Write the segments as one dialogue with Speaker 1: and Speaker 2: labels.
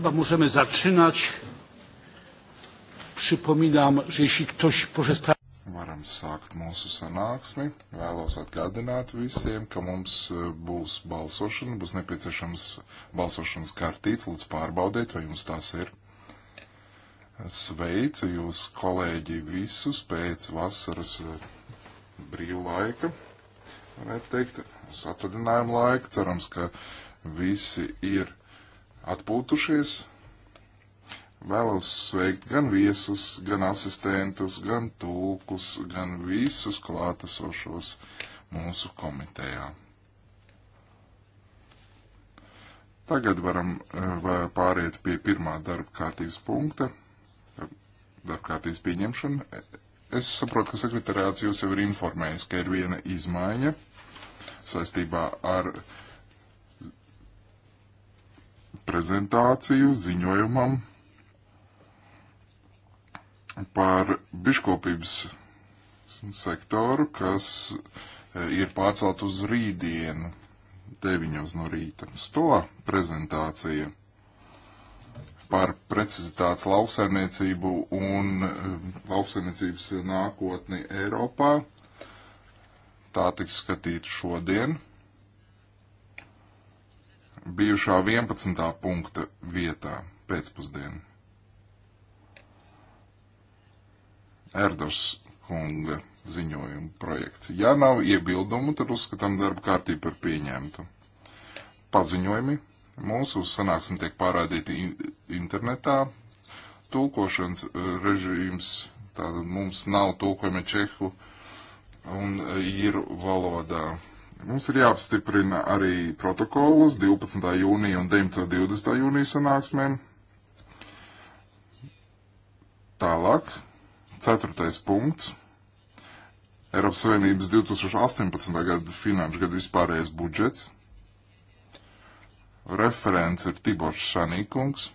Speaker 1: Chyba możemy zaczynać. Przypominam, że jeśli ktoś może sprawdzić.
Speaker 2: Varam sākt mūsu sanāksmi. Vēlos atgādināt visiem, ka mums eh, būs balsošana, būs nepieciešams balsošanas kartīts, lūdzu pārbaudiet, vai jums tās ir. Sveicu jūs, kolēģi, visus pēc vasaras eh, brīva laika, varētu teikt, satvaļinājuma laika. Cerams, ka visi ir atpūtušies. Vēlos sveikt gan viesus, gan asistentus, gan tulkus, gan visus klātesošos mūsu komitejā. Tagad varam eh, pāriet pie pirmā darba kārtības punkta, darba kārtības pieņemšana. Es saprotu, ka sekretariāts jūs jau ir informējis, ka ir viena izmaiņa saistībā ar uh, prezentāciju ziņojumam par biškopības sektoru, kas e, ir pārcelt uz rītdienu, 9 no rīta. Stoa prezentācija par precizitātes lauksaimniecību un e, lauksaimniecības nākotni Eiropā. Tā tiks skatīta šodien bijušā 11. punkta vietā pēcpusdienā. Erdars kunga ziņojuma projekts. Ja nav iebildumu, tad uzskatām darba kārtību par pieņemtu. Paziņojumi mūsu sanāksme tiek pārādīti internetā. Tūkošanas eh, režīms, tātad mums nav tūkojumi čehu un eh, ir valodā. Mums ir jāapstiprina arī protokolus 12. jūnija un 19. 20. jūnija sanāksmēm. Tālāk, ceturtais punkts. Eiropas Savienības 2018. gada finanšu gada vispārējais budžets. Referents ir Tibors Šanīkungs.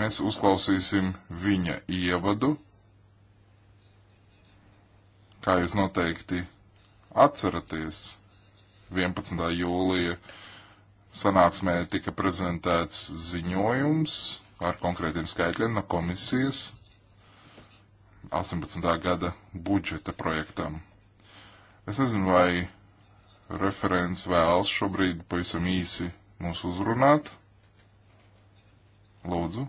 Speaker 2: Mēs uzklausīsim viņa ievadu kā jūs noteikti atceraties, 11. jūlija sanāksmē tika prezentēts ziņojums ar konkrētiem skaitļiem no komisijas 18. gada budžeta projektam. Es nezinu, vai referents vēlas šobrīd pavisam īsi mūs uzrunāt. Lūdzu.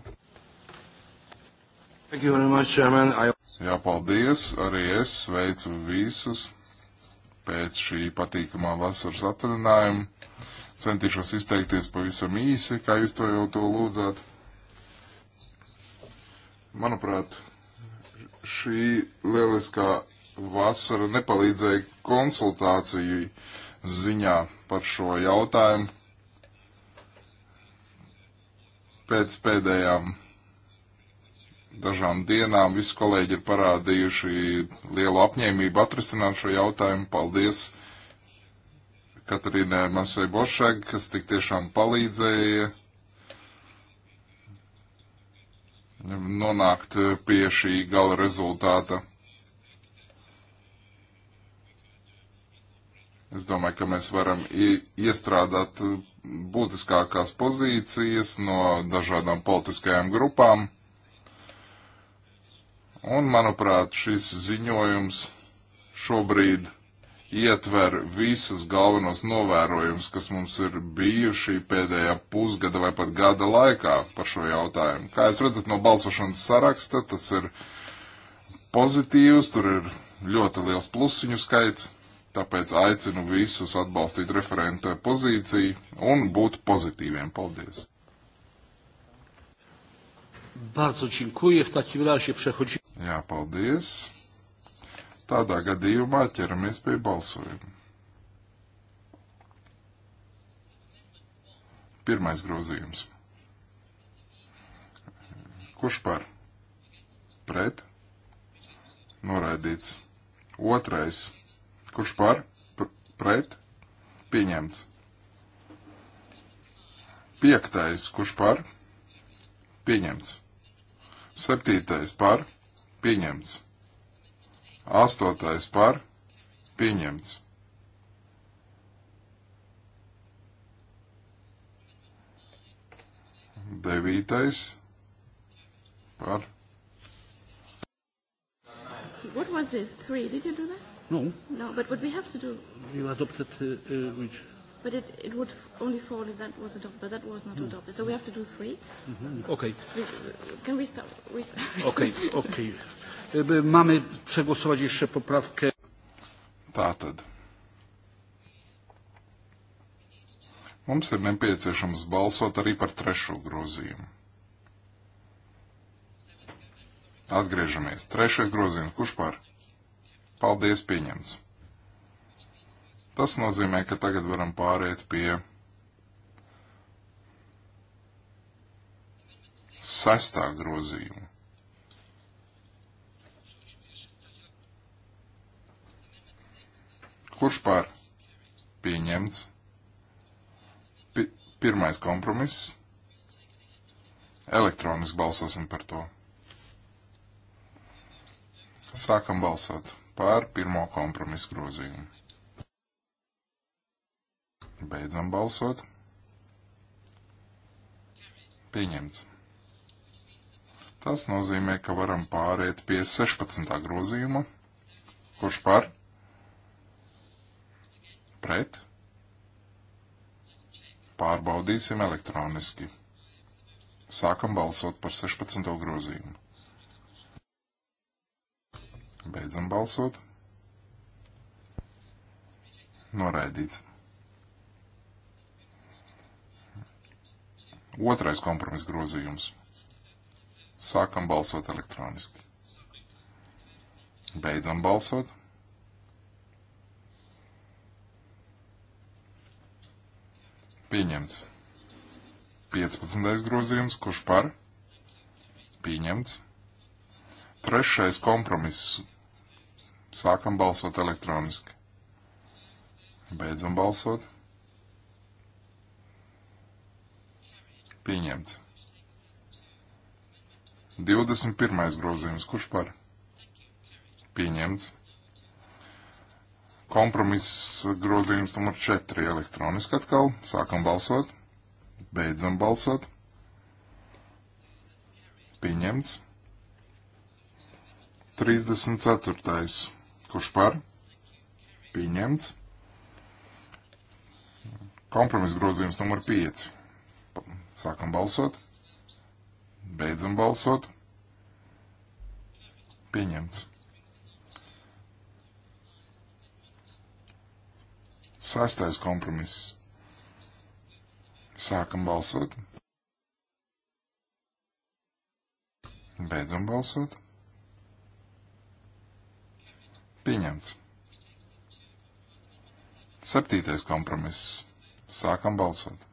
Speaker 1: Thank you very much, Chairman.
Speaker 2: I... Jā, paldies. Arī es sveicu visus pēc šī patīkamā vasaras atvaļinājuma. Centīšos izteikties pavisam īsi, kā jūs to jau to lūdzāt. Manuprāt, šī lieliskā vasara nepalīdzēja konsultāciju ziņā par šo jautājumu pēc pēdējām dažām dienām visi kolēģi ir parādījuši lielu apņēmību atrisināt šo jautājumu. Paldies Katrīnai Masai Bošeg, kas tik tiešām palīdzēja nonākt pie šī gala rezultāta. Es domāju, ka mēs varam iestrādāt būtiskākās pozīcijas no dažādām politiskajām grupām. Un, manuprāt, šis ziņojums šobrīd ietver visus galvenos novērojumus, kas mums ir bijuši pēdējā pusgada vai pat gada laikā par šo jautājumu. Kā jūs redzat no balsošanas saraksta, tas ir pozitīvs, tur ir ļoti liels plusiņu skaits, tāpēc aicinu visus atbalstīt referenta pozīciju un būt pozitīviem. Paldies! Bardzo dziękuję. W takim razie przechodzimy. Jā, paldies. Tādā gadījumā ķeramies pie balsojuma. Pirmais grozījums. Kurš par? Pret? Noraidīts. Otrais. Kurš par? P pret? Pieņemts. Piektais. Kurš par? Pieņemts. Septītais par? Pieņemts. Astotais par. Pieņemts. Devītais par.
Speaker 3: What was this? Three? Did you do that? No. No, but what we have to do?
Speaker 1: You adopted uh, uh,
Speaker 3: which? But it, it would only fall if that was adopted, but that was not mm. adopted. So we have to do three. Mm-hmm. Okay. We, can we start? We start. Okay,
Speaker 2: okay. Mamy przegłosować jeszcze poprawkę. Tātad. Mums ir nepieciešams balsot arī par trešo grozījumu. Atgriežamies. Trešais grozījums. Kurš par? Paldies, pieņemts. Tas nozīmē, ka tagad varam pāriet pie sestā grozījuma. Kurš pār? Pieņemts. P pirmais kompromiss. Elektroniski balsosim par to. Sākam balsot pār pirmo kompromisu grozījumu. Beidzam balsot. Pieņemts. Tas nozīmē, ka varam pāriet pie 16. grozījuma. Kurš par? Pret? Pārbaudīsim elektroniski. Sākam balsot par 16. grozījumu. Beidzam balsot. Noraidīts. Otrais kompromiss grozījums. Sākam balsot elektroniski. Beidzam balsot. Pieņemts. 15. grozījums, kurš par? Pieņemts. Trešais kompromiss. Sākam balsot elektroniski. Beidzam balsot. Pieņemts. 21. grozījums. Kurš par? Pieņemts. Kompromiss grozījums numur 4 elektroniski atkal. Sākam balsot. Beidzam balsot. Pieņemts. 34. Kurš par? Pieņemts. Kompromiss grozījums numur 5. Sākam balsot. Beidzam balsot. Pieņemts. Sastais kompromiss. Sākam balsot. Beidzam balsot. Pieņemts. Septītais kompromiss. Sākam balsot.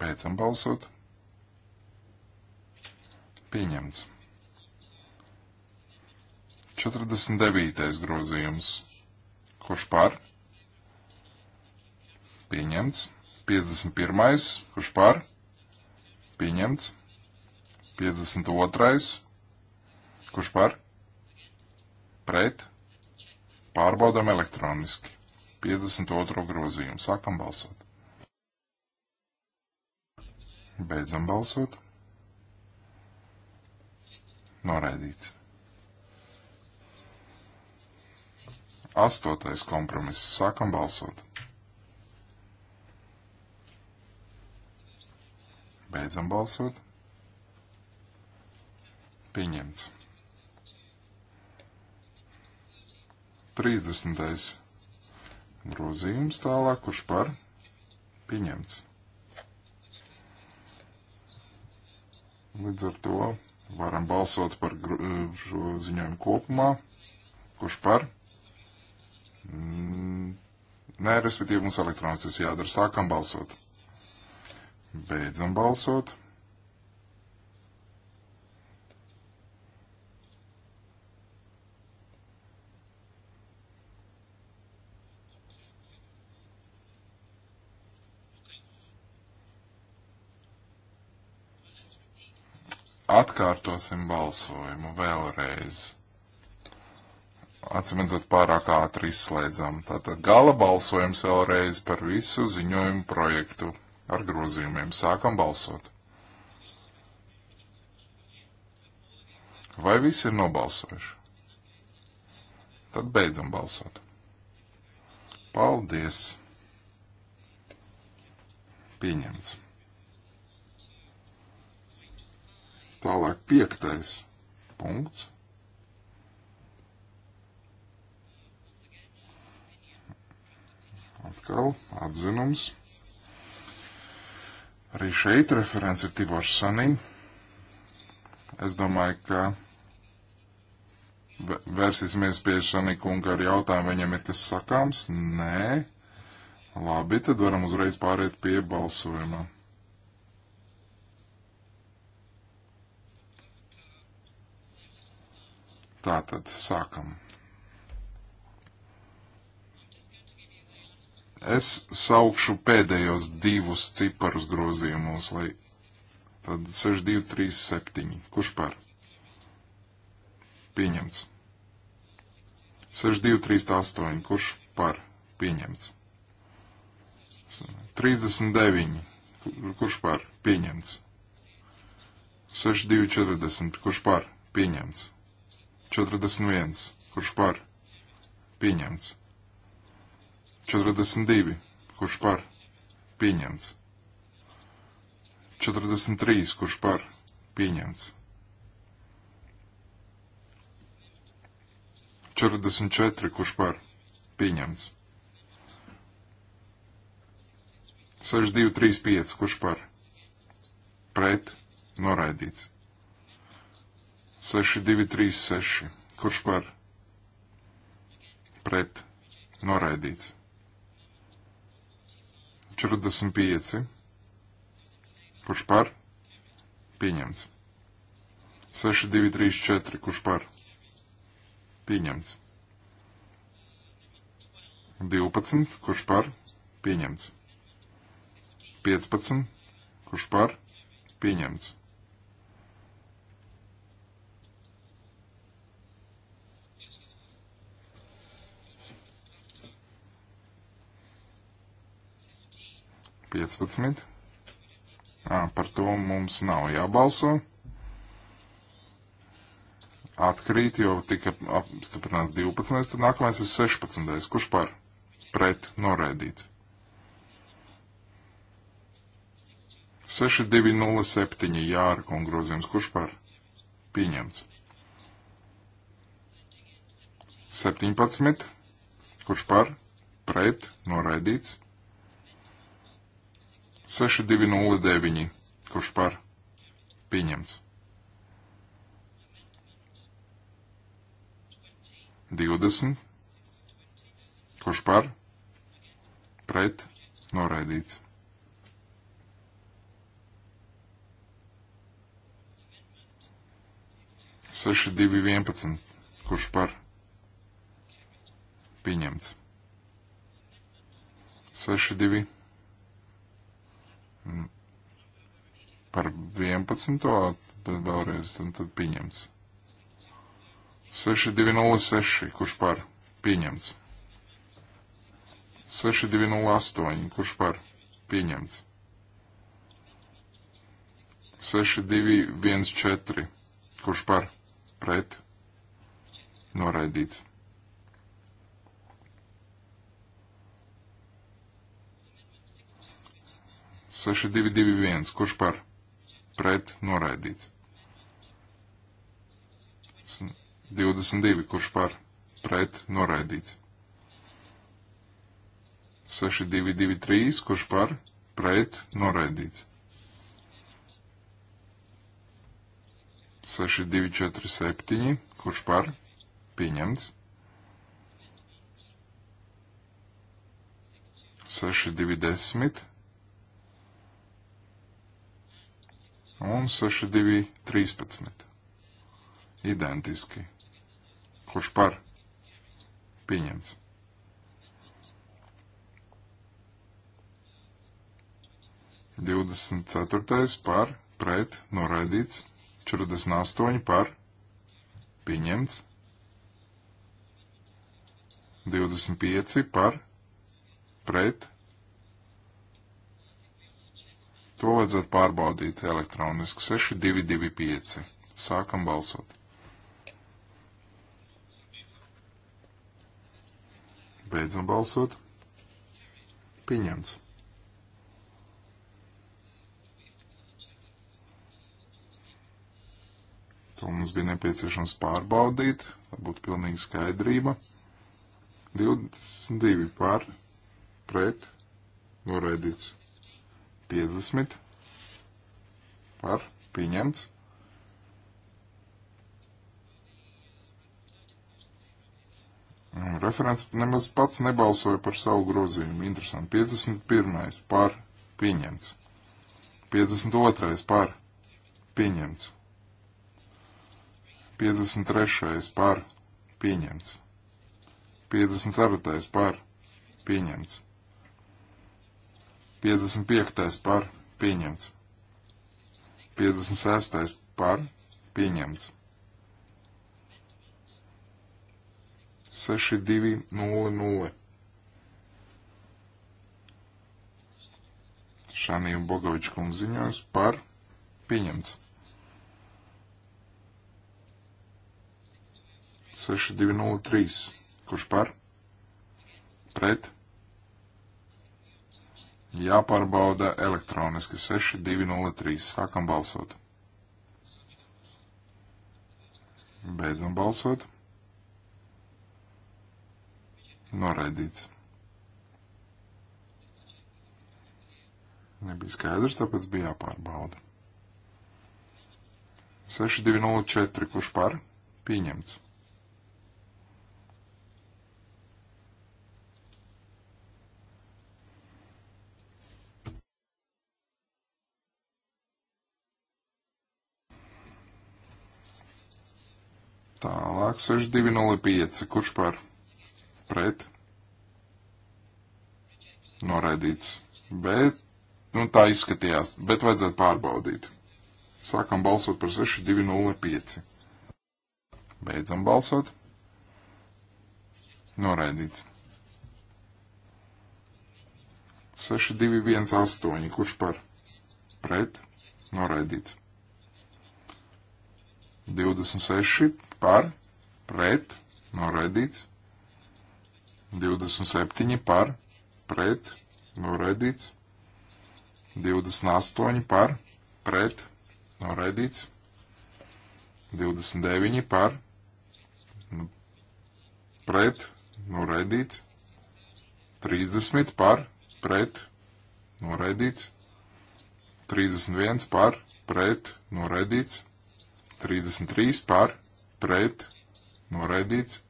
Speaker 2: Beidzam balsot. Pieņemts. 49. grozījums. Kurš par? Pieņemts. 51. Kurš par? Pieņemts. 52. Kurš par? Pret. Pārbaudām elektroniski. 52. grozījumu. Sākam balsot. Beidzam balsot. Noraidīts. Astotais kompromiss. Sākam balsot. Beidzam balsot. Pieņemts. 30. grozījums tālāk, kurš par pieņemts. Līdz ar to varam balsot par eh, šo ziņojumu kopumā. Kurš par? Mm, nē, respektīvi mums elektroniski jādara. Sākam balsot. Beidzam balsot. Atkārtosim balsojumu vēlreiz. Atcīmredzot, pārāk ātri izslēdzam. Tātad gala balsojums vēlreiz par visu ziņojumu projektu ar grozījumiem. Sākam balsot. Vai visi ir nobalsojuši? Tad beidzam balsot. Paldies! Pieņemts. Tālāk piektais punkts. Atkal atzinums. Arī šeit referents ir Tibors Sanī. Es domāju, ka vērsīsimies pie Sanī kunga ar jautājumu, viņam ir kas sakāms? Nē. Labi, tad varam uzreiz pāriet pie balsojuma. Tātad sākam. Es saukšu pēdējos divus ciparus grozījumos, lai tad 6, 2, 3, 7. Kurš par? Pieņemts. 6, 2, 3, 8. Kurš par? Pieņemts. 39. Kurš par? Pieņemts. 6, 2, 40. Kurš par? Pieņemts. 41. Kurš par? Pieņemts. 42. Kurš par? Pieņemts. 43. Kurš par? Pieņemts. 44. Kurš par? Pieņemts. 6235. Kurš par? Pret. Noraidīts. 6236. Kurš par? Pret. Noraidīts. 45. Kurš par? Pieņemts. 6234. Kurš par? Pieņemts. 12. Kurš par? Pieņemts. 15. Kurš par? Pieņemts. 15. À, par to mums nav jābalso. Atkrīt, jo tika apstiprināts 12. Tad nākamais ir 16. Kurš par? Pret noraidīts. 6207 Jāra kungrozījums. Kurš par? Pieņemts. 17. Kurš par? Pret noraidīts. 6209, kurš par pieņemts. 20, kurš par pret noraidīts. Seši divi vienpadsmit, kurš par pieņemts. Seši divi vienpadsmit. Mm. par 11. tad vēlreiz un tad pieņemts. 6206, kurš par pieņemts. 6208, kurš par pieņemts. 6214, kurš par pret noraidīts. 6221, kurš par pret noraidīts. 22, kurš par pret noraidīts. 6223, kurš par pret noraidīts. 6247, kurš par pieņemts. 6210, un 6213. Identiski. Kurš par? Pieņemts. Divdesmit ceturtais par, pret, noraidīts. Četrdesmit astoņi par, pieņemts. 25 par, pret, To vajadzētu pārbaudīt elektroniski. 6225. Sākam balsot. Beidzam balsot. Pieņemts. To mums bija nepieciešams pārbaudīt, lai būtu pilnīga skaidrība. 22 pār, pret, noraidīts. 50 par pieņemts. Referents nemaz pats nebalsoja par savu grozījumu. Interesanti. 51. par pieņemts. 52. par pieņemts. 53. par pieņemts. 54. par pieņemts. 55. par pieņemts. 56. par pieņemts. 6200. Šanija Bogoviča kungs ziņojas par pieņemts. 6203. Kurš par? Pret? Jāpārbauda elektroniski 6203. Sākam balsot. Beidzam balsot. Noraidīts. Nebija skaidrs, tāpēc bija jāpārbauda. 6204. Kurš par? Pieņemts. Tālāk 6205. Kurš par? Pret. Noraidīts. Bet, nu tā izskatījās, bet vajadzētu pārbaudīt. Sākam balsot par 6205. Beidzam balsot. Noraidīts. 6218. Kurš par? Pret. Noraidīts. 26 par, pret, noraidīts. 27 par, pret, noraidīts. 28 par, pret, noraidīts. 29 par, pret, noraidīts. 30 par, pret, noraidīts. 31 par, pret, noraidīts. 33 par, pret, noraidīts.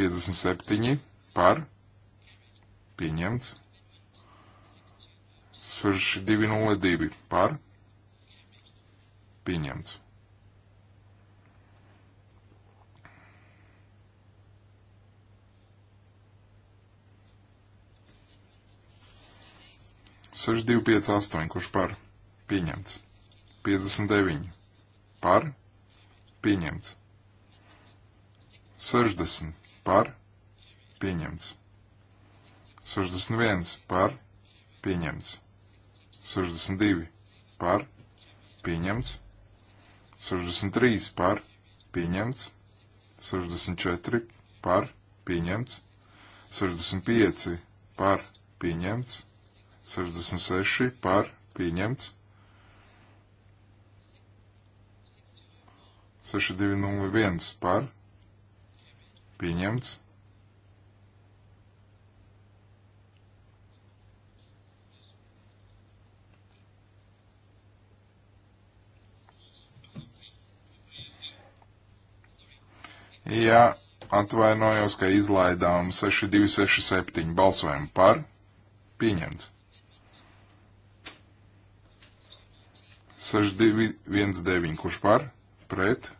Speaker 2: 57 par, pieņemts. 6202 par, pieņemts. Seši, divi, pieci, astoņi, kurš par pieņemts. 59 par pieņemts. 60 par pieņemts. 61 par pieņemts. 62 par pieņemts. 63 par pieņemts. 64 par pieņemts. 65 par pieņemts. 66 par pieņemts. 6201 par pieņemts. Jā, atvainojos, ka izlaidām 6267 balsojumu par pieņemts. 6219 kurš par pret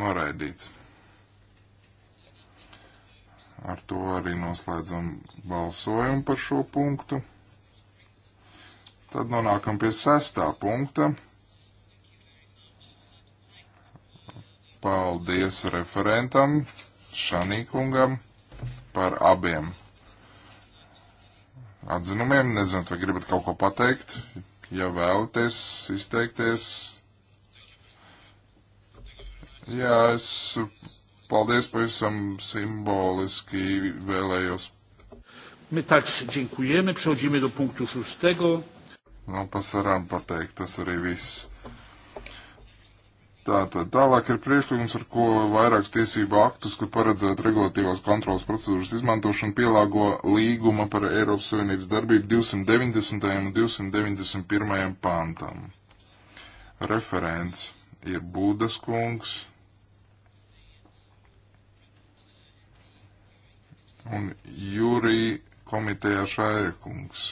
Speaker 2: Noraidīts. Ar to arī noslēdzam balsojumu par šo punktu. Tad nonākam pie sestā punkta. Paldies referentam Šanīkungam par abiem atzinumiem. Nezinu, vai gribat kaut ko pateikt. Ja vēlaties izteikties, Jā, es paldies pavisam simboliski vēlējos. My także dziękujemy. Przechodzimy do punktu szóstego. No, pasaram pateikt, tas arī viss. Tātad tālāk ir priekšlikums, ar ko vairākus tiesību aktus, kur paredzēt regulatīvās kontrolas procedūras izmantošanu, pielāgo līguma par Eiropas Savienības darbību 290. un 291. pantam. Referents ir Būdas kungs. un jūrī komitejā šāiekungs.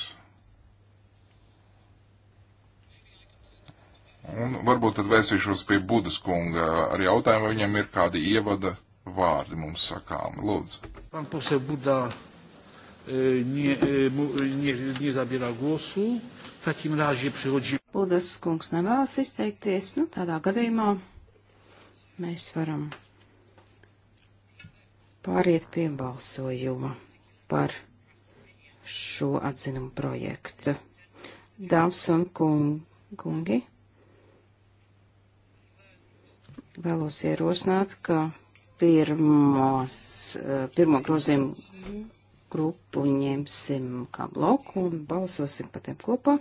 Speaker 2: Un varbūt tad vērsīšos pie Budas kunga ar jautājumu, vai viņam ir kādi ievada vārdi mums sakām. Lūdzu. Pan posē
Speaker 1: Buda e, e, nie, nie, nezabiera glosu. Takim rāžie prihodži.
Speaker 3: Budas kungs nevēlas izteikties. Nu, tādā gadījumā mēs varam pāriet pie balsojuma par šo atzinumu projektu. Dāmas un kungi, vēlos ierosināt, ka pirmos, eh, pirmo grozījumu grupu ņemsim kā bloku un balsosim par tiem kopā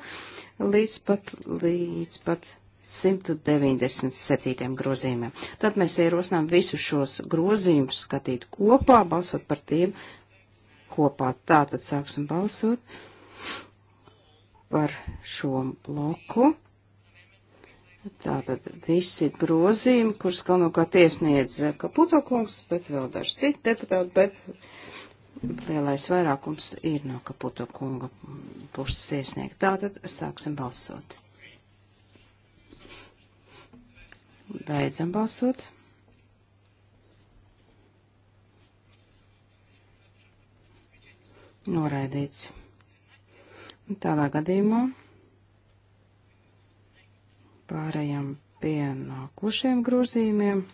Speaker 3: līdz pat, līdz pat 197 grozījumiem. Tad mēs ierosinām visus šos grozījumus skatīt kopā, balsot par tiem kopā. Tātad sāksim balsot par šo bloku. Tātad visi grozījumi, kurus galvenokārt iesniedz Kaputo kungs, bet vēl daži citi deputāti, bet lielais vairākums ir no Kaputo kunga puses iesniegt. Tātad sāksim balsot. Beidzam balsot. Noraidīts. Tādā gadījumā pārējām pie nākošiem grozījumiem.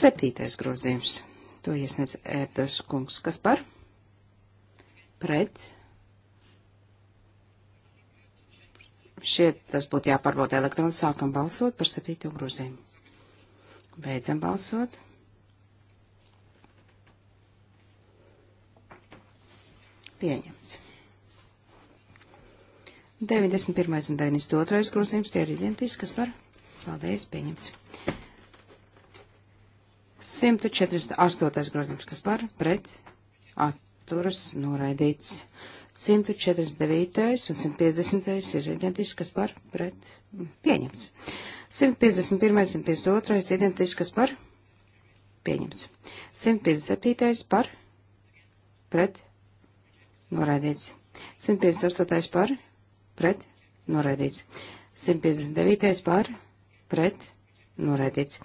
Speaker 3: Septītais grozījums. To iesniedz Ērtas kungs. Kas par? Pret. Šeit tas būtu jāpārbauda elektroniski. Sākam balsot par septīto grozījumu. Beidzam balsot. Pieņemts. 91. un 92. grozījums tie ir identiski, kas var. Paldies, pieņemts. 148. grozījums, kas par pret atturas noraidīts. 149. un 150. ir identiskas par pret pieņemts. 151. un 152. identiskas par pieņemts. 157. par pret noraidīts. 158. par pret noraidīts. 159. par pret noraidīts.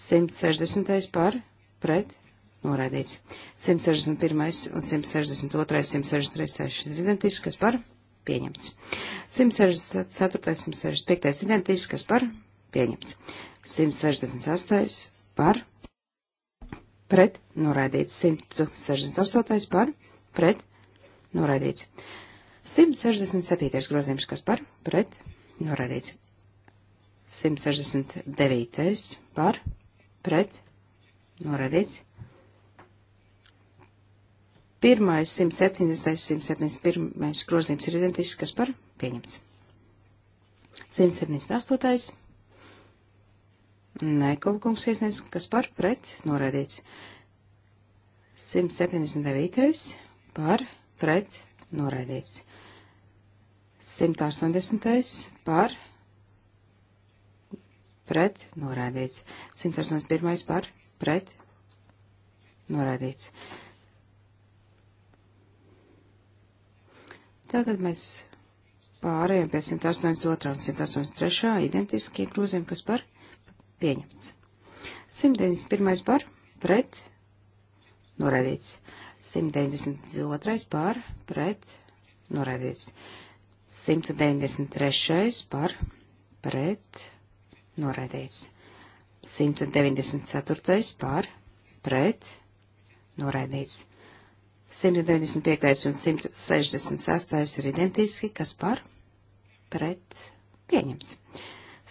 Speaker 3: 160. par pret noraidīts. 161 un 162, 163 ir identiski, kas par pieņemts. 164, 165 identiski, kas par pieņemts. 168 par pret noraidīts. 168 par pret noraidīts. 167 grozījums, kas par pret noraidīts. 169 par pret noraidīts. Pirmais 170, 171 grozījums ir identisks, kas par pieņemts. 178. Nekovkungs iesniedz, kas par pret norādīts. 179. par pret norādīts. 180. par pret norādīts. 181. par pret norādīts. Tātad mēs pārējām pie 182 un 183 identiskie grozījumi, kas par pieņemts. 191 par pret noraidīts. 192 par pret noraidīts. 193 par pret noraidīts. 194 par pret noraidīts. 195. un 166. ir identiski, kas par pret pieņems.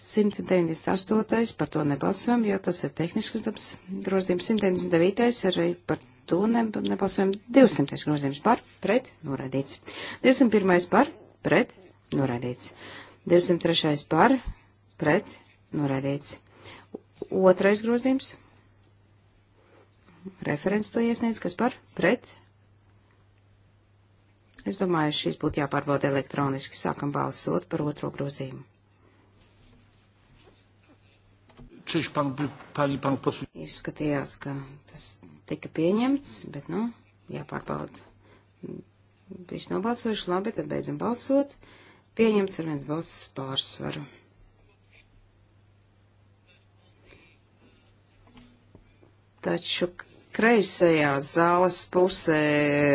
Speaker 3: 198. par to nebalsojam, jo tas ir tehnisks darbs grozījums. 199. arī par to nebalsojam. 200. grozījums par pret norādīts. 201. par pret norādīts. 203. par pret norādīts. Otrais grozījums. Referents to iesniedz, kas par pret Es domāju, šīs būtu jāpārbauda elektroniski. Sākam balsot par otro grozījumu. Izskatījās, ka tas tika pieņemts, bet, nu, jāpārbauda. Visi nobalsojuši labi, tad beidzam balsot. Pieņemts ar viens balss pārsvaru. Taču kreisajā zāles pusē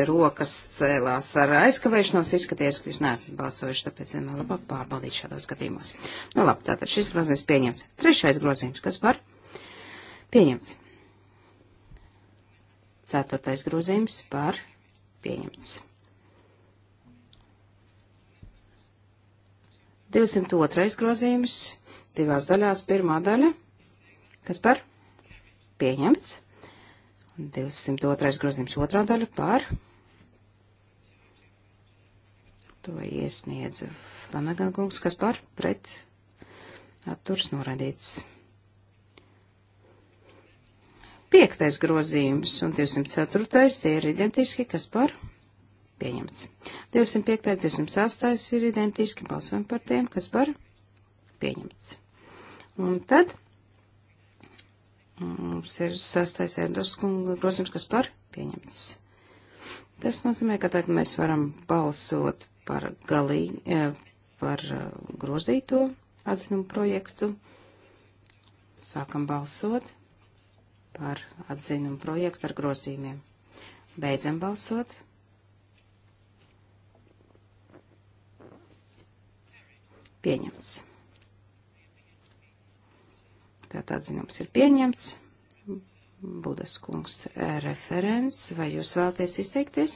Speaker 3: rokas cēlās ar aizkavēšanos, izskaties, ka jūs neesat balsojuši, tāpēc vienmēr labāk pārbaudīt šādos gadījumos. Nu labi, tātad šis grozījums pieņems. Trešais grozījums, kas var? Pieņemts. Ceturtais grozījums par pieņemts. 202. grozījums divās daļās. Pirmā daļa, kas par pieņemts 202. grozījums otrā daļa par. To iesniedz Flanagan kungs, kas par pret atturs norādīts. Piektais grozījums un 204. tie ir identiski, kas par pieņemts. 205. 208. ir identiski, balsojam par tiem, kas par pieņemts. Un tad Mums ir sastais Endors kunga grozījums, kas par pieņemts. Tas nozīmē, ka tagad mēs varam balsot par galīgi, eh, par eh, grozīto atzinumu projektu. Sākam balsot par atzinumu projektu ar grozījumiem. Beidzam balsot. Pieņemts. Tātad atzinums ir pieņemts. Budas kungs eh, referents, vai jūs vēlaties izteikties?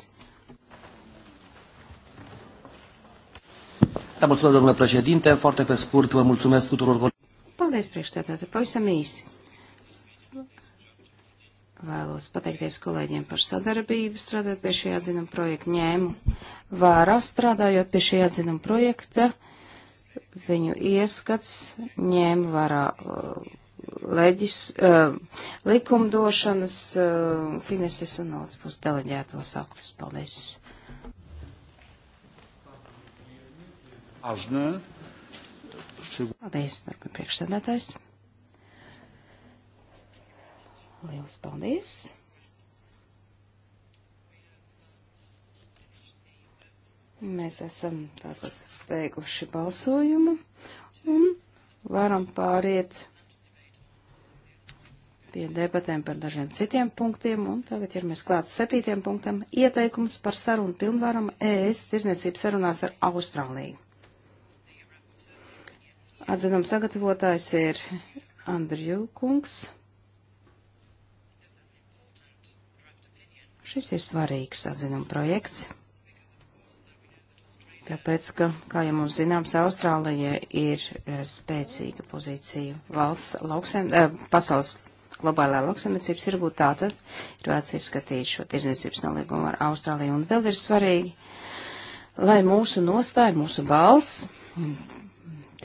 Speaker 1: Da, mulțumesc, domnule președinte. Foarte pe scurt, vă mulțumesc tuturor.
Speaker 3: Paldies, priekšstādātāji. Pavisam īsi. Vēlos pateikties kolēģiem par sadarbību, strādājot pie šī atzinuma projekta ņēmu vērā, strādājot pie šī atzinuma projekta. Uh, viņu ieskats ņēma varā uh, leģis, uh, likumdošanas uh, fineses un valsts puses deleģētos aktus. Paldies! Paldies, turpin priekšsēdētājs. Liels paldies! Mēs esam tātad beiguši balsojumu un varam pāriet pie debatēm par dažiem citiem punktiem, un tagad ķeramies klāt septītiem punktam - ieteikums par sarunu pilnvaram ES tirzniecības sarunās ar Austrāliju. Atzinums sagatavotājs ir Andriju Kungs. Šis ir svarīgs atzinuma projekts. Tāpēc, ka, kā jau mums zināms, Austrālija ir e, spēcīga pozīcija valsts lauksem, eh, pasaules globālā lauksemniecības ir būt tātad, ir vērts izskatīt šo tirzniecības nolīgumu ar Austrāliju un vēl ir svarīgi, lai mūsu nostāja, mūsu balss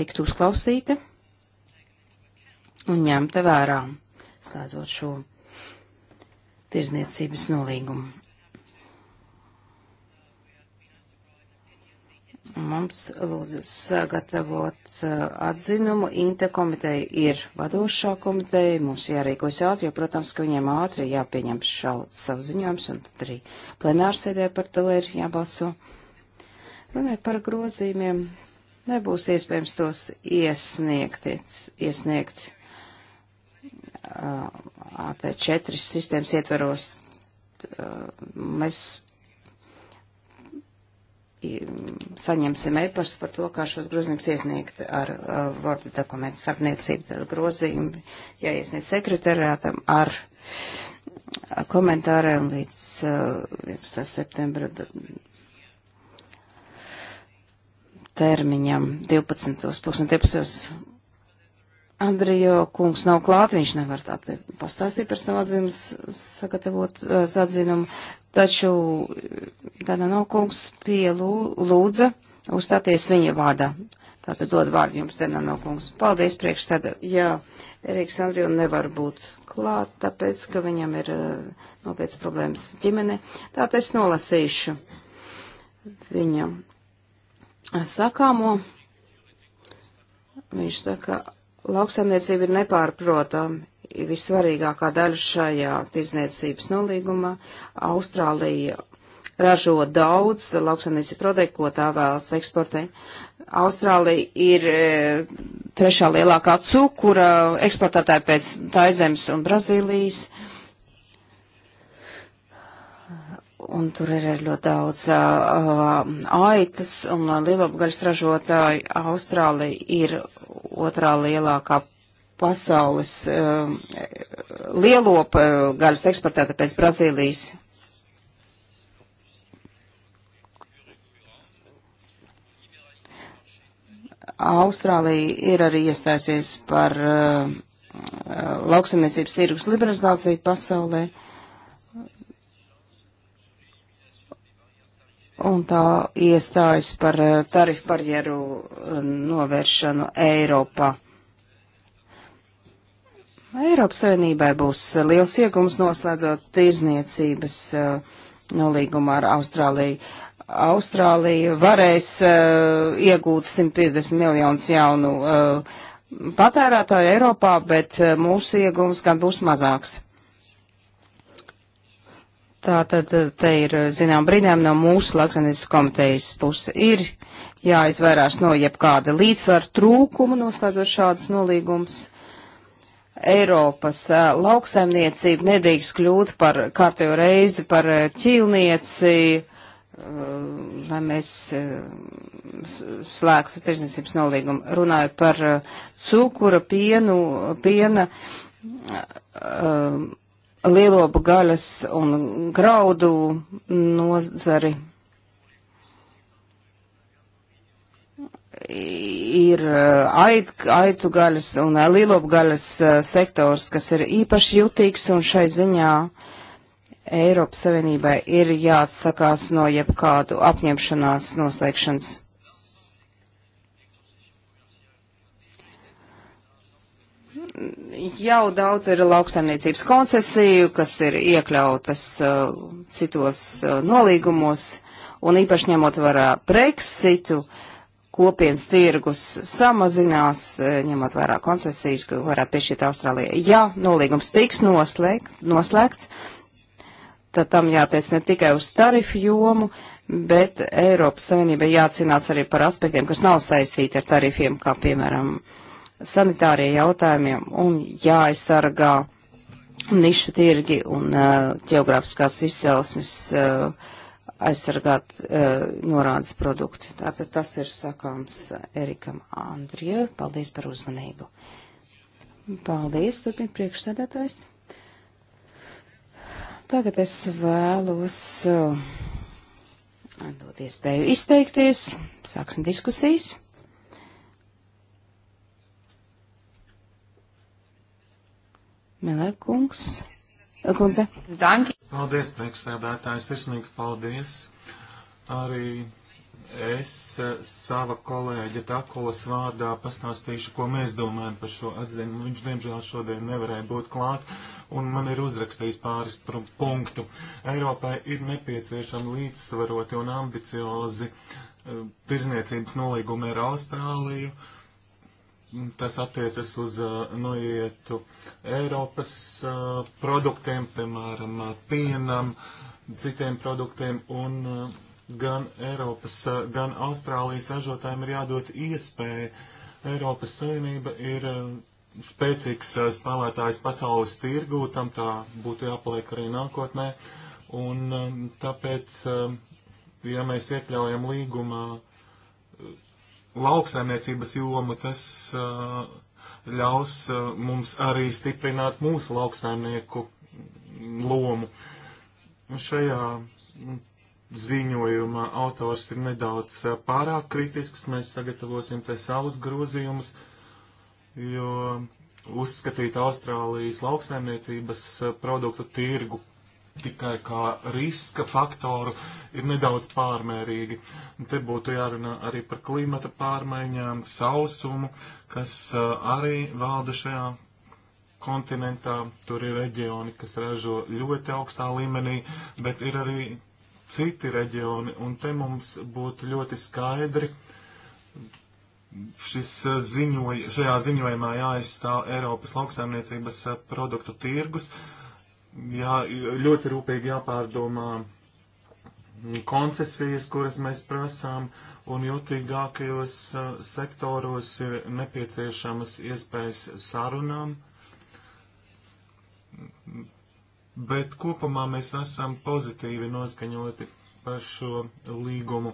Speaker 3: tiktu uzklausīta un ņemta vērā, slēdzot šo tirzniecības nolīgumu. mums lūdzu sagatavot uh, atzinumu. Inte komiteja ir vadošā komiteja, mums jārīkos ātri, jo, protams, ka viņiem ātri jāpieņem šaut savu ziņojums, un tad arī plenārsēdē par to ir jābalso. Runāju par grozījumiem. Nebūs iespējams tos iesniegt, uh, iesniegt AT4 sistēmas ietveros. Uh, mēs saņemsim e-pastu par to, kā šos grozījumus iesniegt ar uh, Word dokumentu starpniecību. Tad grozījumi jāiesniedz sekretariātam ar komentāriem līdz uh, 11. septembra termiņam 12.12. Andrijo kungs nav klāt, viņš nevar tā pastāstīt par savu atzinumu, sagatavot uh, atzinumu taču tāda nokungs pielūdza uzstāties viņa vārdā. Tātad dod vārdu jums, Denā nokungs. Paldies priekš tāda. Jā, Eriks Andriju nevar būt klāt, tāpēc, ka viņam ir eh, nopietnas problēmas ģimene. Tātad es nolasīšu viņa sakāmo. Viņš saka, lauksaimniecība ir nepārprotama vissvarīgākā daļa šajā tirzniecības nolīgumā. Austrālija ražo daudz lauksanīcas produktu, ko tā vēlas eksportēt. Austrālija ir e, trešā lielākā cukura eksportētāja pēc Taizemes un Brazīlijas. Un tur ir ļoti daudz uh, aitas un lielopgaļas ražotāji. Austrālija ir otrā lielākā pasaules um, lielopa uh, gaļas eksportēta pēc Brazīlijas. Austrālija ir arī iestājusies par uh, uh, lauksaimniecības tirgus liberalizāciju pasaulē. Un tā iestājas par uh, tarifu barjeru novēršanu Eiropā. Eiropas Savienībai būs eh, liels iegums noslēdzot tirzniecības eh, nolīgumu ar Austrāliju. Austrālija varēs uh, iegūt 150 miljonus jaunu uh, patērētāju Eiropā, bet uh, mūsu iegums gan būs mazāks. Tā tad te ir, zinām, brīdēm no mūsu lauksainības komitejas puses ir jāizvairās no jebkāda līdzsvaru trūkuma noslēdzot šādas nolīgums. Eiropas lauksaimniecība nedrīkst kļūt par kārtējo reizi par ķīlnieci, lai mēs slēgtu tirdzniecības nolīgumu. Runājot par cukura, pienu, piena, lielopu gaļas un graudu nozari. No ir eh, ait, aitu gaļas un eh, līlopgaļas eh, sektors, kas ir īpaši jutīgs un šai ziņā Eiropas Savienībai ir jāatsakās no jebkādu apņemšanās noslēgšanas. Jau daudz ir lauksaimniecības koncesiju, kas ir iekļautas uh, citos uh, nolīgumos, un īpaši ņemot vērā Brexitu, uh, kopienas tirgus samazinās, e, ņemot vairāk koncesijas, ko varētu piešķirt Austrālijai. Ja nolīgums tiks noslēgt, noslēgts, tad tam jātiec ne tikai uz tarifu jomu, bet Eiropas Savienībai jācīnās arī par aspektiem, kas nav saistīti ar tarifiem, kā piemēram sanitārie jautājumiem un jāaizsargā nišu tirgi un uh, e, ģeogrāfiskās izcelsmes uh, aizsargāt uh, norādes produkti. Tātad tas ir sakāms Erikam Andriju. Paldies par uzmanību. Paldies, turpin priekšsēdētājs. Tagad es vēlos uh, dot iespēju izteikties. Sāksim diskusijas. Melēkungs. kungs. Kundze. Danki. Paldies,
Speaker 1: priekšsēdētājs. Sirsnīgs paldies. Arī es eh, sava kolēģa Takulas vārdā pastāstīšu, ko mēs domājam par šo atziņu. Viņš, diemžēl, šodien nevarēja būt klāt, un man ir uzrakstījis pāris punktu. Eiropai ir nepieciešami līdzsvaroti un ambiciozi eh, tirzniecības nolīgumi ar Austrāliju. Uh, tas attiecas uz eh, noietu nu, Eiropas eh, produktiem, piemēram, eh, pienam, citiem produktiem, un gan Eiropas, gan Austrālijas ražotājiem ir jādod iespēja. Eiropas Savienība ir spēcīgs spēlētājs pasaules tirgū, tam tā būtu jāpaliek arī nākotnē, un tāpēc, ja mēs iekļaujam līgumā, lauksaimniecības jomu, tas uh, ļaus uh, mums arī stiprināt mūsu lauksaimnieku lomu. Un šajā ziņojuma autors ir nedaudz uh, pārāk kritisks, mēs sagatavosim te savus grozījumus, jo uzskatīt Austrālijas lauksaimniecības uh, produktu tirgu tikai kā riska faktoru, ir nedaudz pārmērīgi. Te būtu jārunā arī par klimata pārmaiņām, sausumu, kas arī valda šajā kontinentā. Tur ir reģioni, kas ražo ļoti augstā līmenī, bet ir arī citi reģioni, un te mums būtu ļoti skaidri šis ziņoj, šajā ziņojumā jāizstāv Eiropas lauksaimniecības produktu tirgus. Uh, jā, ļoti rūpīgi jāpārdomā koncesijas, kuras mēs prasām, un jutīgākajos sektoros ir nepieciešamas iespējas sarunām. Bet kopumā mēs esam pozitīvi noskaņoti par šo līgumu.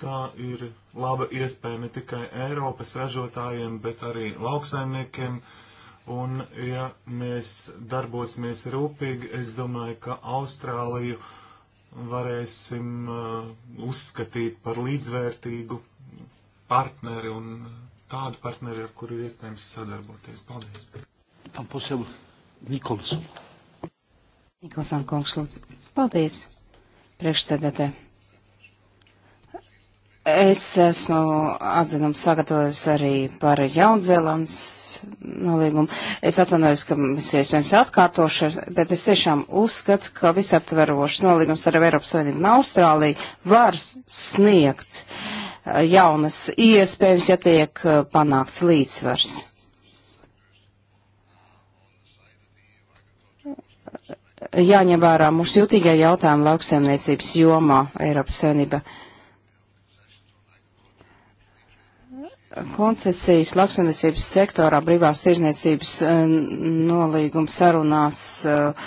Speaker 1: Tā ir laba iespēja ne tikai Eiropas ražotājiem, bet arī lauksaimniekiem, uh, Un, ja mēs darbosimies rūpīgi, es domāju, ka Austrāliju varēsim uh, uzskatīt par līdzvērtīgu partneri un tādu partneri, ar kuru ir iespējams sadarboties. Paldies!
Speaker 3: Tam posēlu Nikolson. Nikolson kungs, lūdzu. Paldies, priekšsēdētāji. Es esmu atzinumu sagatavojis arī par Jaunzēlandes nolīgumu. Es atvainojos, ka mēs iespējams atkārtošu, bet es tiešām uzskatu, ka visaptverošs nolīgums ar Eiropas Savienību un Austrāliju var sniegt uh, jaunas iespējas, ja tiek uh, panākts līdzsvars. Jāņem vērā mūsu jūtīgie jautājumi lauksaimniecības jomā Eiropas Savienība. Koncesijas lauksaimniecības sektorā brīvās tirzniecības eh, nolīguma sarunās eh,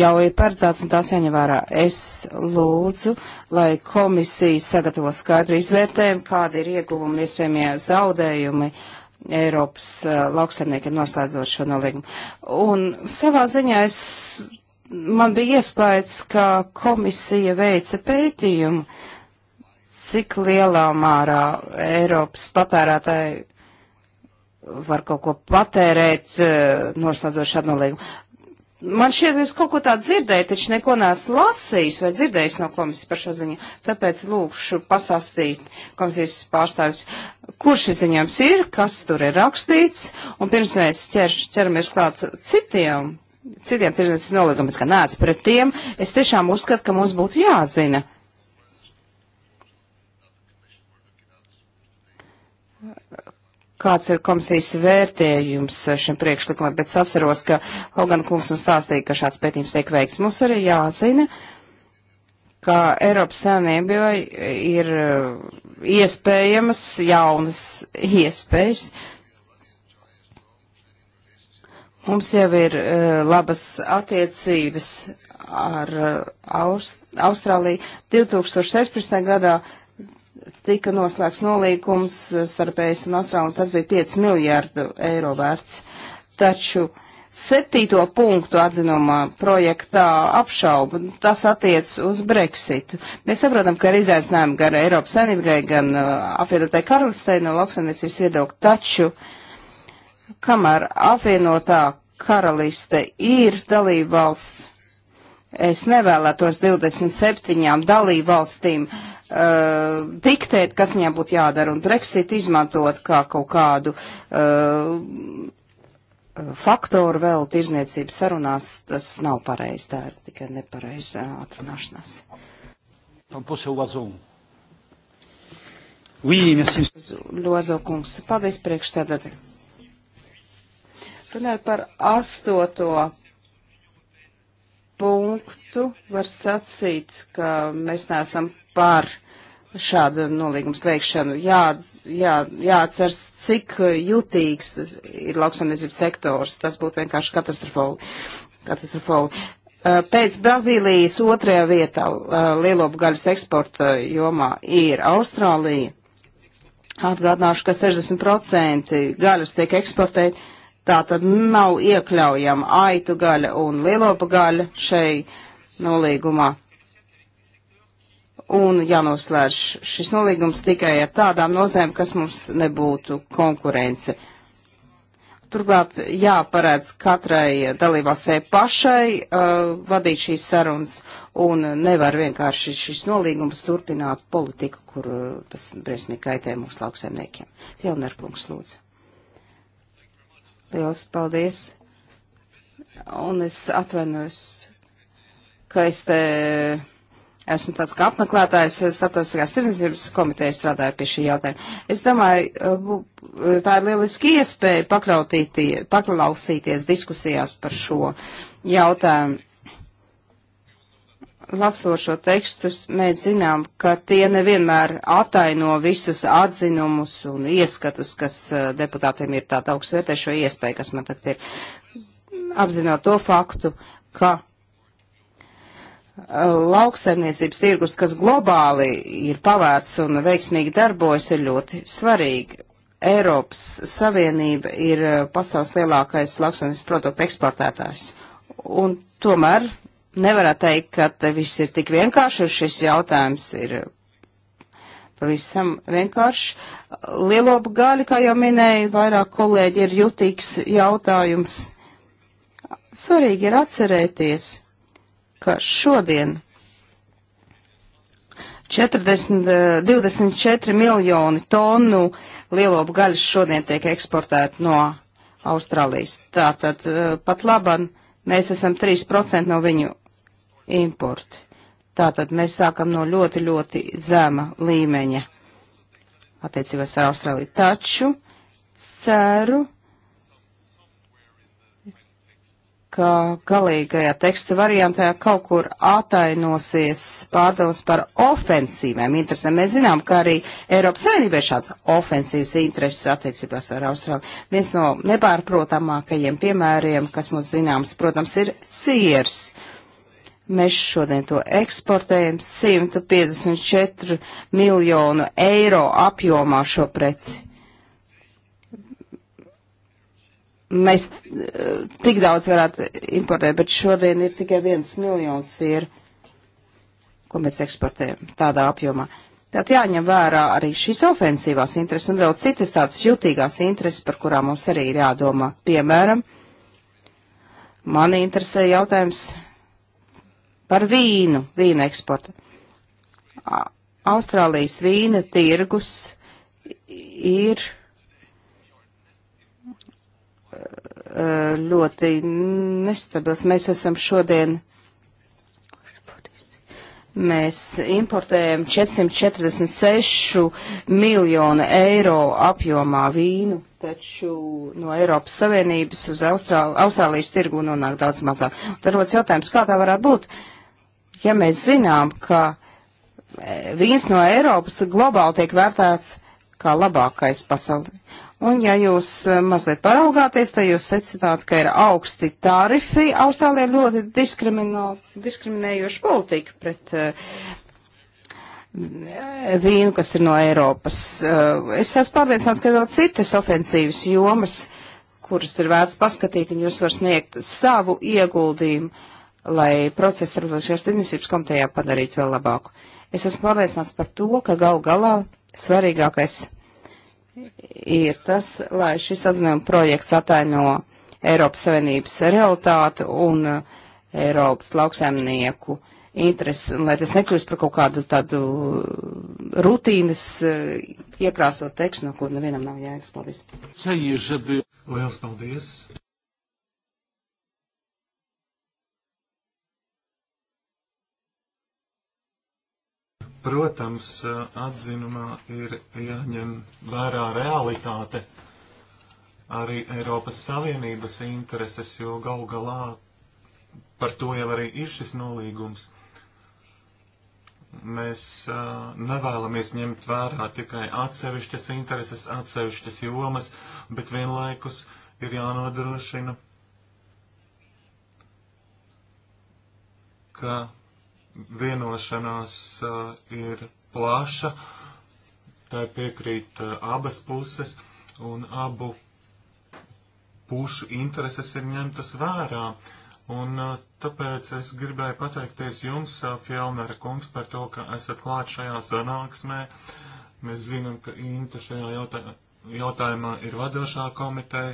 Speaker 3: jau ir paredzēts un tās jāņem vērā. Es lūdzu, lai komisija sagatavo skaidru izvērtējumu, kādi ir ieguvumi un iespējamie zaudējumi Eiropas eh, lauksaimniekiem noslēdzot šo nolīgumu. Un savā ziņā es, man bija iespējas, ka komisija veica pētījumu cik lielā mērā Eiropas patērētāji var kaut ko patērēt, eh, noslēdzot šādu nolīgumu. Man šķiet, es kaut ko tādu dzirdēju, taču neko neesmu lasījis vai dzirdējis no komisijas par šo ziņu. Tāpēc lūkšu pastāstīt komisijas pārstāvis, kur šis ziņojums ir, kas tur ir rakstīts, un pirms mēs ķer, ķeramies klāt citiem, citiem tirdzniecības nolīgumiem, ka nāc pret tiem, es tiešām uzskatu, ka mums būtu jāzina kāds ir komisijas vērtējums šim priekšlikumam, bet saceros, ka Hogan kungs mums stāstīja, ka šāds pētījums tiek veikts. Mums arī jāzina, ka Eiropas saimniebai ir uh, iespējamas jaunas iespējas. Mums jau ir uh, labas attiecības ar uh, Aust Austrāliju. 2016. gadā tika noslēgts nolīgums eh, starp ES un Austrāliju, un tas bija 5 miljārdu eiro vērts. Taču septīto punktu atzinumā projektā apšaubu, nu, tas attiec uz Brexitu. Mēs saprotam, ka ir izaicinājumi gan Eiropas saimnībai, gan uh, apvienotai karalistei no lauksaimniecības viedokļa, taču kamēr apvienotā karaliste ir dalībvalsts, es nevēlētos 27 dalībvalstīm uh, uh, diktēt, kas viņām būtu jādara, un Brexit izmantot kā kaut kādu uh, faktoru vēl tirzniecības sarunās, tas nav pareizi, tā ir tikai nepareiza atrunāšanās. Oui, merci. Lozo kungs, paldies priekšstādātāji. Runājot par astoto punktu var sacīt, ka mēs neesam par šādu nolīgumu slēgšanu. Jā, jā, jāatceras, cik jutīgs ir lauksaimniecības sektors. Tas būtu vienkārši katastrofāli. katastrofāli. Eh, pēc Brazīlijas otrajā vietā eh, lielopgaļas eksporta jomā ir Austrālija. Atgādināšu, ka 60% gaļas tiek eksportēta Tā tad nav iekļaujama aitu gaļa un lielopa gaļa šai nolīgumā. Un jānoslēdz šis nolīgums tikai ar tādām nozēm, kas mums nebūtu konkurence. Turklāt jāparedz katrai dalībvalstī pašai uh, vadīt šīs sarunas un nevar vienkārši šis nolīgums turpināt politiku, kur uh, tas briesmīgi kaitē mūsu lauksaimniekiem. Filnerkungs lūdzu. Liels paldies! Un es atvainojos, ka es te esmu tāds kā apmeklētājs starptautiskās tirdzniecības komiteja strādāju pie šī jautājuma. Es domāju, uh, uh, tā ir lieliski iespēja paklausīties diskusijās par šo jautājumu lasot šo tekstus, mēs zinām, ka tie nevienmēr ataino visus atzinumus un ieskatus, kas eh, deputātiem ir tāda augstsvērtēšo iespēja, kas man tagad ir. Apzinot to faktu, ka eh, lauksaimniecības tirgus, kas globāli ir pavērts un veiksmīgi darbojas, ir ļoti svarīgi. Eiropas Savienība ir eh, pasaules lielākais lauksaimniecības produktu eksportētājs. Un tomēr nevarētu teikt, ka te viss ir tik vienkārši, šis jautājums ir pavisam vienkārši. Lielopu gaļu, kā jau minēju, vairāk kolēģi ir jutīgs jautājums. Svarīgi ir atcerēties, ka šodien 40, 24 miljoni tonu lielopu gaļas šodien tiek eksportēta no Austrālijas. Tātad eh, pat laban mēs esam 3% no viņu importi. Tātad mēs sākam no ļoti, ļoti zema līmeņa attiecībās ar Austrāliju. Taču ceru, ka galīgajā teksta variantā kaut kur atainosies pārdomas par ofensīvēm interesēm. Mēs zinām, ka arī Eiropas Savienībai šāds ofensīvs intereses attiecībās ar Austrāliju. Viens no nepārprotamākajiem piemēriem, kas mums zināms, protams, ir siers. Uh, Mēs šodien to eksportējam 154 miljonu eiro apjomā šo preci. Mēs eh, tik daudz varētu importēt, bet šodien ir tikai viens miljons ir, ko mēs eksportējam tādā apjomā. Tātad jāņem vērā arī šīs ofensīvās intereses un vēl citas tādas jutīgās intereses, par kurām mums arī ir jādomā. Piemēram, mani interesē jautājums par vīnu, vīna eksportu. Austrālijas vīna tirgus ir e, ļoti nestabils. Mēs esam šodien, mēs importējam 446 miljonu eiro apjomā vīnu, taču no Eiropas Savienības uz Austrāl Austrālijas tirgu nonāk daudz mazāk. Tad rodas jautājums, kā tā varētu būt? Uh, ja mēs zinām, ka e, vīns no Eiropas globāli tiek vērtēts kā labākais pasaulē. Un ja jūs e, mazliet paraugāties, tad jūs secināt, ka ir augsti tarifi. Austrālija ļoti diskriminējoša politika pret uh, vīnu, kas ir no Eiropas. Uh, es esmu pārliecināts, ka ir vēl citas ofensīvas jomas, kuras ir vērts paskatīt, un jūs var sniegt savu ieguldījumu lai procesu starptautiskajās tirdzniecības komitejā padarītu vēl labāku. Es esmu pārliecināts par to, ka gal galā svarīgākais ir tas, lai šis atzinājuma projekts ataino Eiropas Savienības realitāti un uh, Eiropas lauksaimnieku interesi, un lai tas nekļūst par kaut kādu tādu rutīnas uh, iekrāsot tekstu, no kur nevienam nav jāieksplodīs.
Speaker 1: Liels paldies! Protams, atzinumā ir jāņem vērā realitāte, arī Eiropas Savienības intereses, jo galu galā par to jau arī ir šis nolīgums. Mēs uh, nevēlamies ņemt vērā tikai atsevišķas intereses, atsevišķas jomas, bet vienlaikus ir jānodrošina, ka vienošanās eh, ir plaša, tai piekrīt eh, abas puses, un abu pušu intereses ir ņemtas vērā. Un eh, tāpēc es gribēju pateikties jums, Fjellnera kungs, par to, ka esat klāt šajā sanāksmē. Mēs zinām, ka Inta šajā jautājumā jautājumā ir vadošā komiteja,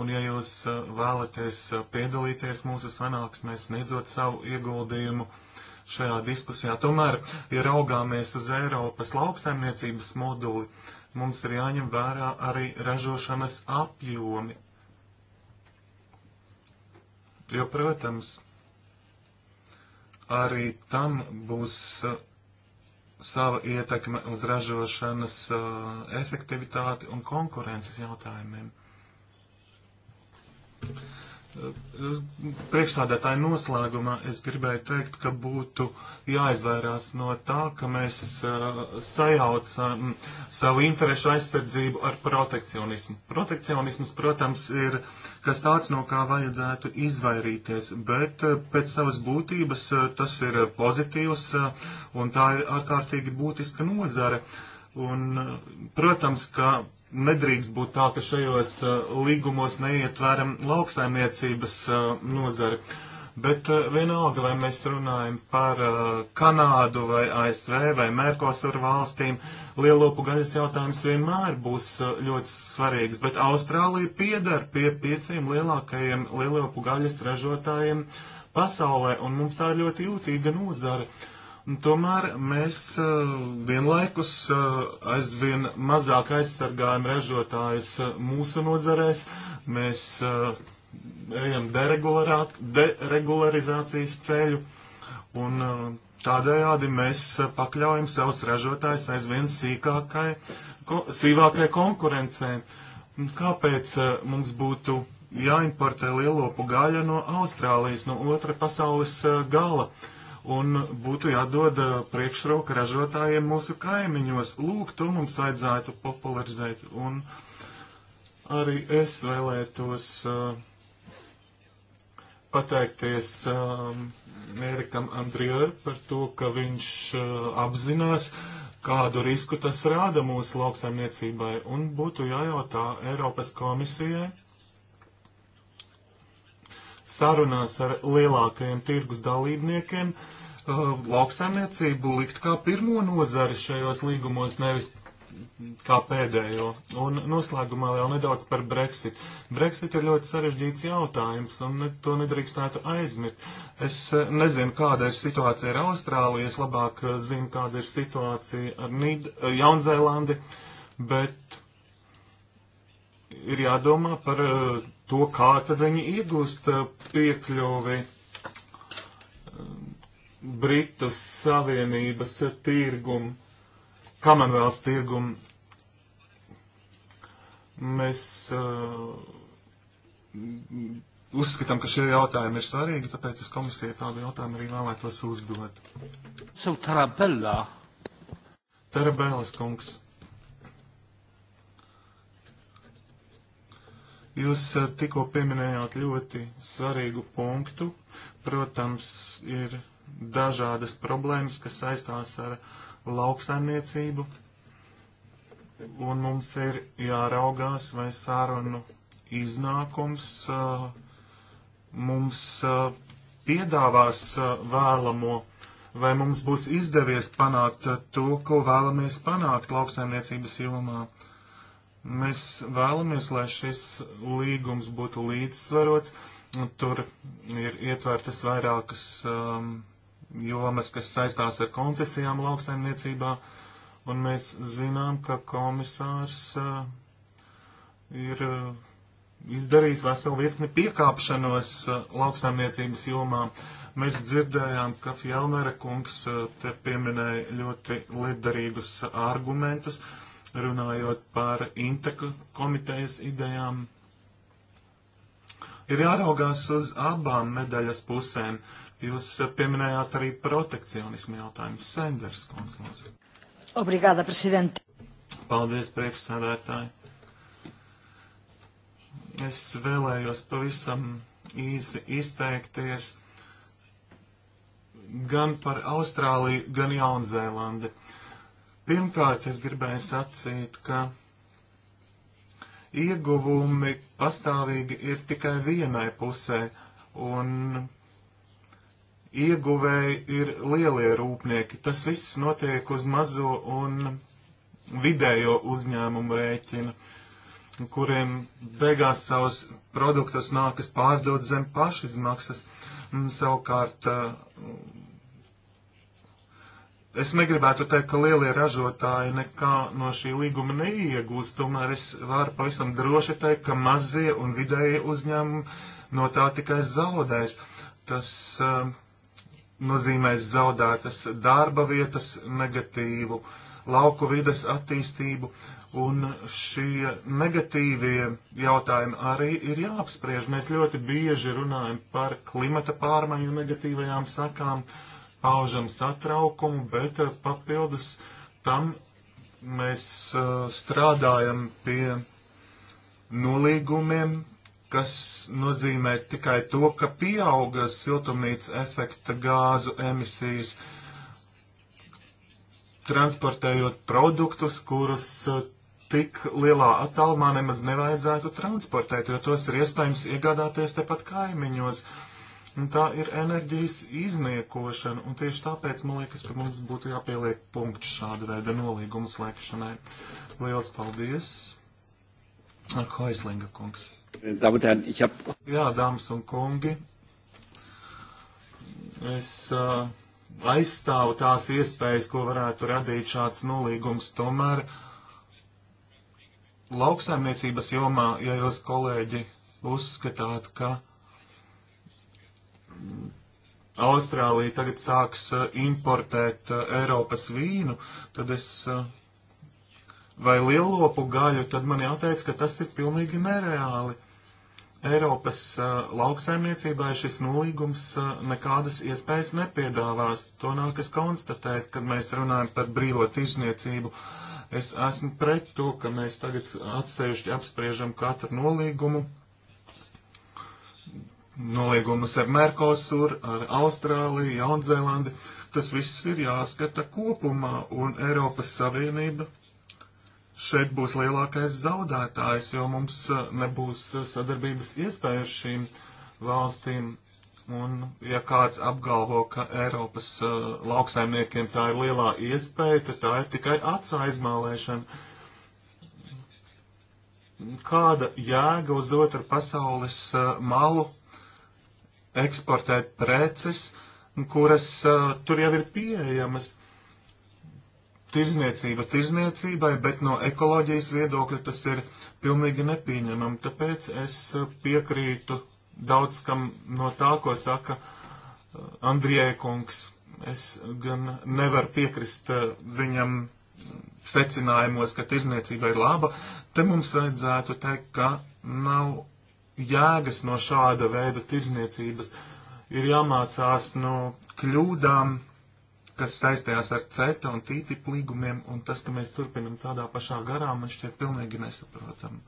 Speaker 1: un ja jūs vēlaties piedalīties mūsu sanāksmēs, sniedzot savu ieguldījumu, uh, šajā diskusijā. Tomēr, ja raugāmies uz Eiropas lauksaimniecības moduli, mums ir jāņem vērā arī ražošanas apjomi. Jo, protams, arī tam būs uh, sava ietekme uz ražošanas uh, efektivitāti un konkurences jautājumiem. Priekšstādētāji noslēgumā es gribēju teikt, ka būtu jāizvairās no tā, ka mēs uh, sajaucam savu interešu aizsardzību ar protekcionismu. Protekcionisms, protams, ir kas tāds, no kā vajadzētu izvairīties, bet uh, pēc savas būtības uh, tas ir pozitīvs uh, un tā ir ārkārtīgi būtiska nozare. Un, uh, protams, ka Nedrīkst būt tā, ka šajos eh, līgumos neietveram lauksaimniecības eh, nozari. Bet eh, vienalga, vai mēs runājam par Kanādu vai ASV vai Merkosur valstīm, lielopu gaļas jautājums vienmēr būs ļoti svarīgs. Bet Austrālija piedar pie pieciem lielākajiem lielopu gaļas ražotājiem pasaulē, un mums tā ir ļoti jūtīga nozara. Nu, tomēr mēs eh, vienlaikus eh, aizvien mazāk aizsargājam ražotājus eh, mūsu nozarēs. Mēs ejam deregularizācijas ceļu un tādējādi mēs pakļaujam savus ražotājus aizvien sīkākai, ko, sīvākai konkurencei. Kāpēc mums būtu jāimportē lielopu gaļa no Austrālijas, no otra pasaules gala? Uh, un būtu jādod uh, priekšroka ražotājiem mūsu kaimiņos. Lūk, to mums vajadzētu popularizēt. Un arī es vēlētos uh, pateikties uh, um, Erikam Andrija par to, ka viņš uh, apzinās, kādu risku tas rāda mūsu lauksaimniecībai, un būtu jājautā Eiropas komisijai sarunās ar lielākajiem tirgus dalībniekiem uh, lauksaimniecību likt kā pirmo nozari šajos līgumos, nevis kā pēdējo. Un noslēgumā jau nedaudz par Brexit. Brexit ir ļoti sarežģīts jautājums, un ne, to nedrīkstētu aizmirst. Es eh, nezinu, kāda ir situācija ar Austrāliju, es labāk eh, zinu, kāda ir situācija ar Nid eh, Jaunzēlandi, bet ir jādomā par to, kā tad viņi iegūst uh, piekļuvi um, Britu Savienības tirgumu, Commonwealth tirgumu. Mēs uh, uzskatām, ka šie jautājumi ir svarīgi, tāpēc es komisijai tādu jautājumu arī vēlētos uzdot. Savu Tarabellā. Tarabellas kungs. Jūs eh, tikko pieminējāt ļoti svarīgu punktu. Protams, ir dažādas problēmas, kas saistās ar lauksaimniecību, un mums ir jāraugās, vai sārunu iznākums uh, mums uh, piedāvās uh, vēlamo, vai mums būs izdevies panākt to, ko vēlamies panākt lauksaimniecības jomā. Uh, Mēs vēlamies, lai šis līgums būtu līdzsvarots. Tur ir ietvērtas vairākas um, jomas, kas saistās ar koncesijām lauksaimniecībā, un mēs zinām, ka komisārs uh, ir uh, izdarījis veselu virkni piekāpšanos uh, lauksaimniecības jomā. Mēs dzirdējām, ka Fjellnera kungs uh, te pieminēja ļoti liederīgus argumentus. Uh, runājot par Inteku komitejas idejām. Ir jāraugās uz abām medaļas pusēm. Jūs pieminējāt arī protekcionismu jautājumu. Senders, konsulāts.
Speaker 3: Obrigāda, prezidente.
Speaker 1: Paldies, priekšsēdētāji. Es vēlējos pavisam īsi izteikties gan par Austrāliju, gan Jaunzēlandi. Pirmkārt, es gribēju sacīt, ka ieguvumi pastāvīgi ir tikai vienai pusē, un ieguvēji ir lielie rūpnieki. Tas viss notiek uz mazo un vidējo uzņēmumu rēķina, kuriem beigās savus produktus nākas pārdot zem pašizmaksas. Savukārt Es negribētu teikt, ka lielie ražotāji nekā no šī līguma neiegūst, tomēr es varu pavisam droši teikt, ka mazie un vidēji uzņēmumi no tā tikai zaudēs. Tas uh, eh, nozīmēs zaudētas darba vietas, negatīvu lauku vides attīstību, un šie negatīvie jautājumi arī ir jāapspriež. Mēs ļoti bieži runājam par klimata pārmaiņu negatīvajām sakām. Uh, paužam satraukumu, bet eh, papildus tam mēs uh, strādājam pie nolīgumiem, kas nozīmē tikai to, ka pieauga siltumnīca efekta gāzu emisijas, transportējot produktus, kurus uh, tik lielā attālumā nemaz nevajadzētu transportēt, jo tos ir iespējams iegādāties tepat kaimiņos. Uh, Un nu, tā ir enerģijas izniekošana, un tieši tāpēc man liekas, ka mums būtu jāpieliek punkts šāda veida nolīgumu slēgšanai. Lielas paldies! Hoislinga kungs.
Speaker 3: Jā,
Speaker 1: dāmas un kungi, es uh, aizstāvu tās iespējas, ko varētu radīt šāds nolīgums. Tomēr lauksaimniecības jomā, ja jūs kolēģi uzskatāt, ka Austrālija tagad sāks eh, importēt eh, Eiropas vīnu, tad es eh, vai lielopu gaļu, tad man jāteic, ka tas ir pilnīgi nereāli. Eiropas uh, lauksaimniecībai šis nolīgums uh, nekādas iespējas nepiedāvās. To nākas konstatēt, kad mēs runājam par brīvo tirzniecību. Es esmu pret to, ka mēs tagad atsevišķi apspriežam katru nolīgumu noliegumus ar Merkosur, ar Austrāliju, Jaunzēlandi. Tas viss ir jāskata kopumā, un Eiropas Savienība šeit būs lielākais zaudētājs, jo mums uh, nebūs uh, sadarbības iespējas šīm valstīm. Un, ja kāds apgalvo, ka Eiropas uh, lauksaimniekiem tā ir lielā iespēja, tad tā ir tikai acu aizmālēšana kāda jēga uzdot ar pasaules uh, malu eksportēt preces, kuras uh, tur jau ir pieejamas. Tirzniecība tirzniecībai, bet no ekoloģijas viedokļa tas ir pilnīgi nepieņemam. Tāpēc es uh, piekrītu daudz kam no tā, ko saka uh, Andrijē kungs. Es gan nevaru piekrist uh, viņam secinājumos, ka tirzniecība ir laba. Te mums vajadzētu teikt, ka nav jēgas no šāda veida tirzniecības. Ir jāmācās no kļūdām, kas saistījās ar CETA un TTIP līgumiem, un tas, ka mēs turpinam tādā pašā garā, man šķiet pilnīgi nesaprotam.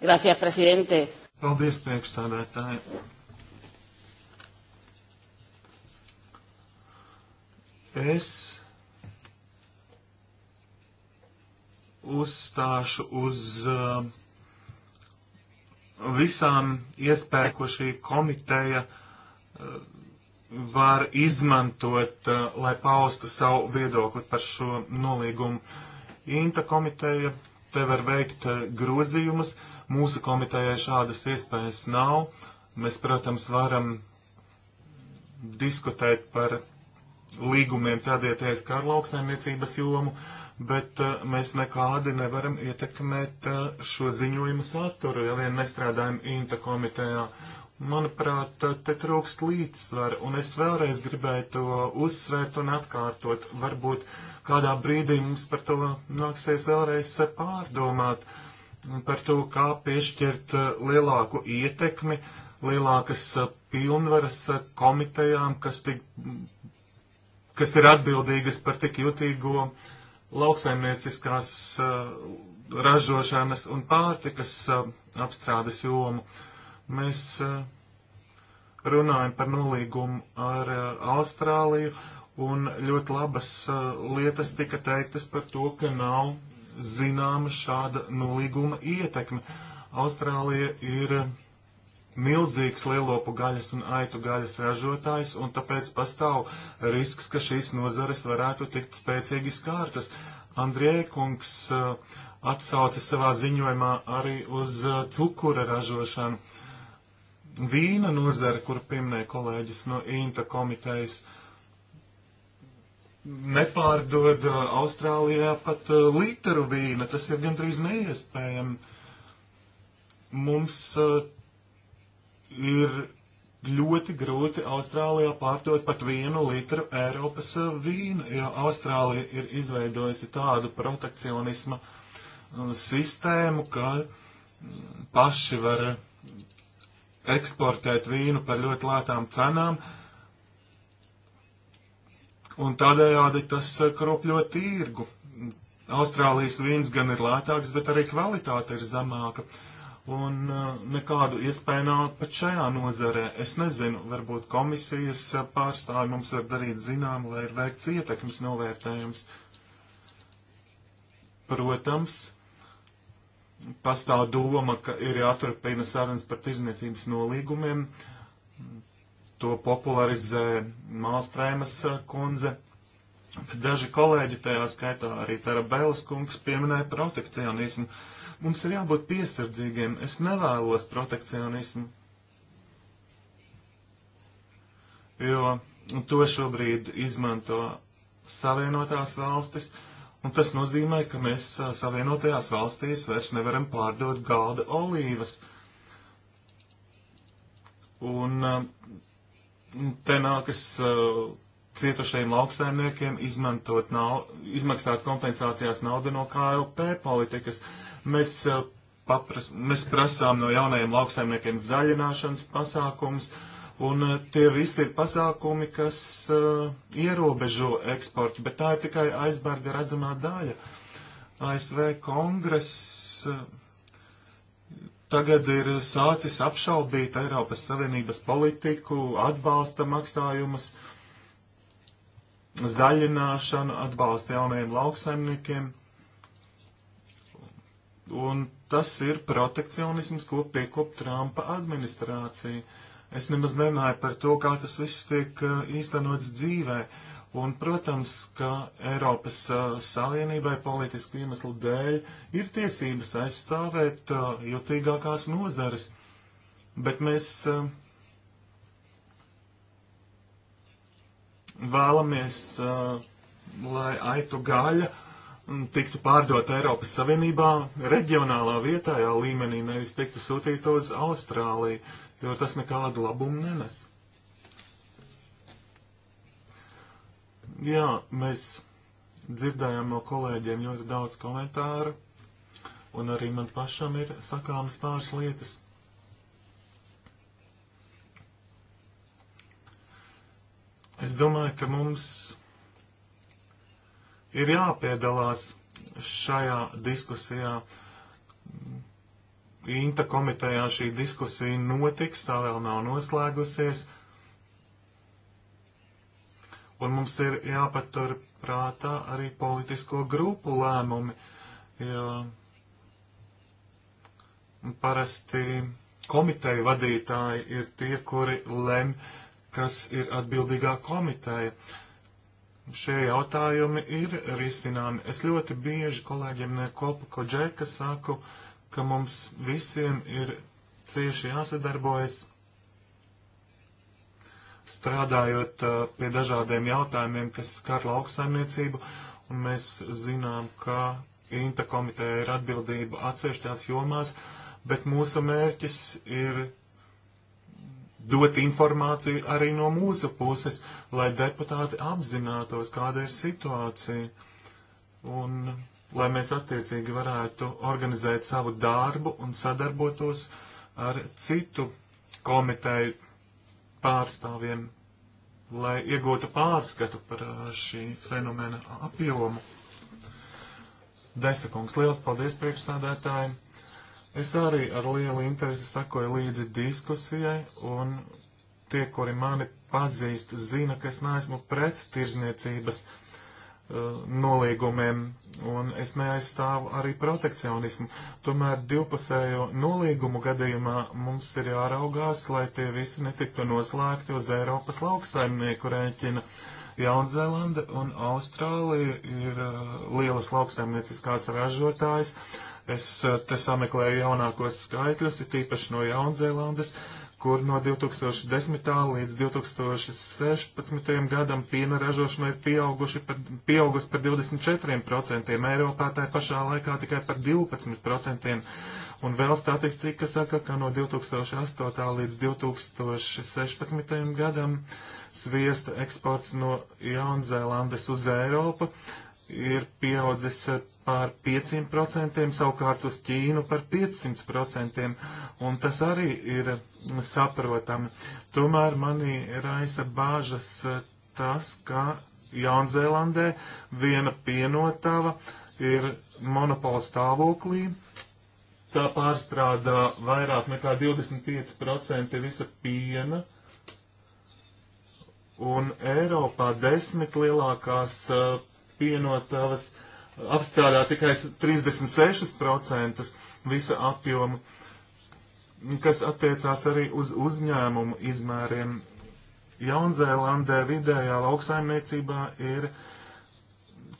Speaker 3: Gracias, presidente.
Speaker 1: Paldies, priekšsādātāji. Es uzstāšu uz uh, visām iespējām, ko šī komiteja uh, var izmantot, uh, lai paustu savu viedokli par šo nolīgumu. Inta komiteja te var veikt uh, grozījumus, mūsu komitejai šādas iespējas nav. Mēs, protams, varam diskutēt par līgumiem tādieties kā ar lauksaimniecības jomu, uh, bet uh, mēs nekādi nevaram ietekmēt uh, šo ziņojumu saturu, ja vien nestrādājam INTA komitejā. Manuprāt, eh, te trūkst līdzsvaru, un es vēlreiz gribēju to uzsvērt un atkārtot. Varbūt kādā brīdī mums par to nāksies vēlreiz pārdomāt, par to, kā piešķirt lielāku ietekmi, lielākas pilnvaras komitejām, kas, tik, kas ir atbildīgas par tik jutīgo uh, lauksaimnieciskās eh, ražošanas un pārtikas eh, apstrādes jomu. Mēs eh, runājam par nolīgumu ar Austrāliju, un ļoti labas lietas tika teiktas par to, ka nav zināma šāda nolīguma ietekme. Austrālija ir milzīgs lielopu gaļas un aitu gaļas ražotājs, un tāpēc pastāv risks, ka šīs nozares varētu tikt spēcīgi skārtas. Andrija Kungs uh, eh, atsauca savā ziņojumā arī uz uh, cukura ražošanu. Vīna nozare, kuru pieminēja kolēģis no Inta komitejas, nepārdod uh, Austrālijā pat litru vīna. Tas ir gandrīz neiespējami. Mums ir ļoti grūti Austrālijā pārdot pat vienu litru Eiropas eh, vīnu, jo Austrālija ir izveidojusi tādu protekcionisma eh, sistēmu, ka mm, paši var eksportēt vīnu par ļoti lētām cenām, un tādējādi tas eh, kropļo tirgu. Austrālijas vīns gan ir lētāks, bet arī kvalitāte ir zemāka. Uh, un uh, nekādu iespēju nav pat šajā nozarē. Es nezinu, varbūt komisijas pārstāvi mums var darīt zinām, lai ir veikts ietekmes novērtējums. Protams, pastāv doma, ka ir jāturpina sarunas par tirzniecības nolīgumiem. To popularizē Mālstrēmas uh, kundze. Daži kolēģi, tajā skaitā arī Tarabēlas kungs, pieminēja protekcionismu. Uh, Mums ir jābūt piesardzīgiem. Es nevēlos protekcionismu. Jo to šobrīd izmanto savienotās valstis, un tas nozīmē, ka mēs savienotajās valstīs vairs nevaram pārdot galda olīvas. Un te nākas cietušajiem lauksaimniekiem izmantot nav, izmaksāt kompensācijās naudu no KLP politikas. Uh, Mēs, papras, mēs prasām no jaunajiem lauksaimniekiem zaļināšanas pasākums, un tie visi ir pasākumi, kas uh, ierobežo eksportu, bet tā ir tikai aizbērga redzamā daļa. ASV kongress uh, tagad ir sācis apšaubīt Eiropas Savienības politiku, atbalsta maksājumus, zaļināšanu, atbalsta jaunajiem lauksaimniekiem. Un tas ir protekcionisms, ko piekop Trumpa administrācija. Es nemaz nenāju par to, kā tas viss tiek eh, īstenots dzīvē. Un, protams, ka Eiropas uh, Savienībai politisku iemeslu dēļ ir tiesības aizstāvēt uh, jutīgākās nozares. Bet mēs uh, vēlamies, lai aitu gaļa tiktu pārdot Eiropas Savienībā reģionālā vietējā līmenī, nevis tiktu sūtīt uz Austrāliju, jo tas nekādu labumu nenes. Jā, mēs dzirdējām no kolēģiem ļoti daudz komentāru, un arī man pašam ir sakāmas pāris lietas. Es domāju, ka mums ir jāpiedalās šajā diskusijā. Inta komitejā šī diskusija notiks, tā vēl nav noslēgusies. Un mums ir jāpatur prātā arī politisko grupu lēmumi, jo parasti komiteju vadītāji ir tie, kuri lem, kas ir atbildīgā komiteja. Uh, Šie jautājumi ir risināmi. Es ļoti bieži kolēģiem Kopu Koģeka saku, ka mums visiem ir cieši jāsadarbojas strādājot uh, pie dažādiem jautājumiem, kas skar lauksaimniecību, un mēs zinām, ka Inta komiteja ir atbildība atsevišķās jomās, bet mūsu mērķis ir dot informāciju arī no mūsu puses, lai deputāti apzinātos, kāda ir situācija. Un lai mēs attiecīgi varētu organizēt savu darbu un sadarbotos ar citu komiteju pārstāvjiem, lai iegūtu pārskatu par uh, šī fenomena apjomu. Desakungs, liels paldies priekšstādētājiem! Es arī ar lielu interesi sakoju līdzi diskusijai, un tie, kuri mani pazīst, zina, ka es neesmu pret tirzniecības uh, nolīgumiem, un es neaizstāvu arī protekcionismu. Tomēr divpusējo nolīgumu gadījumā mums ir jāraugās, lai tie visi netiktu noslēgti uz Eiropas lauksaimnieku rēķina. Jaunzēlanda un Austrālija ir uh, lielas lauksaimnieciskās ražotājas, Es eh, te sameklēju jaunākos skaitļus, ir tīpaši no Jaunzēlandes, kur no 2010. līdz 2016. gadam piena ražošana ir pieauguši par, pieaugusi par 24%, Eiropā tā pašā laikā tikai par 12%. Un vēl statistika saka, ka no 2008. līdz 2016. gadam sviesta eksports no Jaunzēlandes uz Eiropu ir pieaudzis par 500%, savukārt uz Ķīnu par 500%, un tas arī ir saprotami. Tomēr manī raisa bāžas eh, tas, ka Jaunzēlandē viena pienotava ir monopola stāvoklī. Tā pārstrādā vairāk nekā 25% visa piena, un Eiropā desmit lielākās uh, pienotavas apstrādā tikai 36% visa apjoma, kas attiecās arī uz uzņēmumu izmēriem. Jaunzēlandē vidējā lauksaimniecībā ir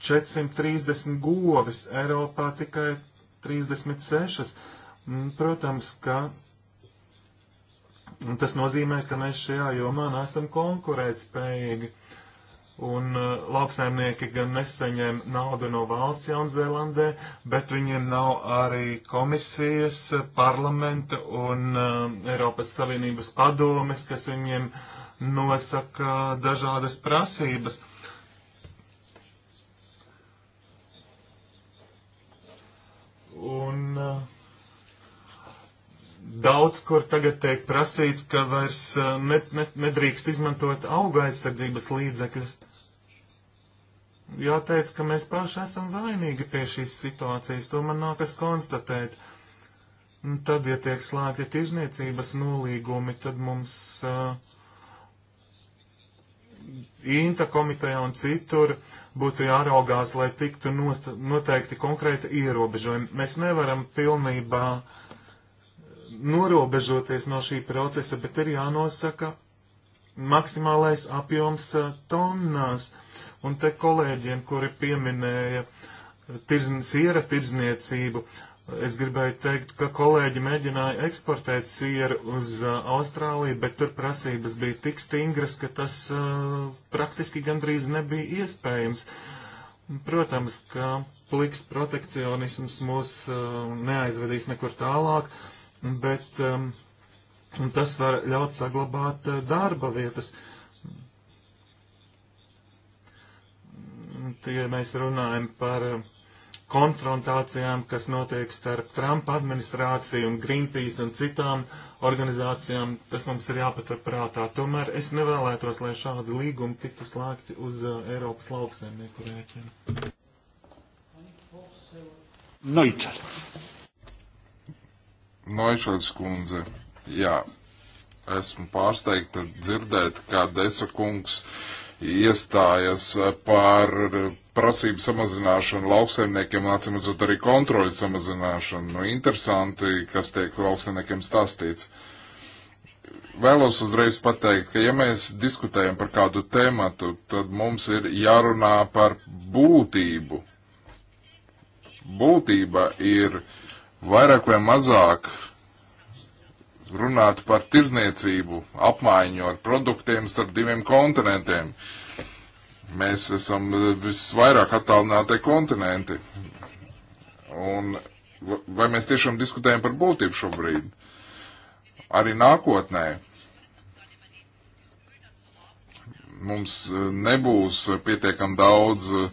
Speaker 1: 430 govis, Eiropā tikai 36. Mm, protams, ka tas nozīmē, ka mēs šajā jomā nesam konkurētspējīgi. spējīgi Un uh, lauksaimnieki gan nesaņem naudu no valsts Jaunzēlandē, bet viņiem nav arī komisijas, parlamenta un uh, Eiropas Savienības padomes, kas viņiem nosaka dažādas prasības. Un uh, daudz kur tagad tiek prasīts, ka vairs ne, ne, nedrīkst izmantot auga aizsardzības līdzekļus. Jāteic, ka mēs paši esam vainīgi pie šīs situācijas, to man nākas konstatēt. Un tad, ja tiek slēgti tirzniecības nolīgumi, tad mums uh, Inta komitejā un citur būtu jāraugās, lai tiktu nost, noteikti konkrēti ierobežojumi. Mēs nevaram pilnībā uh, norobežoties no šī procesa, bet ir jānosaka maksimālais apjoms eh, tonnās. Un te kolēģiem, kuri pieminēja eh, tirzn, siera tirzniecību, es gribēju teikt, ka kolēģi mēģināja eksportēt sieru uz uh, Austrāliju, bet tur prasības bija tik stingras, ka tas uh, praktiski gandrīz nebija iespējams. Protams, ka pliks protekcionisms mūs uh, neaizvedīs nekur tālāk. Uh, bet um, tas var ļaut saglabāt uh, darba vietas. Tie mēs runājam par um, konfrontācijām, kas notiek starp Trumpa administrāciju un Greenpeace un citām organizācijām, tas mums ir jāpatur prātā. Tomēr es nevēlētos, lai šādi līgumi tiktu slēgti uz uh, Eiropas lauksaimnieku rēķina. Noitāli.
Speaker 2: Noišāds kundze, jā, esmu pārsteigta dzirdēt, kā Desa kungs iestājas par prasību samazināšanu lauksaimniekiem, atcīmredzot arī kontroļu samazināšanu. Nu, interesanti, kas tiek lauksaimniekiem stāstīts. Vēlos uzreiz pateikt, ka ja mēs diskutējam par kādu tēmatu, tad mums ir jārunā par būtību. Būtība ir uh, vairāk vai mazāk runāt par tirzniecību, apmaiņot produktiem starp diviem kontinentiem. Mēs esam visvairāk attālinātie kontinenti. Un vai mēs tiešām diskutējam par būtību šobrīd? Arī nākotnē mums e, nebūs pietiekam daudz e,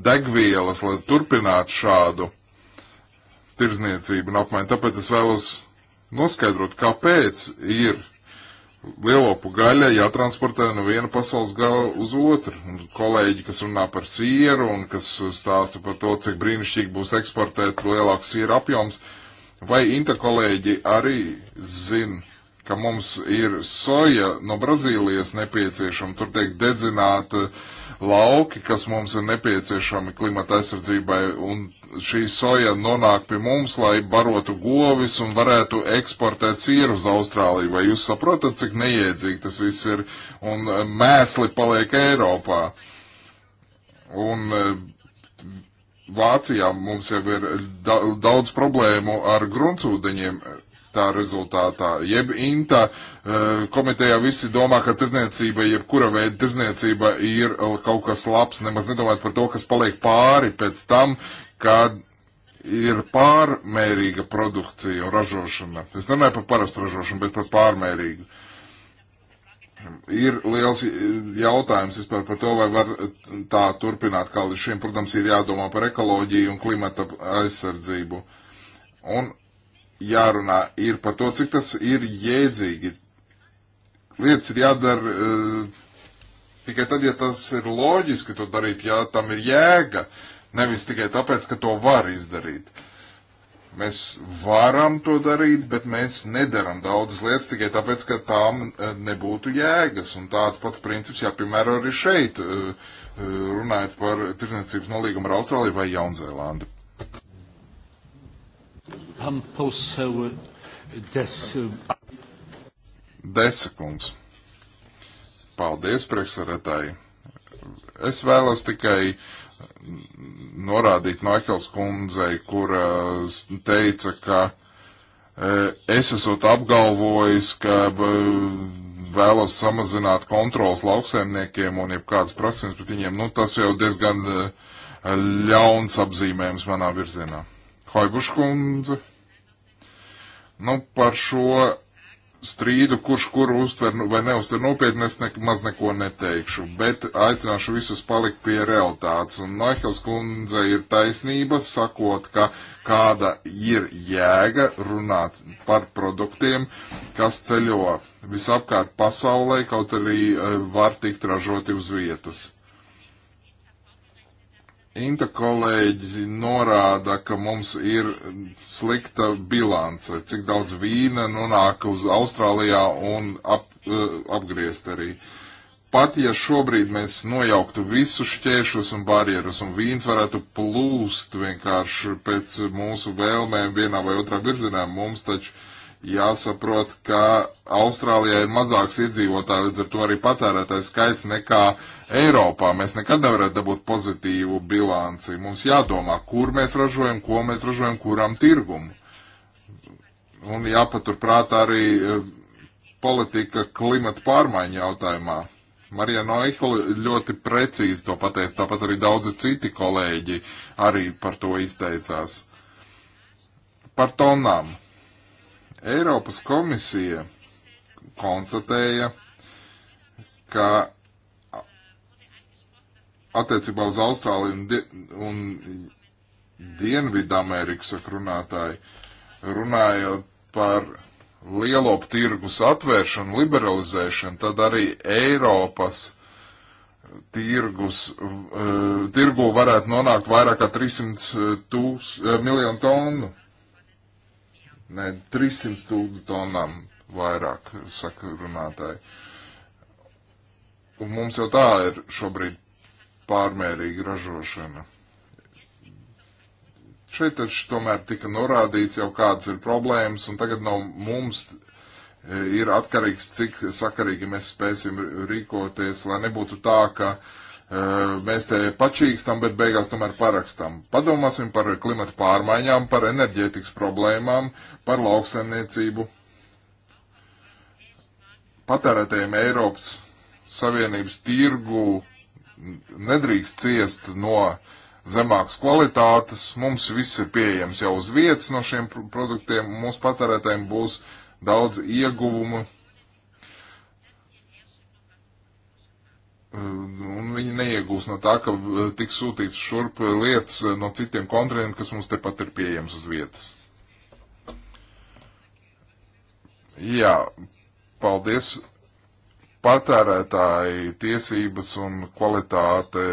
Speaker 2: degvielas, lai turpinātu šādu tirzniecību un apmaiņu. Tāpēc es vēlos noskaidrot, kāpēc ir lielopu gaļa jātransportē no viena pasaules gala uz otru. Un kolēģi, kas runā par sieru un kas stāsta par to, cik brīnišķīgi būs eksportēt lielāks siera apjoms, vai interkolēģi arī zina, ka mums ir soja no Brazīlijas nepieciešama, tur tiek dedzināta uh, lauki, kas mums ir nepieciešami klimata aizsardzībai, un šī soja nonāk pie mums, lai barotu govis un varētu eksportēt sieru uz Austrāliju. Vai jūs saprotat, cik neiedzīgi tas viss ir, un e, mēsli paliek Eiropā? Un e, Vācijā mums jau ir daudz problēmu ar gruntsūdeņiem tā rezultātā. Jeb INTA eh, komitejā visi domā, ka tirzniecība, jebkura veida tirzniecība ir eh, kaut kas labs, nemaz nedomājot par to, kas paliek pāri pēc tam, kad ir pārmērīga produkcija un ražošana. Es nemanāju par parastu ražošanu, bet par pārmērīgu. Ir liels jautājums vispār par to, vai var tā turpināt kā līdz šim. Protams, ir jādomā par ekoloģiju un klimata aizsardzību. Un jārunā ir par to, cik tas ir jēdzīgi. Lietas ir jādara uh, tikai tad, ja tas ir loģiski to darīt, ja tam ir jēga, nevis tikai tāpēc, ka to var izdarīt. Mēs varam to darīt, bet mēs nedaram daudzas lietas tikai tāpēc, ka tām uh, nebūtu jēgas. Un tāds pats princips jāpiemēro arī šeit, uh, runājot par tirdzniecības nolīgumu ar Austrāliju vai Jaunzēlandi. Pan poseł Des. Desekunds. Paldies, priekšsarētāji. Es vēlos tikai norādīt Maikls kundzei, kur uh, teica, ka uh, es esot apgalvojis, ka uh, vēlos samazināt kontrolas lauksaimniekiem un jebkādas prasības pret viņiem, nu tas jau diezgan ļauns apzīmējums manā virzienā. Haibuškundze. Nu, par šo strīdu, kurš kuru uztver nu, vai neuztver nopietni, es nemaz neko neteikšu, bet aicināšu visus palikt pie realitātes. Un Maihels kundze ir taisnība, sakot, ka kāda ir jēga runāt par produktiem, kas ceļo visapkārt pasaulē, kaut arī eh, var tikt ražoti uz vietas. Inta kolēģi norāda, ka mums ir slikta bilance, cik daudz vīna nonāk uz Austrālijā un ap, e, apgriezt arī. Pat ja šobrīd mēs nojauktu visu šķēršus un barjerus un vīns varētu plūst vienkārši pēc mūsu vēlmēm vienā vai otrā virzienā, mums taču uh, jāsaprot, ka Austrālijā ir mazāks iedzīvotāji, līdz ar to arī patērētājs skaits nekā Eiropā. Mēs nekad nevarētu dabūt pozitīvu bilanci. Mums jādomā, kur mēs ražojam, ko mēs ražojam, kuram tirgumu. Un jāpaturprāt arī eh, politika klimata pārmaiņu jautājumā. Marija Noikola ļoti precīzi to pateica, tāpat arī daudzi citi kolēģi arī par to izteicās. Par tonām Eiropas komisija konstatēja, ka attiecībā uz Austrāliju un, di un Dienvidamerikas runātāji, runājot par lielo tirgus atvēršanu, liberalizēšanu, tad arī Eiropas tirgus, uh, tirgu varētu nonākt vairāk kā 300 eh, tūs, uh, miljonu tonu ne 300 tūkstošu tonām vairāk, saka runātāji. Un mums jau tā ir šobrīd pārmērīga ražošana. Šeit taču tomēr tika norādīts jau kādas ir problēmas, un tagad no mums e, ir atkarīgs, cik sakarīgi mēs spēsim rīkoties, lai nebūtu tā, ka uh, mēs te pačīkstam, bet beigās tomēr parakstam. Padomāsim par klimatu pārmaiņām, par enerģētikas problēmām, par lauksaimniecību. Patērētējiem Eiropas Savienības tirgu nedrīkst ciest no zemākas kvalitātes. Mums viss ir pieejams jau uz vietas no šiem produktiem. Mūsu patērētājiem būs daudz ieguvumu Ehm, un viņi neiegūs no tā, ka eh, tiks sūtīts šurp eh, lietas eh, no citiem kontinentiem, kas mums tepat ir pieejams uz vietas. Jā, paldies. Patērētāji tiesības un kvalitāte.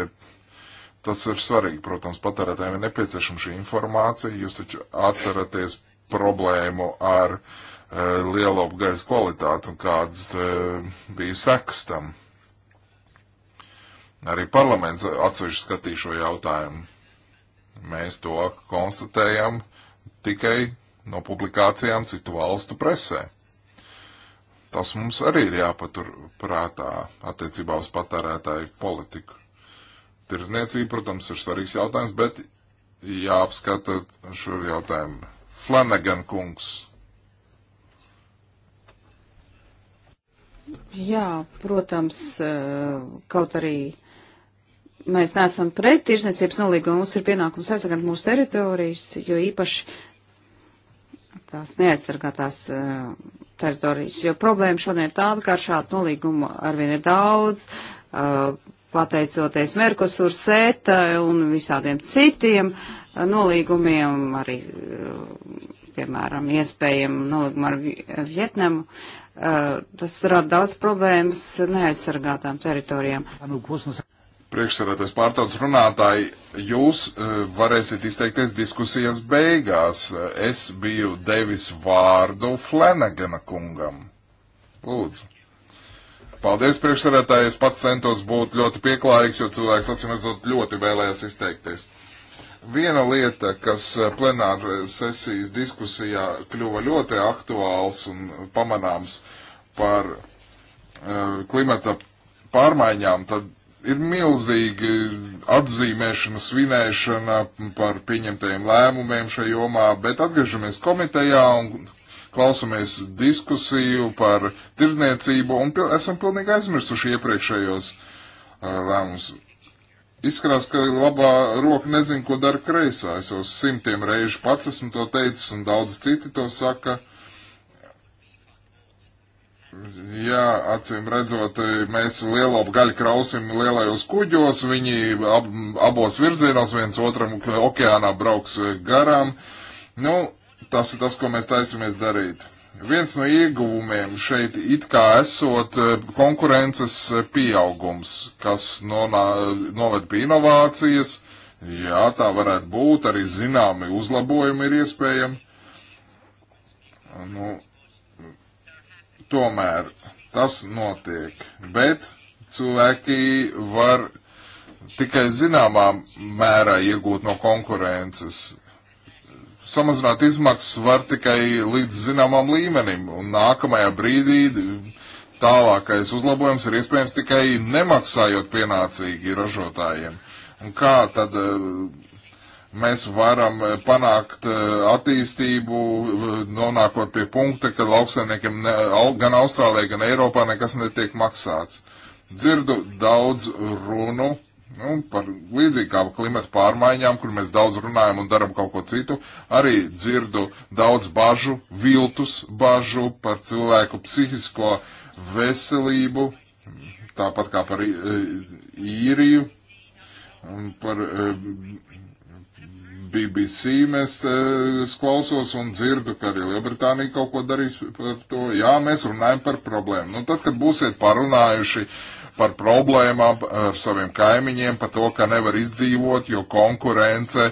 Speaker 2: Tas ir svarīgi, protams, patērētājiem ir nepieciešama šī informācija. Jūs taču atceraties problēmu ar uh, lielo apgaisa kvalitāti un kādas uh, bija sekas tam. Arī parlaments atsevišķi skatīja šo jautājumu. Mēs to konstatējam tikai no publikācijām citu valstu presē. Tas mums arī ir jāpatur prātā attiecībā uz patērētāju politiku. Tirzniecība, protams, ir svarīgs jautājums, bet jāapskata šo jautājumu. Flanagan kungs.
Speaker 3: Jā, protams, eh, kaut arī mēs neesam pret tirsniecības nolīgumu, mums ir pienākums aizsargāt mūsu teritorijas, jo īpaši tās neaizsargātās uh, teritorijas. Jo problēma šodien ir tāda, ka ar šādu nolīgumu arvien ir daudz, uh, pateicoties Merkosur sēta un visādiem citiem uh, nolīgumiem, arī, piemēram, iespējamu nolīgumu ar Vietnamu. Tas rada daudz problēmas neaizsargātām teritorijām
Speaker 2: priekšsēdētājs pārtauc runātāji, jūs e, varēsiet izteikties diskusijas beigās. Es biju devis vārdu Flanagana kungam. Lūdzu. Paldies, priekšsēdētāji. Es pats centos būt ļoti pieklājīgs, jo cilvēks atsimredzot ļoti vēlējās izteikties. Viena lieta, kas e, plenāra sesijas diskusijā kļuva ļoti aktuāls un pamanāms par uh, klimata pārmaiņām, tad ir milzīgi atzīmēšana, svinēšana par pieņemtajiem lēmumiem šajā jomā, bet atgriežamies komitejā un klausamies diskusiju par tirzniecību un pil esam pilnīgi aizmirsuši iepriekšējos uh, lēmumus. Izskatās, ka labā roka nezin, ko dara kreisā. Es jau simtiem reižu pats esmu to teicis un daudz citi to saka. Uh, Jā, acīm redzot, mēs lielo gaļu krausim lielajos kuģos, viņi ab, abos virzienos viens otram okeānā brauks garām. Nu, tas ir tas, ko mēs taisamies darīt. Viens no ieguvumiem šeit it kā esot eh, konkurences pieaugums, kas nonā, noved pie inovācijas. Jā, tā varētu būt, arī zināmi uzlabojumi ir iespējami. Nu, Tomēr tas notiek, bet cilvēki var tikai zināmā mērā iegūt no konkurences. Samazināt izmaksas var tikai līdz zināmam līmenim, un nākamajā brīdī tālākais uzlabojums ir iespējams tikai nemaksājot pienācīgi ražotājiem. Un kā tad uh, mēs varam eh, panākt eh, attīstību, eh, nonākot pie punkta, ka lauksainiekiem ne, gan Austrālijā, gan Eiropā nekas netiek maksāts. Dzirdu daudz runu nu, par līdzīgi kā klimata pārmaiņām, kur mēs daudz runājam un daram kaut ko citu. Arī dzirdu daudz bažu, viltus bažu par cilvēku psihisko veselību, tāpat kā par īriju. Par, BBC mēs es klausos un dzirdu, ka arī Lielbritānija kaut ko darīs par to. Jā, mēs runājam par problēmu. Nu, tad, kad būsiet parunājuši par problēmām e, ar saviem kaimiņiem, par to, ka nevar izdzīvot, jo konkurence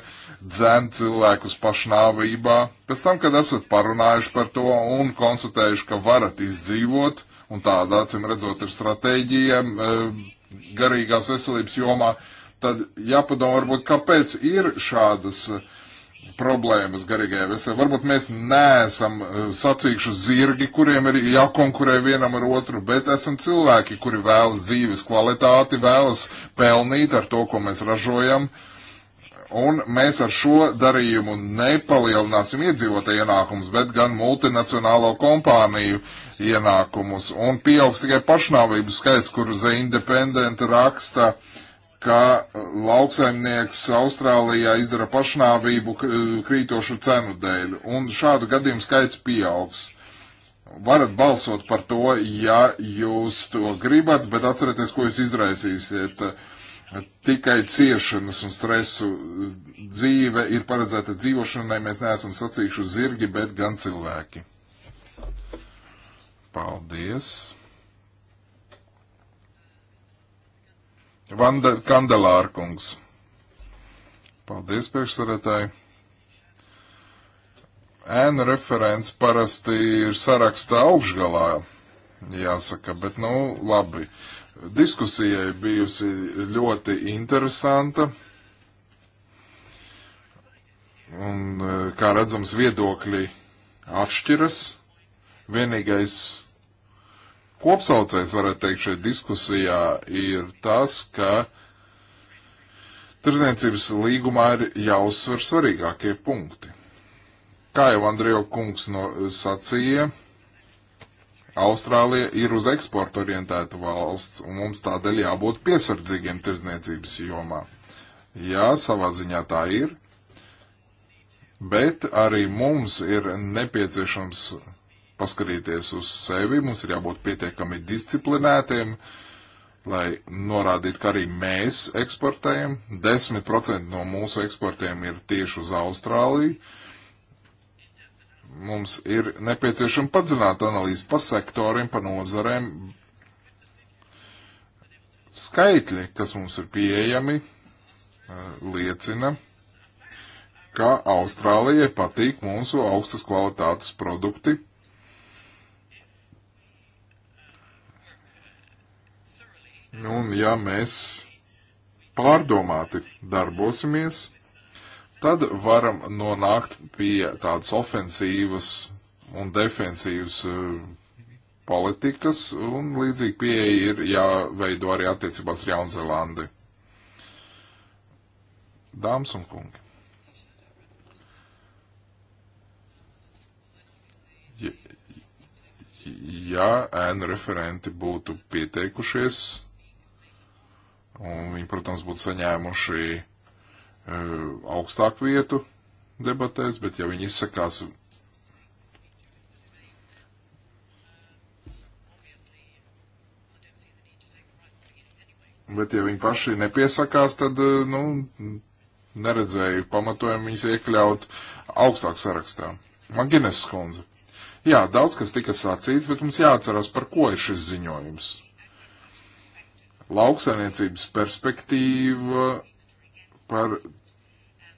Speaker 2: dzēn cilvēkus pašnāvībā, pēc tam, kad esat parunājuši par to un konstatējuši, ka varat izdzīvot, un tādā, cim redzot, ir stratēģija e, garīgās veselības jomā, uh, tad jāpadomā varbūt, kāpēc ir šādas uh, problēmas garīgajā veselībā. Varbūt mēs neesam uh, sacīkšu zirgi, kuriem ir jākonkurē vienam ar otru, bet esam cilvēki, kuri vēlas dzīves kvalitāti, vēlas pelnīt ar to, ko mēs ražojam. Un mēs ar šo darījumu nepalielināsim iedzīvotāju ienākumus, bet gan multinacionālo kompāniju ienākumus. Un pieaugs tikai pašnāvības skaits, kur The Independent raksta, uh, ka lauksaimnieks Austrālijā izdara pašnāvību krītošu cenu dēļ, un šādu gadījumu skaits pieaugs. Varat balsot par to, ja jūs to gribat, bet atcerieties, ko jūs izraisīsiet. Tikai ciešanas un stresu dzīve ir paredzēta dzīvošanai. Mēs neesam sacījuši zirgi, bet gan cilvēki. Paldies! Vanda Kandelārkungs. Paldies, priekšsarētāji. Ēnu referents parasti ir sarakstā augšgalā, jāsaka, bet nu labi. Diskusijai bijusi ļoti interesanta. Un, kā redzams, viedokļi atšķiras. Vienīgais kopsaucējs, varētu teikt, šeit diskusijā ir tas, ka tirdzniecības līgumā ir jāuzsver svarīgākie punkti. Kā jau Andrija kungs no, sacīja, Austrālija ir uz eksportu orientēta valsts, un mums tādēļ jābūt piesardzīgiem tirdzniecības jomā. Jā, savā ziņā tā ir, bet arī mums ir nepieciešams paskatīties uz sevi, mums ir jābūt pietiekami disciplinētiem, lai norādītu, ka arī mēs eksportējam. 10% no mūsu eksportiem ir tieši uz Austrāliju. Mums ir nepieciešama padziļināta analīze pa sektoriem, pa nozarēm. Skaitļi, kas mums ir pieejami, eh, liecina, ka Austrālijai patīk mūsu augstas kvalitātes produkti Nu, un ja mēs pārdomāti darbosimies, tad varam nonākt pie tādas ofensīvas un defensīvas e, politikas, un līdzīgi pieeja ir jāveido arī attiecībās ar Jaunzēlandi. Dāmas un kungi. Ja ēnu ja referenti būtu pieteikušies, Un viņi, protams, būtu saņēmuši e, augstāku vietu debatēs, bet ja viņi izsakās. Bet ja viņi paši nepiesakās, tad, e, nu, neredzēju pamatojumu viņus iekļaut augstāk sarakstā. Magines skundze. Jā, daudz kas tika sacīts, bet mums jāatcerās, par ko ir šis ziņojums lauksainiecības perspektīva par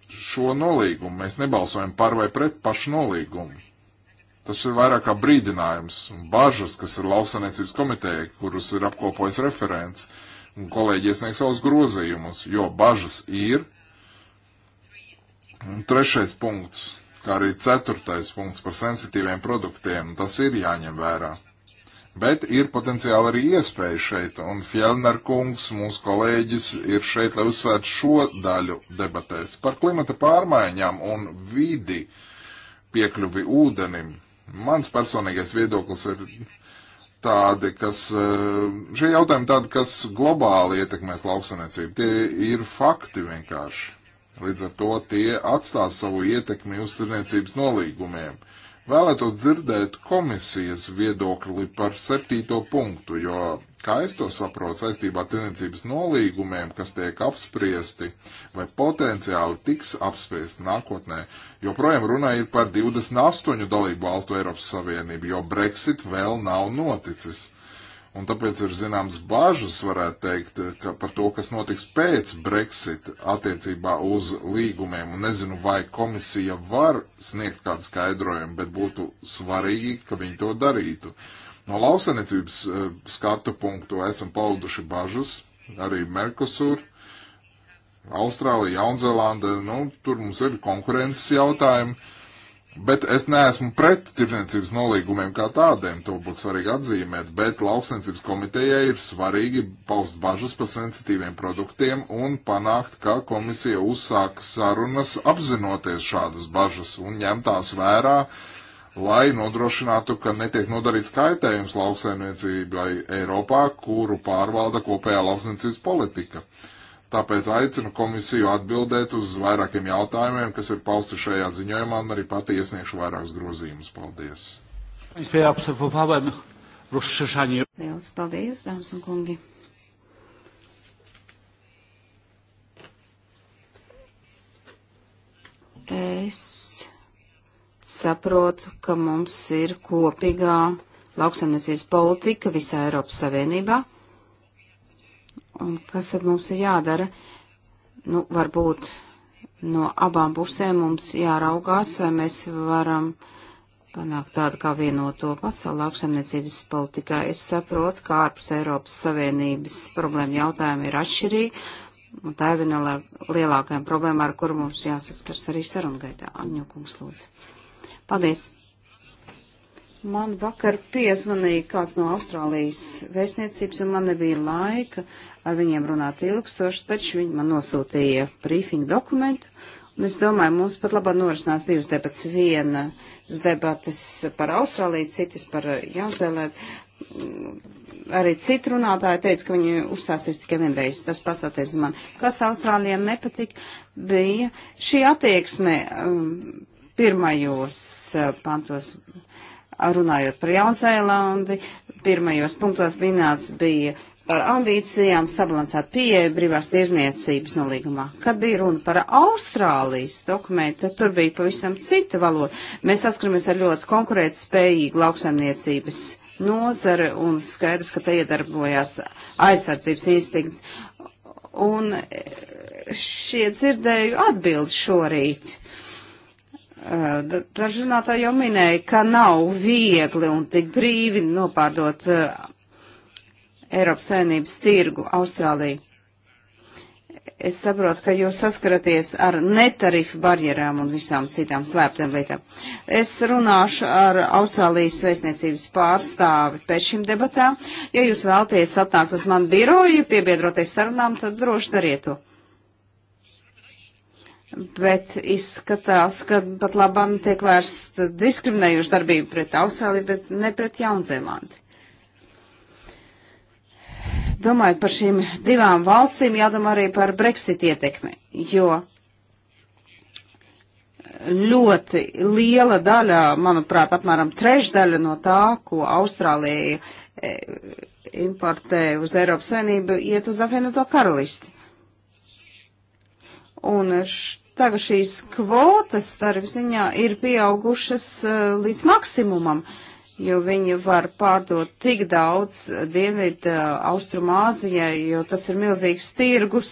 Speaker 2: šo nolīgumu. Mēs nebalsojam par vai pret pašu nolīgumu. Tas ir vairāk kā brīdinājums un bažas, kas ir lauksainiecības komiteja, kurus ir apkopojis referents, un kolēģi iesniegs savus grozījumus, jo bažas ir. Un trešais punkts, kā arī ceturtais punkts par sensitīviem produktiem, tas ir jāņem vērā. Bet ir potenciāli arī iespēja šeit, un Fjellner kungs, mūsu kolēģis, ir šeit, lai uzsvērtu šo daļu debatēs par klimata pārmaiņām un vidi piekļuvi ūdenim. Mans personīgais viedoklis ir tādi, kas, eh, šie jautājumi tādi, kas globāli ietekmēs lauksanēcību. Tie ir fakti vienkārši. Līdz ar to tie atstās savu ietekmi uz tirniecības nolīgumiem. Uh, Vēlētos dzirdēt komisijas viedokli par septīto punktu, jo, kā es to saprotu, saistībā ar tirniecības nolīgumiem, kas tiek apspriesti vai potenciāli tiks apspriesti nākotnē, joprojām runā ir par 28 dalību valstu Eiropas Savienību, jo Brexit vēl nav noticis. Un tāpēc ir zināms bažas, varētu teikt, ka par to, kas notiks pēc Brexit attiecībā uz līgumiem. Un nezinu, vai komisija var sniegt kādu skaidrojumu, bet būtu svarīgi, ka viņi to darītu. No lauksaimniecības e, skatu punktu esam pauduši bažas, arī Merkusur, Austrālija, Jaunzēlanda, nu, tur mums ir konkurences jautājumi Bet es neesmu pret tirniecības nolīgumiem kā tādiem, to būtu svarīgi atzīmēt, bet lauksensības komitejai ir svarīgi paust bažas par sensitīviem produktiem un panākt, ka komisija uzsāk sarunas apzinoties šādas bažas un ņem tās vērā, lai nodrošinātu, ka netiek nodarīts kaitējums lauksaimniecībai Eiropā, kuru pārvalda kopējā lauksaimniecības politika. Uh, Tāpēc aicinu komisiju atbildēt uz vairākiem jautājumiem, kas ir pausti šajā ziņojumā, un arī pati iesniegšu vairākus grozījumus.
Speaker 3: Paldies! Lielas paldies, dāmas un kungi! Es saprotu, ka mums ir kopīgā lauksaimniecības politika visā Eiropas Savienībā. Un kas tad mums ir jādara? Nu, varbūt no abām pusēm mums jāraugās, vai mēs varam panākt tādu kā vienoto pasauli lauksaimniecības politikā. Es saprotu, ka ārpus Eiropas Savienības problēma jautājumi ir atšķirīgi, un tā ir viena no lielākajām problēmām, ar kuru mums jāsaskars arī sarungaitā. Anņukums lūdzu. Paldies! Man vakar piezvanīja kāds no Austrālijas vēstniecības, un man nebija laika ar viņiem runāt ilgstoši, taču viņi man nosūtīja brīfingu dokumentu. Un es domāju, mums pat labā norisinās divas debatas. Vienas debatas par Austrāliju, citas par Jaunzēlētu. Arī citi runātāji teica, ka viņi uzstāsies tikai vienreiz. Tas pats attiecas man. Kas Austrālijiem nepatika, bija šī attieksme um, pirmajos uh, pantos. Uh, runājot par Jaunzēlandi, pirmajos punktos minēts bija par ambīcijām sabalansēt pieeja brīvās tirzniecības nolīgumā. Kad bija runa par Austrālijas dokumentu, tad tur bija pavisam cita valoda. Mēs saskaramies ar ļoti konkurēt spējīgu lauksaimniecības nozari un skaidrs, ka te iedarbojās aizsardzības instinkts. Un šie dzirdēju atbildi šorīt Dažrunātāji eh, jau minēja, ka nav viegli un tik brīvi nopārdot eh, Eiropas saimnības tirgu Austrāliju. Es saprotu, ka jūs saskaraties ar netarifu barjerām un visām citām slēptiem lietām. Es runāšu ar Austrālijas vēstniecības pārstāvi pēc šim debatām. Ja jūs vēlties atnākt uz manu biroju, piebiedroties sarunām, tad droši dariet to bet izskatās, ka pat labam tiek vērst diskriminējuši darbību pret Austrāliju, bet ne pret Jaunzēlandi. Domājot par šīm divām valstīm, jādomā arī par Brexit ietekmi, jo ļoti liela daļa, manuprāt, apmēram trešdaļa no tā, ko Austrālija e, importē uz Eiropas Savienību, iet uz apvienoto karalisti un š, Tagad šīs kvotas starp ziņā ir pieaugušas eh, līdz maksimumam, jo viņi var pārdot tik daudz Dienvidu eh, Austrumāzijai, jo tas ir milzīgs tirgus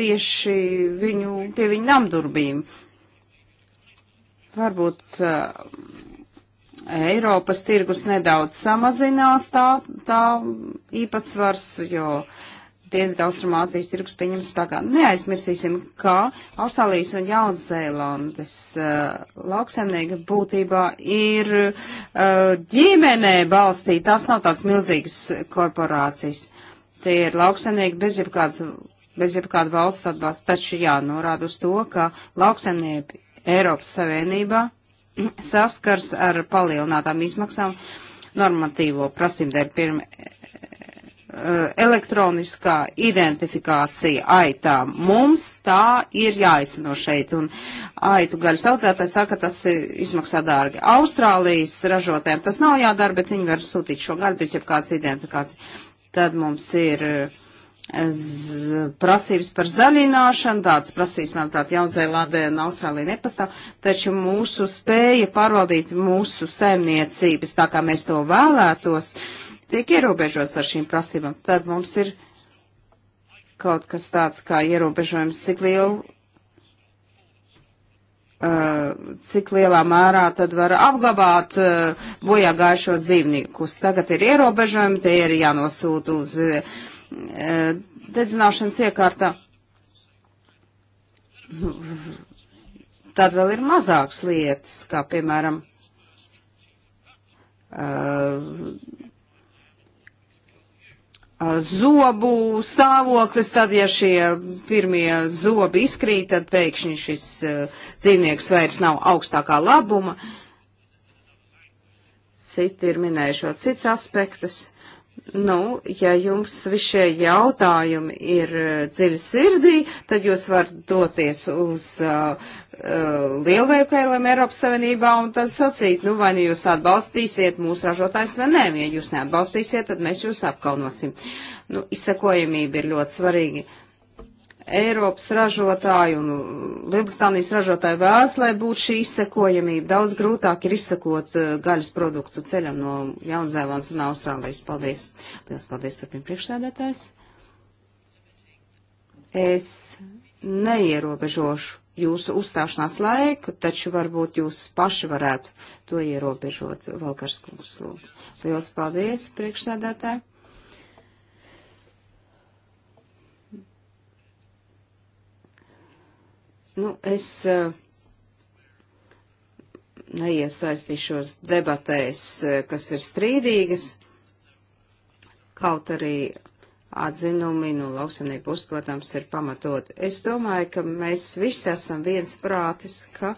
Speaker 3: tieši viņu, pie viņu namdurbīm. Varbūt eh, Eiropas tirgus nedaudz samazinās tā, tā īpatsvars, jo uh, Dienvidaustrumāzijas tirgus pieņems tagad. Neaizmirsīsim, ka Austrālijas un Jaunzēlandes uh, lauksaimnieki būtībā ir uh, ģimenē balstīti. Tās nav tādas milzīgas korporācijas. Tie ir lauksaimnieki bez jebkādas, bez jebkāda valsts atbalsta. Taču jānorāda uz to, ka lauksaimnieki Eiropas Savienībā saskars ar palielinātām izmaksām normatīvo prasību dēļ pirmie Eh, elektroniskā identifikācija aitām. Mums tā ir jāizsno šeit, un aitu gaļas audzētāji saka, tas izmaksā dārgi. Austrālijas ražotēm tas nav jādara, bet viņi var sūtīt šo gaļu bez jebkādas identifikācijas. Tad mums ir eh, prasības par zaļināšanu, tādas prasības, manuprāt, Jaunzēlandē un Austrālija nepastāv, taču mūsu spēja pārvaldīt mūsu saimniecības tā, kā mēs to vēlētos, uh, tiek ierobežots ar šīm prasībām, tad mums ir kaut kas tāds kā ierobežojums, cik lielu, uh, cik lielā mērā tad var apglabāt uh, bojā gājušos dzīvniekus. Tagad ir ierobežojumi, tie ir jānosūta uz uh, dedzināšanas iekārtā. Tad vēl ir mazāks lietas, kā piemēram, uh, zobu stāvoklis, tad, ja šie pirmie zobi izkrīt, tad pēkšņi šis eh, dzīvnieks vairs nav augstākā labuma. Citi ir minējuši vēl cits aspektus. Nu, ja jums visi šie jautājumi ir e, dziļi sirdī, tad jūs varat doties uz uh, e, uh, e, lielveikaliem Eiropas Savienībā un tad sacīt, nu, vai nu jūs atbalstīsiet mūsu ražotājus vai nē. Ja jūs neatbalstīsiet, tad mēs jūs apkaunosim. Nu, izsekojamība ir ļoti svarīga. Eiropas ražotāji un Lielbritānijas ražotāji vēlas, lai būtu šī izsekojamība. Daudz grūtāk ir izsekot eh, gaļas produktu ceļam no Jaunzēlandes un Austrālijas. Paldies. Lielas paldies, turpin priekšsēdētājs. Es neierobežošu jūsu uzstāšanās laiku, taču varbūt jūs paši varētu to ierobežot, Valkars kungs. Lielas paldies, priekšsēdētāji. Nu, es eh, neiesaistīšos debatēs, eh, kas ir strīdīgas, kaut arī atzinumi no nu, lauksaimnieku puses, protams, ir pamatot. Es domāju, ka mēs visi esam viens prātis, ka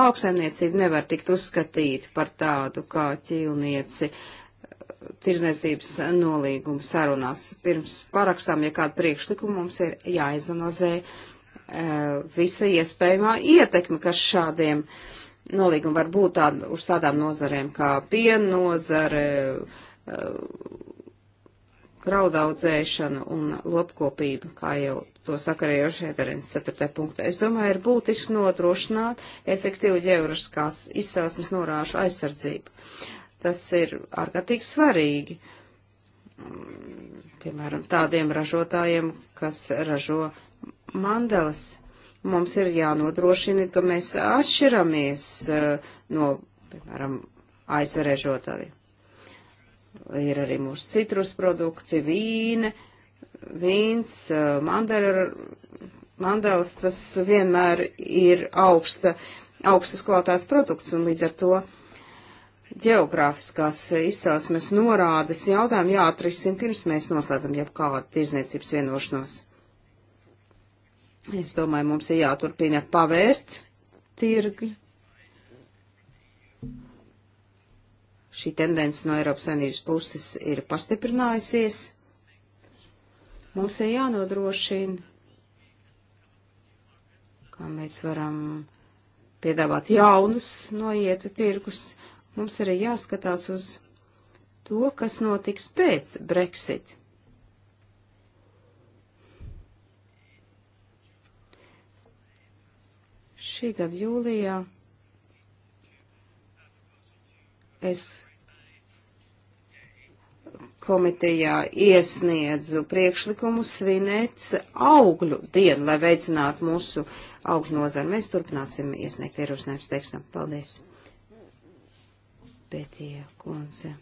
Speaker 3: lauksaimniecība nevar tikt uzskatīta par tādu kā ķīlnieci eh, tirzniecības nolīguma sarunās. Pirms parakstām, ja kādu priekšlikumu mums ir jāizanalizē E, visa iespējamā ietekme, kas šādiem nolīgumiem var būt tād, uz tādām nozarēm kā piena nozare, graudaudzēšana un lopkopība, kā jau to sakarējoši referents 4. punktā. Es domāju, ir būtiski nodrošināt efektīvu ģeogrāfiskās izcelsmes norāžu aizsardzību. Tas ir ārkārtīgi svarīgi. Piemēram, tādiem ražotājiem, kas ražo uh, Mandelas. Mums ir jānodrošina, ka mēs atšķiramies uh, no, piemēram, aizverežot arī. Ir arī mūsu citrus produkti, vīne, vīns, uh, mandara, mandelas, tas vienmēr ir augsta, augstas kvalitātes produkts un līdz ar to ģeogrāfiskās izcelsmes norādes jautājumu jāatrisina pirms mēs noslēdzam jebkādu tirzniecības vienošanos. Es domāju, mums ir jāturpina pavērt tirgi. Šī tendence no Eiropas Savienības puses ir pastiprinājusies. Mums ir jānodrošina, kā mēs varam piedāvāt jaunus noietu tirgus. Mums arī jāskatās uz to, kas notiks pēc Brexit. Šī gada jūlijā es komitejā iesniedzu priekšlikumu svinēt augļu dienu, lai veicinātu mūsu augļu nozari. Mēs turpināsim iesniegt ierosinājums tekstam. Paldies. Pētie kundze.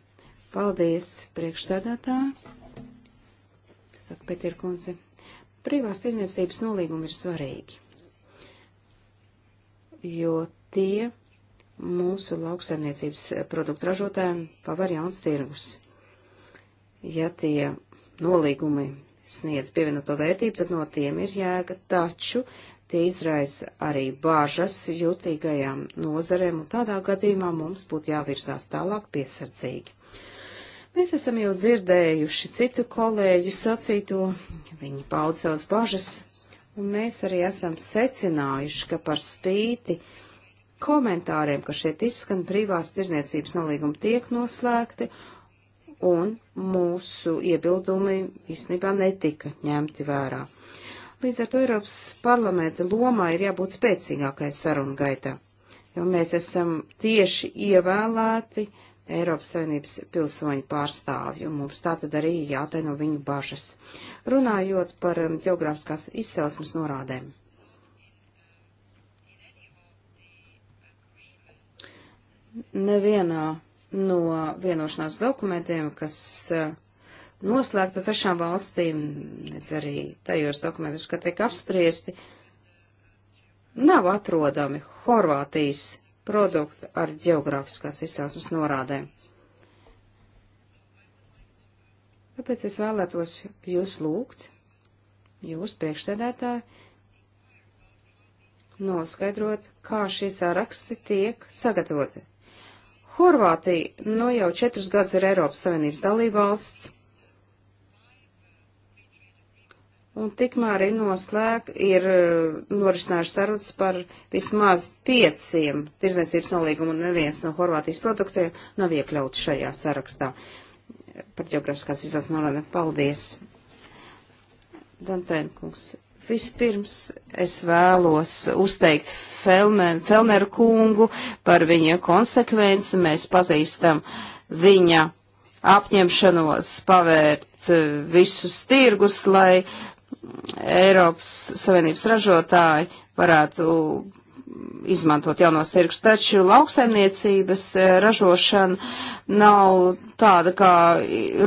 Speaker 3: Paldies, priekšsēdētā. Saka Pētir kundze. Privās tirniecības nolīgumi ir svarīgi jo tie mūsu lauksaimniecības produktu ražotājiem paver jauns tirgus. Ja tie nolīgumi sniedz pievienoto vērtību, tad no tiem ir jēga, taču tie izraisa arī bāžas jūtīgajām nozarēm, un tādā gadījumā mums būtu jāvirzās tālāk piesardzīgi. Mēs esam jau dzirdējuši citu kolēģu sacīto, viņi pauda savas bažas Un mēs arī esam secinājuši, ka par spīti komentāriem, ka šeit izskan privās tirzniecības nolīgumi tiek noslēgti, un mūsu iebildumi īstenībā netika ņemti vērā. Līdz ar to Eiropas parlamenta lomā ir jābūt spēcīgākai sarunu gaitā, jo mēs esam tieši ievēlēti uh, Eiropas Savienības pilsoņu pārstāvju, un mums tā tad arī jātaino viņu bažas. Runājot par um, geogrāfiskās izcelsmes norādēm. Nevienā no vienošanās dokumentiem, kas uh, noslēgta trešām valstīm, nedz arī tajos dokumentos, kad tiek apspriesti, nav atrodami Horvātijas produktu ar geogrāfiskās izcelsmes norādēm. Tāpēc es vēlētos jūs lūgt, jūs priekšsēdētāji, noskaidrot, kā šie saraksti tiek sagatavoti. Horvātija no nu jau četrus gadus ir Eiropas Savienības dalībvalsts Un tikmēr ir noslēg, ir uh, norisinājuši sarunas par vismaz pieciem tirzniecības nolīgumu un neviens no Horvātijas produktiem nav iekļauts šajā sarakstā. Par ģeogrāfiskās izaugsmu nolēmu. Paldies! Dantēnkungs. Vispirms es vēlos uzteikt Felmen, Felneru kungu par viņa konsekvenci. Mēs pazīstam viņa apņemšanos pavērt uh, visus tirgus, lai Eiropas Savienības ražotāji varētu izmantot jaunos tirgus, taču lauksaimniecības eh, ražošana nav tāda kā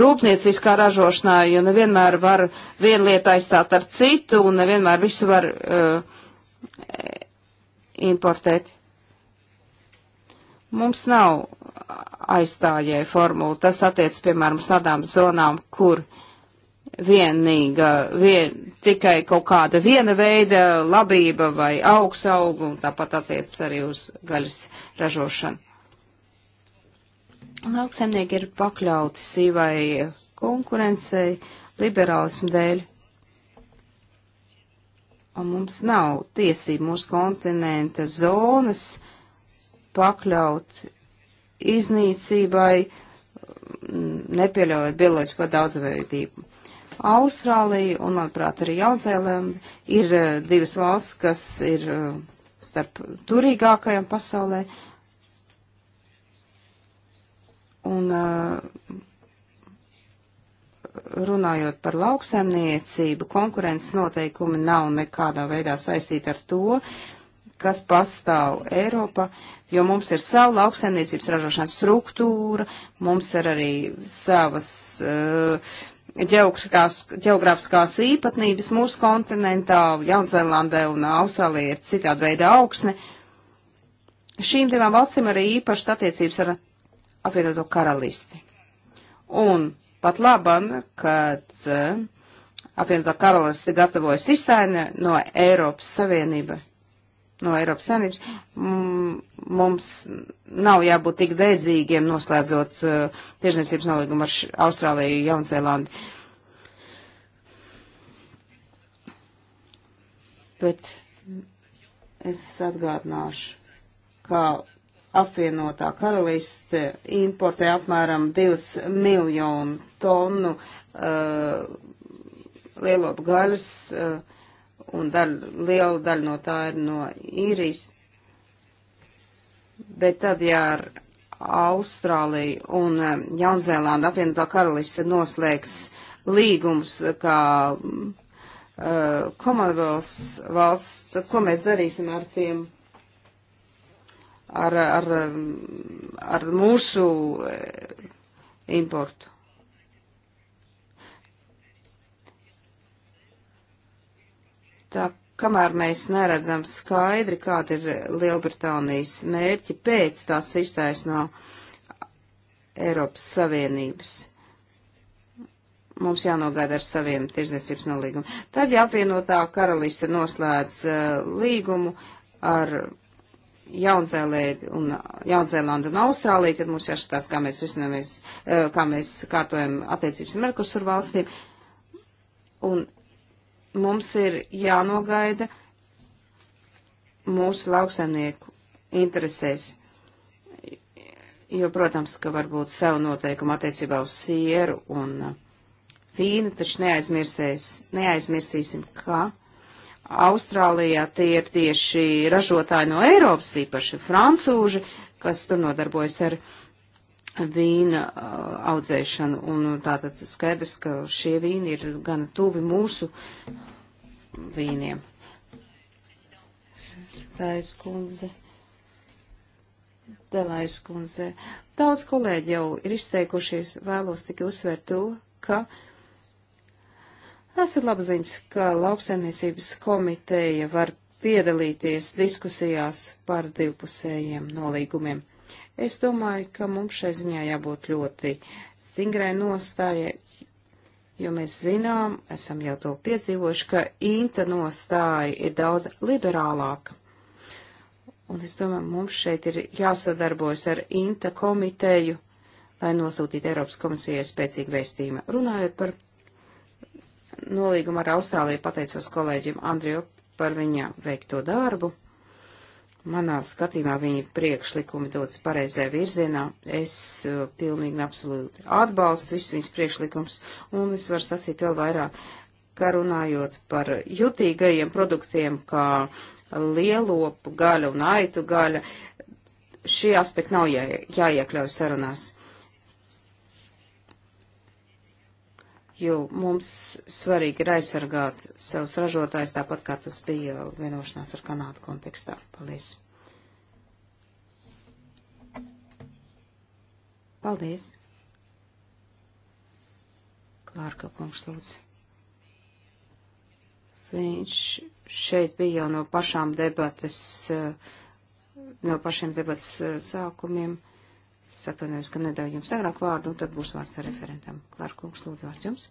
Speaker 3: rūpnieciskā ražošanā, jo nevienmēr var vienu lietu aizstāt ar citu un nevienmēr visu var uh, importēt. Mums nav aizstājēja formula. Tas attiec, piemēram, uz tādām zonām, kur uh, vienīga, vien, tikai kaut kāda viena veida labība vai augsaugu, un tāpat attiec arī uz gaļas ražošanu. Lauksemnieki ir pakļauti sīvai konkurencei, liberālismu dēļ. Un mums nav tiesību mūsu kontinenta zonas pakļaut iznīcībai, nepieļaujot bioloģisko daudzveidību. Austrālija un, manuprāt, arī Jauzēlēm ir eh, divas valsts, kas ir eh, starp turīgākajām pasaulē. Un eh, runājot par lauksaimniecību, konkurences noteikumi nav nekādā veidā saistīti ar to, kas pastāv Eiropā, jo mums ir sava lauksaimniecības ražošanas struktūra, mums ir arī savas uh, ģeogrāfiskās īpatnības mūsu kontinentā, Jaunzēlandē un Austrālija ir citāda veida augsne. Šīm divām valstīm arī īpašas attiecības ar apvienoto karalisti. Un pat laban, kad uh, apvienotā karaliste gatavojas izstājumu no Eiropas Savienības no Eiropas Savienības, mums nav jābūt tik dedzīgiem noslēdzot uh, tiešniecības nolīgumu ar Austrāliju, Jaunzēlandi. Bet es atgādināšu, ka apvienotā karaliste importē apmēram 2 miljonu tonu uh, lielopu gaļas. Uh, un daļ, liela daļa no tā ir no īrijas. Bet tad, ja ar Austrāliju un eh, Jaunzēlānu apvienotā karaliste noslēgs līgums, kā uh, eh, Commonwealth valsts, tad ko mēs darīsim ar tiem, ar, ar, ar mūsu eh, importu? Tā kamēr mēs neredzam skaidri, kāda ir Lielbritānijas mērķi pēc tās izstājas no Eiropas Savienības. Mums jānogaida ar saviem tirdzniecības nolīgumiem. Tad, ja apvienotā karaliste noslēdz uh, līgumu ar Jaunzēlēdi un Jaunzēlandu un Austrāliju, tad mums jāskatās, kā mēs risinamies, uh, kā mēs kārtojam attiecības ar Merkusur valstīm. Un mums ir jānogaida mūsu lauksaimnieku interesēs. Jo, protams, ka varbūt savu noteikumu attiecībā uz sieru un vīnu, taču neaizmirsīsim, ka Austrālijā tie ir tieši ražotāji no Eiropas, īpaši francūži, kas tur nodarbojas ar vīna uh, audzēšanu. Un nu, tātad skaidrs, ka šie vīni ir gana tuvi mūsu vīniem. Pēc kundze. Delais kundze. Daudz kolēģi jau ir izteikušies, vēlos tikai uzsvērt to, ka tas ir laba ziņas, ka lauksaimniecības komiteja var piedalīties diskusijās par divpusējiem nolīgumiem. Es domāju, ka mums šai ziņā jābūt ļoti stingrai nostājai, jo mēs zinām, esam jau to piedzīvojuši, ka īnta nostāja ir daudz liberālāka. Un es domāju, mums šeit ir jāsadarbojas ar INTA komiteju, lai nosūtītu Eiropas komisijai spēcīgu vēstījumu. Runājot par nolīgumu ar Austrāliju, pateicos kolēģim Andriju par viņa veikto darbu. Manā skatījumā viņa priekšlikumi dodas pareizē virzienā. Es uh, pilnīgi absolūti atbalstu visus viņas priekšlikums, un es varu sacīt vēl vairāk, ka runājot par jutīgajiem produktiem, kā lielopu gaļa un aitu gaļa, šie aspekti nav jā, jāiekļauj sarunās. Uh, jo mums svarīgi ir aizsargāt savus ražotājus, tāpat kā tas bija vienošanās ar Kanādu kontekstā. Paldies! Paldies! Klārka kungs lūdzu. Viņš šeit bija jau no pašām debates, eh, no pašiem debates eh, sākumiem. Uh, Es atvainojos, ka nedēļu jums agrāk vārdu, un tad būs vārds referentam. Klārkungs, lūdzu, vārds jums.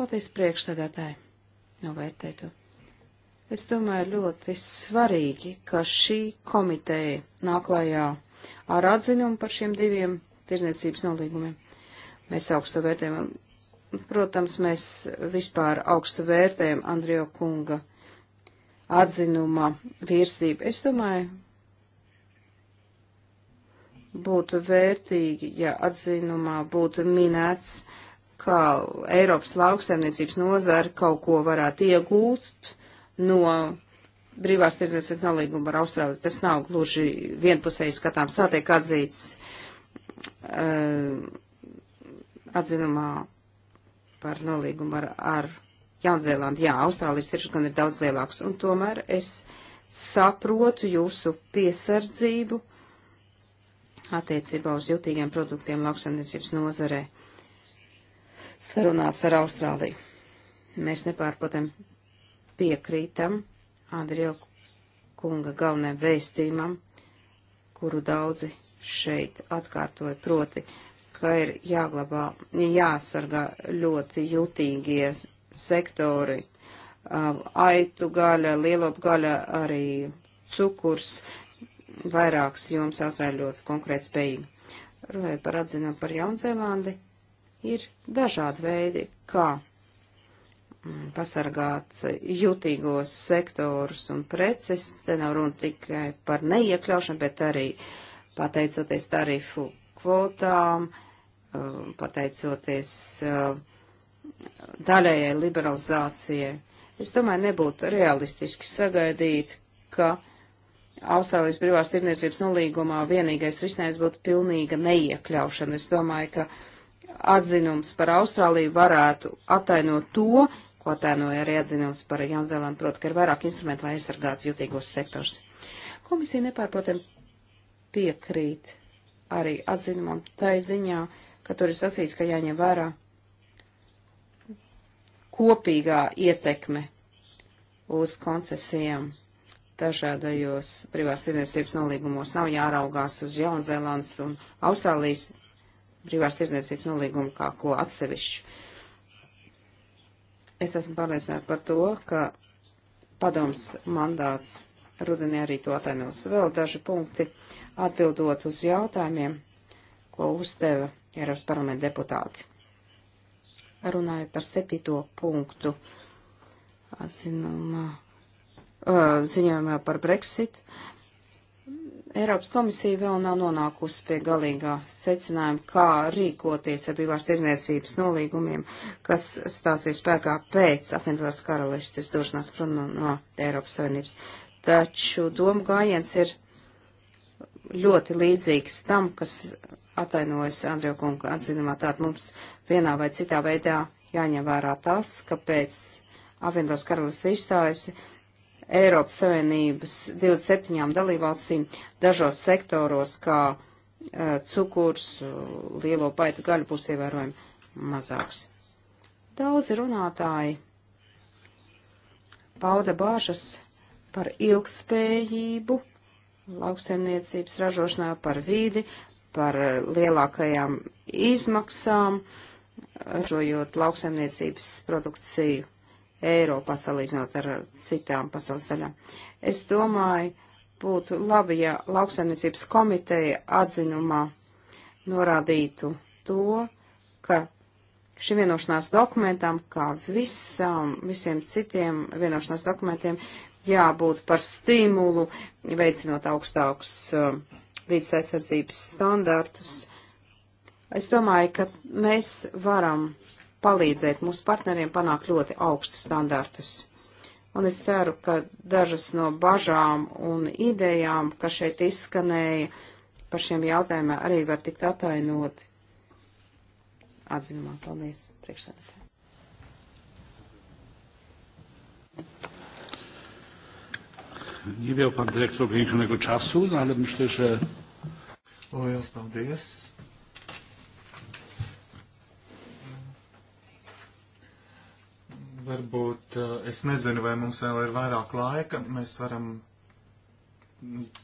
Speaker 3: Paldies priekšsēdētāji. Novērtēju to. Es domāju, ļoti svarīgi, ka šī komiteja nāklājā ar atzinumu par šiem diviem tirzniecības nolīgumiem. Mēs augstu vērtējam, protams, mēs vispār augstu vērtējam Andrija Kunga atzinuma virsību. Es domāju, būtu vērtīgi, ja atzinumā būtu minēts, ka Eiropas lauksaimniecības nozara kaut ko varētu iegūt no brīvās tirdzniecības nolīguma ar Austrāliju. Tas nav gluži vienpusēji skatāms. Tā tiek atzīts uh, atzinumā par nolīgumu ar, ar Jaunzēlandi. Jā, Austrālijas tirgus gan ir daudz lielāks, un tomēr es saprotu jūsu piesardzību attiecībā uz jutīgiem produktiem lauksaimniecības nozarē sarunās ar Austrāliju. Mēs nepārprotam piekrītam Andrija kunga galvenajam vēstījumam, kuru daudzi šeit atkārtoja proti, ka ir jāglabā, jāsargā ļoti jutīgie sektori, aitu gaļa, lielopu gaļa, arī cukurs, vairākas jomas Austrāļa ļoti konkrēti spējīgi. Runājot par atzinumu par Jaunzēlandi, ir dažādi veidi, kā mm, pasargāt jutīgos sektorus un preces. Te nav runa tikai par neiekļaušanu, bet arī pateicoties tarifu kvotām, um, pateicoties uh, daļējai liberalizācijai. Es domāju, nebūtu realistiski sagaidīt, ka uh, Austrālijas brīvās tirniecības nolīgumā vienīgais risinājums būtu pilnīga neiekļaušana. Es domāju, ka atzinums par Austrāliju varētu attainot to, ko attainoja arī atzinums par Jaunzēlandu, proti, ka ir vairāk instrumentu, lai aizsargātu jutīgos sektors. Komisija nepārprotam piekrīt arī atzinumam tai ziņā, ka tur ir sacīts, ka jāņem vērā kopīgā ietekme uz koncesijām dažādajos privās tirdzniecības nolīgumos nav jāraugās uz Jaunzēlandes un Austrālijas privās tirdzniecības nolīgumu kā ko atsevišķu. Es esmu pārliecināta par to, ka padoms mandāts rudenī arī to atainos. Vēl daži punkti atbildot uz jautājumiem, ko uzdeva Eiropas parlamenta deputāti. Runāju par septīto punktu atzinumā Uh, ziņojumā par Brexit. Eiropas komisija vēl nav nonākusi pie galīgā secinājuma, kā rīkoties ar brīvās tirdzniecības nolīgumiem, kas stāsies spēkā pēc apvienotās karalistes došanās prom no, no Eiropas Savienības. Taču domu gājiens ir ļoti līdzīgs tam, kas atainojas Andrija kunga atzinumā. Tātad mums vienā vai citā veidā jāņem vērā tas, ka pēc apvienotās karalistes izstājas Eiropas Savienības 27 dalībvalstīm dažos sektoros, kā uh, cukurs, eh, lielo paitu gaļu būs ievērojami mazāks. Daudzi runātāji pauda bāžas par ilgspējību, lauksaimniecības ražošanā, par vīdi, par eh, lielākajām izmaksām, ražojot lauksaimniecības produkciju Eiropā salīdzinot ar citām pasaules daļām. Es domāju, būtu labi, ja lauksaimniecības komiteja atzinumā norādītu to, ka šim vienošanās dokumentam, kā visam, visiem citiem vienošanās dokumentiem, jābūt par stimulu, veicinot augstākus uh, vidas aizsardzības standartus. Es domāju, ka mēs varam palīdzēt mūsu partneriem panākt ļoti augstus standartus. Un es ceru, ka dažas no bažām un idejām, kas šeit izskanēja par šiem jautājumiem, arī var tikt atainot atzinumā. Paldies, priekšsēdētāji.
Speaker 2: Nie miał pan dyrektor ograniczonego czasu, no ale myślę, że...
Speaker 1: Liels paldies. Varbūt eh, es nezinu, vai mums vēl ir vairāk laika. Mēs varam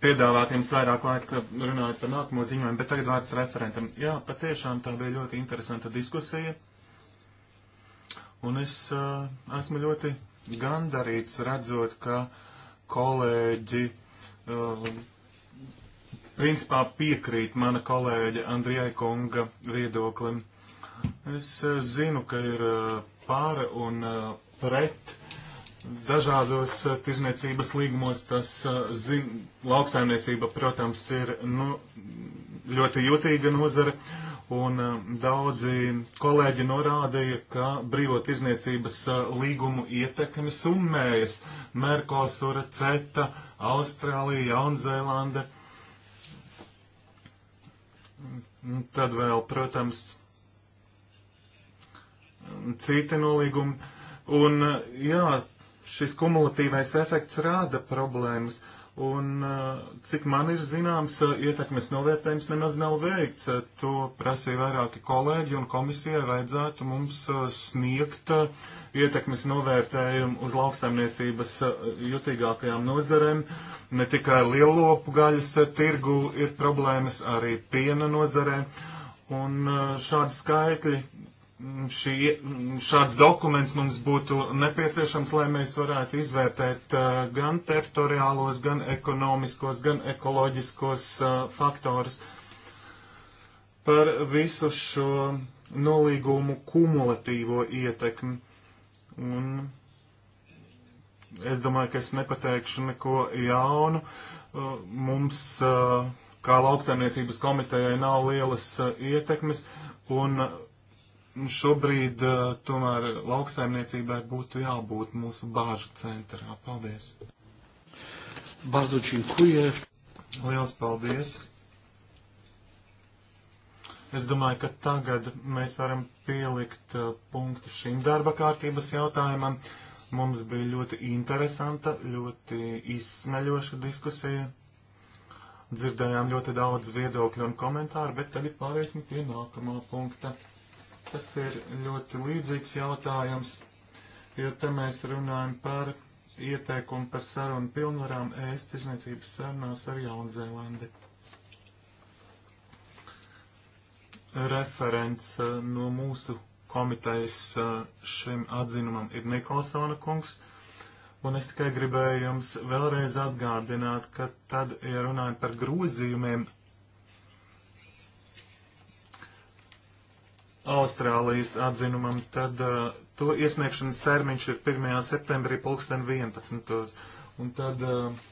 Speaker 1: piedāvāt jums vairāk laika runājot par nākamo ziņojumu, bet tagad vārds referentam. Jā, patiešām tā bija ļoti interesanta diskusija. Un es uh, esmu ļoti gandarīts redzot, ka kolēģi uh, principā piekrīt mana kolēģa Andrijai Konga viedoklim. Es uh, zinu, ka ir. Uh, par un uh, pret dažādos uh, tirzniecības līgumos. Tas uh, zin, lauksaimniecība, protams, ir nu, ļoti jūtīga nozara. Un daudzi kolēģi norādīja, ka brīvo tirzniecības līgumu ietekme summējas Merkosura, CETA, Austrālija, Jaunzēlande. Tad vēl, protams, citi nolīgumi. Un, uh, jā, šis kumulatīvais efekts rāda problēmas. Un, uh, cik man ir zināms, uh, ietekmes novērtējums nemaz nav veikts. To prasīja vairāki kolēģi, un komisijai vajadzētu mums sniegt ietekmes novērtējumu uz lauksaimniecības jutīgākajām nozarēm. Ne tikai lielopu gaļas tirgu ir problēmas, arī piena nozarē. Un šādi skaitļi šī, šāds dokuments mums būtu nepieciešams, lai mēs varētu izvērtēt uh, gan teritoriālos, gan ekonomiskos, gan ekoloģiskos uh, faktorus par visu šo nolīgumu kumulatīvo ietekmi. Un es domāju, ka es nepateikšu neko jaunu. Uh, mums, kā lauksaimniecības komitejai, nav lielas ietekmes. Un šobrīd eh, tomēr lauksaimniecībai būtu jābūt mūsu bāžu centrā. Paldies! Bardzo dziękuję. Liels paldies! Es domāju, ka tagad mēs varam pielikt eh, punktu šim darba kārtības jautājumam. Mums bija ļoti interesanta, ļoti izsmeļoša diskusija. Dzirdējām ļoti daudz viedokļu un komentāru, bet tagad pāriesim pie nākamā punkta. Tas ir ļoti līdzīgs jautājums, jo te mēs runājam par ieteikumu par sarunu pilnvarām ēst tirzniecības sarunās ar Jaunzēlandi. Referents uh, no mūsu komitejas uh, šim atzinumam ir Nikolsona kungs. Un es tikai gribēju jums vēlreiz atgādināt, ka tad, ja runājam par grozījumiem, Austrālijas atzinumam, tad uh, to iesniegšanas termiņš ir 1. septembrī 2011. Un tad uh,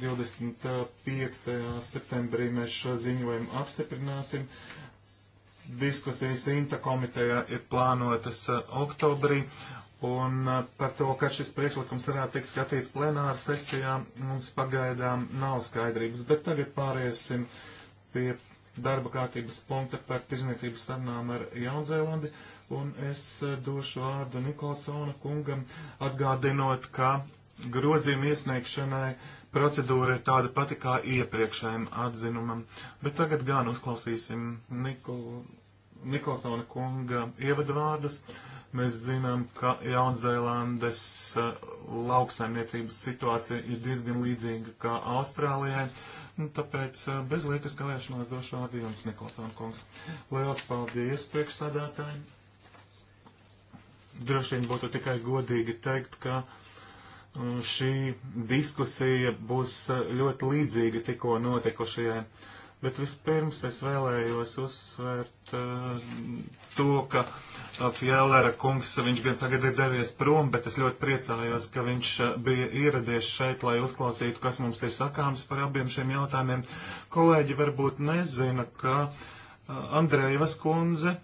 Speaker 1: 25. septembrī mēs šo ziņojumu apstiprināsim. Diskusijas Inta komitejā ir plānotas uh, oktobrī. Un uh, par to, ka šis priekšlikums varētu tikt skatīts plenāra sesijā, mums pagaidām nav skaidrības. Bet tagad pāriesim pie darba kārtības punkta par tirzniecības sarunām ar Jaunzēlandi, un es e, došu vārdu Nikolsona kungam, atgādinot, ka grozījuma iesniegšanai procedūra ir tāda pati kā iepriekšējiem atzinumam, bet tagad gan uzklausīsim Nikol, Nikolsona kunga ievadvārdus. Mēs zinām, ka Jaunzēlandes e, lauksaimniecības situācija ir diezgan līdzīga kā Austrālijai. Uh, Nu, tāpēc eh, bez liekas kavēšanās došu vārdu Jānis Nikolsona kungs. Lielas paldies priekšsādātājiem. Droši vien būtu tikai godīgi teikt, ka mm, šī diskusija būs eh, ļoti līdzīga tikko notikušajai bet vispirms es vēlējos uzsvērt uh, to, ka uh, eh, Fjellera kungs, viņš gan tagad ir devies prom, bet es ļoti priecājos, ka viņš uh, bija ieradies šeit, lai uzklausītu, kas mums ir sakāms par abiem šiem jautājumiem. Kolēģi varbūt nezina, ka uh, Andrejevas kundze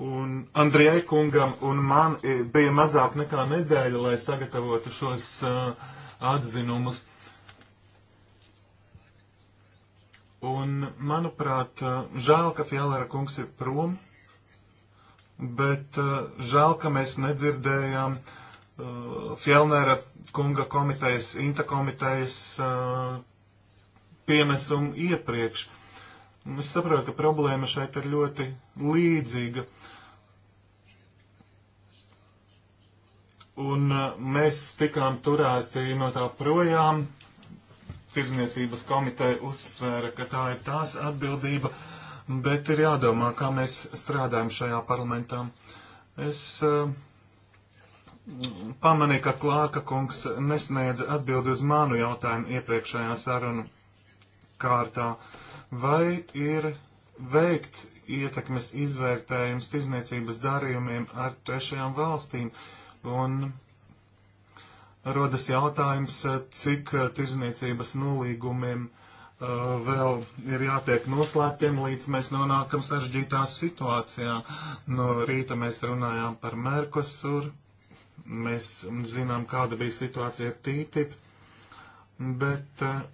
Speaker 1: un Andrejai kungam un man bija mazāk nekā nedēļa, lai sagatavotu šos uh, atzinumus. Un, manuprāt, žēl, ka Fjellera kungs ir prom, bet žēl, ka mēs nedzirdējām Fjellera kunga komitejas, Inta komitejas piemesumu iepriekš. Es saprotu, ka problēma šeit ir ļoti līdzīga. Un mēs tikām turēti no tā projām, tirzniecības komiteja uzsvēra, ka tā ir tās atbildība, bet ir jādomā, kā mēs strādājam šajā parlamentā. Es uh, pamanīju, ka Klārka kungs nesniedz atbildi uz manu jautājumu iepriekšējā sarunu kārtā. Vai ir veikts ietekmes izvērtējums tirzniecības darījumiem ar trešajām valstīm? Un rodas jautājums, eh, cik eh, tirzniecības nolīgumiem uh, vēl ir jātiek noslēgtiem, līdz mēs nonākam sarežģītā situācijā. No rīta mēs runājām par Merkosur, mēs zinām, kāda bija situācija ar TTIP, bet uh,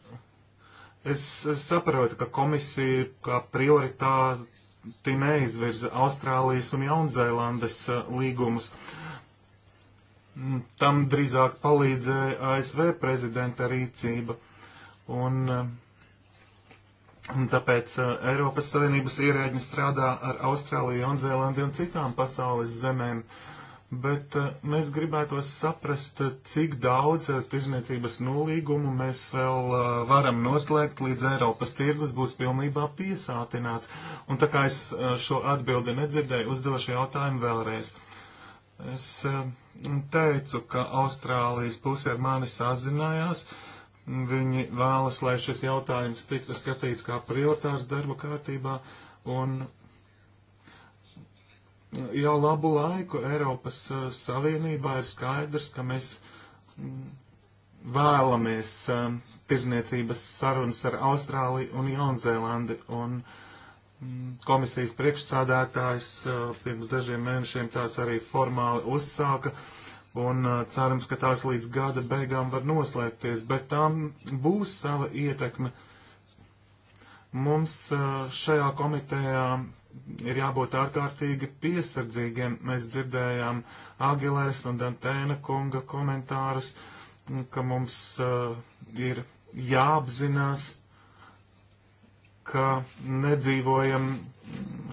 Speaker 1: es saprotu, ka komisija kā prioritāti neizvirza Austrālijas un Jaunzēlandes uh, līgumus. Uh, Tam drīzāk palīdzēja ASV prezidenta rīcība. Un, un tāpēc uh, Eiropas Savienības ierēģi strādā ar Austrāliju, Jaunzēlandi un citām pasaules zemēm. Bet uh, mēs gribētos saprast, cik daudz uh, tirzniecības nolīgumu mēs vēl varam noslēgt, līdz Eiropas tirgus būs pilnībā piesātināts. Un tā kā es šo atbildi nedzirdēju, uzdošu jautājumu vēlreiz. Es teicu, ka Austrālijas puse ar mani sazinājās. Viņi vēlas, lai šis jautājums tiktu skatīts kā prioritārs darba kārtībā, un jau labu laiku Eiropas uh, Savienībā ir skaidrs, ka mēs mm, vēlamies um, tirzniecības sarunas ar Austrāliju un Jaunzēlandi, un uh, komisijas priekšsādātājs eh, pirms dažiem mēnešiem tās arī formāli uzsāka, un eh, cerams, ka tās līdz gada beigām var noslēgties, bet tām būs sava ietekme. Mums eh, šajā komitejā ir jābūt ārkārtīgi piesardzīgiem. Mēs dzirdējām Agilēras un Dantēna kunga komentārus, ka mums uh, ir jāapzinās, ka nedzīvojam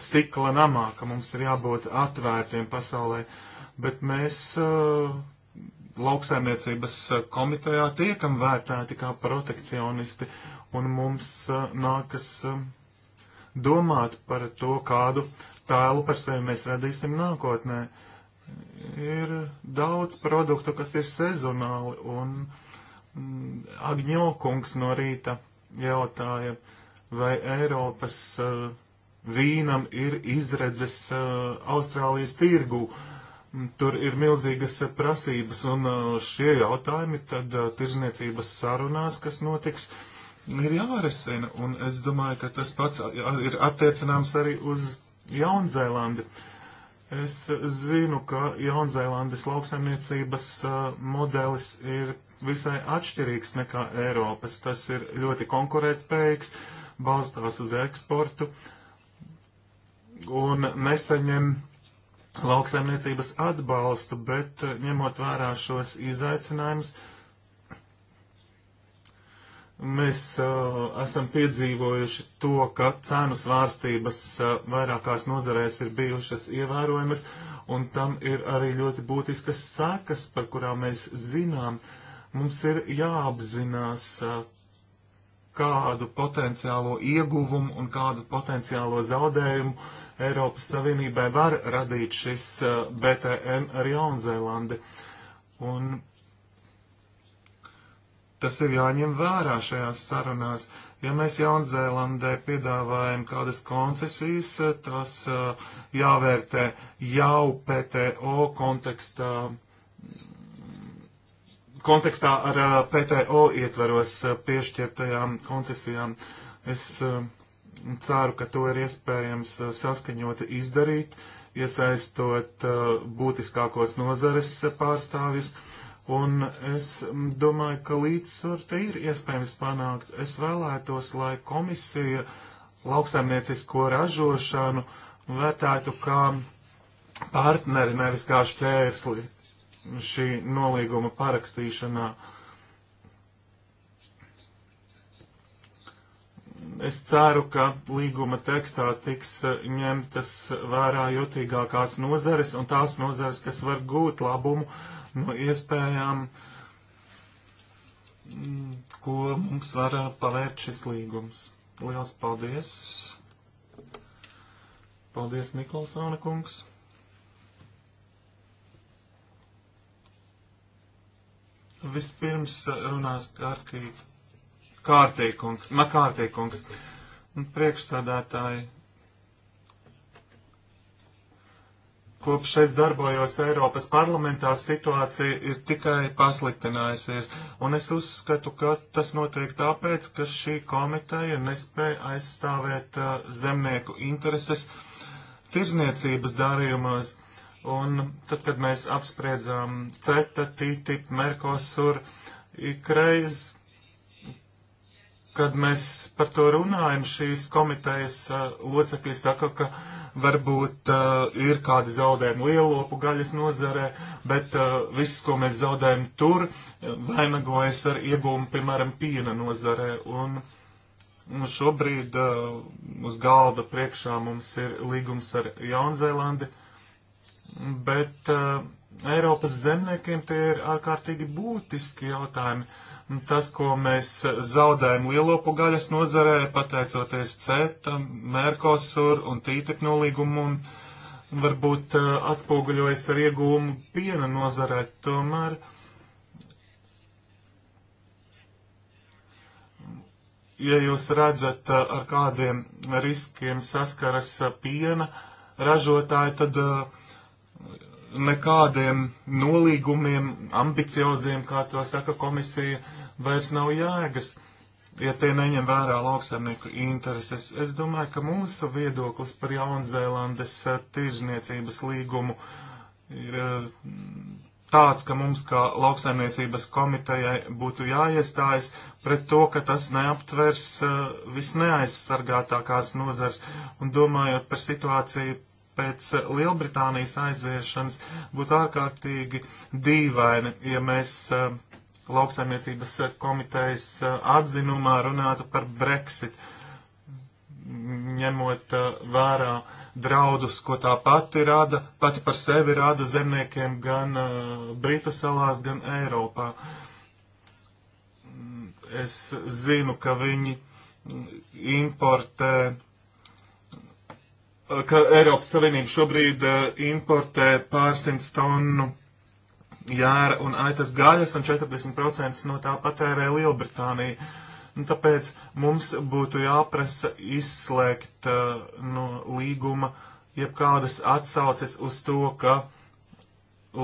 Speaker 1: stikla namā, ka mums ir jābūt atvērtiem pasaulē, bet mēs uh, lauksaimniecības uh, komitejā tiekam vērtēti kā protekcionisti, un mums uh, nākas uh, domāt par to, kādu tēlu par sevi mēs radīsim nākotnē. Ir daudz produktu, kas ir sezonāli, un mm, Agņokungs no rīta jautāja, uh, vai Eiropas uh, vīnam ir izredzes uh, Austrālijas tirgū. Mm, tur ir milzīgas eh, prasības, un šie jautājumi tad tirzniecības sarunās, kas notiks, ir jārisina. Un es domāju, ka tas pats ir attiecināms arī uz Jaunzēlandi. Es zinu, ka Jaunzēlandes lauksaimniecības modelis ir visai atšķirīgs nekā Eiropas. Tas ir ļoti konkurētspējīgs. Uh, balstās uz eksportu un nesaņem lauksaimniecības atbalstu, bet eh, ņemot vērā šos izaicinājumus, mēs uh, esam piedzīvojuši to, ka cenu svārstības uh, vairākās nozarēs ir bijušas ievērojamas, un tam ir arī ļoti būtiskas sekas, par kurām mēs zinām. Mums ir jāapzinās, uh, kādu potenciālo ieguvumu un kādu potenciālo zaudējumu Eiropas Savienībai var radīt šis eh, BTN ar Jaunzēlandi. Un tas ir jāņem vērā šajās sarunās. Ja mēs Jaunzēlandē piedāvājam kādas koncesijas, eh, tas eh, jāvērtē jau PTO kontekstā kontekstā ar PTO ietveros piešķirtajām koncesijām. Es ceru, ka to ir iespējams saskaņoti izdarīt, iesaistot būtiskākos nozares pārstāvis. Un es domāju, ka līdzsvaru te ir iespējams panākt. Es vēlētos, lai komisija lauksaimniecisko ražošanu vērtētu kā partneri, nevis kā šķērsli šī nolīguma parakstīšanā. Es ceru, ka līguma tekstā tiks eh, ņemtas vērā jutīgākās nozares un tās nozares, kas var gūt labumu no iespējām, mm, ko mums var eh, pavērt šis līgums. Liels paldies! Paldies, Nikolsona kungs! Vispirms eh, runās kārtīkungs, makārtīkungs un priekšsādātāji. Kopš es darbojos Eiropas parlamentā, situācija ir tikai pasliktinājusies, un es uzskatu, ka tas notiek tāpēc, ka šī komiteja nespēja aizstāvēt uh, zemnieku intereses tirzniecības darījumos. Uh, Un tad, kad mēs apspriedzām CETA, TTIP, Merkosur, ikreiz, kad mēs par to runājam, šīs komitejas uh, locekļi saka, ka varbūt uh, ir kādi zaudējumi lielopu gaļas nozarē, bet uh, viss, ko mēs zaudējam tur, vainagojas ar iegūmu, piemēram, piena nozarē. Un, nu, šobrīd uh, uz galda priekšā mums ir līgums ar Jaunzēlandi. Uh, bet uh, Eiropas zemniekiem tie ir ārkārtīgi būtiski jautājumi. Tas, ko mēs zaudējam lielopu gaļas nozarē, pateicoties CETA, Merkosur un TTIP nolīgumam, varbūt uh, atspoguļojas ar iegūmu piena nozarē, tomēr. ja jūs redzat, eh, ar kādiem riskiem saskaras piena ražotāji, tad uh, nekādiem nolīgumiem, ambicioziem, kā to saka komisija, vairs nav jēgas, ja tie neņem vērā lauksaimnieku intereses. Es domāju, ka mūsu viedoklis par Jaunzēlandes eh, tirzniecības līgumu ir eh, tāds, ka mums kā lauksaimniecības komitejai būtu jāiestājas pret to, ka tas neaptvers eh, visneaizsargātākās nozars. Un domājot par situāciju pēc Lielbritānijas aiziešanas būtu ārkārtīgi dīvaini, ja mēs eh, lauksaimniecības komitejas eh, atzinumā runātu par Brexit, ņemot eh, vērā draudus, ko tā pati rada, pati par sevi rada zemniekiem gan Brita salās, gan Eiropā. Es zinu, ka viņi importē ka Eiropas Savienība šobrīd eh, importē pārsimts tonu jēra un aitas gaļas, un 40% no tā patērē Lielbritānija. Un nu, tāpēc mums būtu jāprasa izslēgt uh, no līguma jebkādas atsauces uz to, ka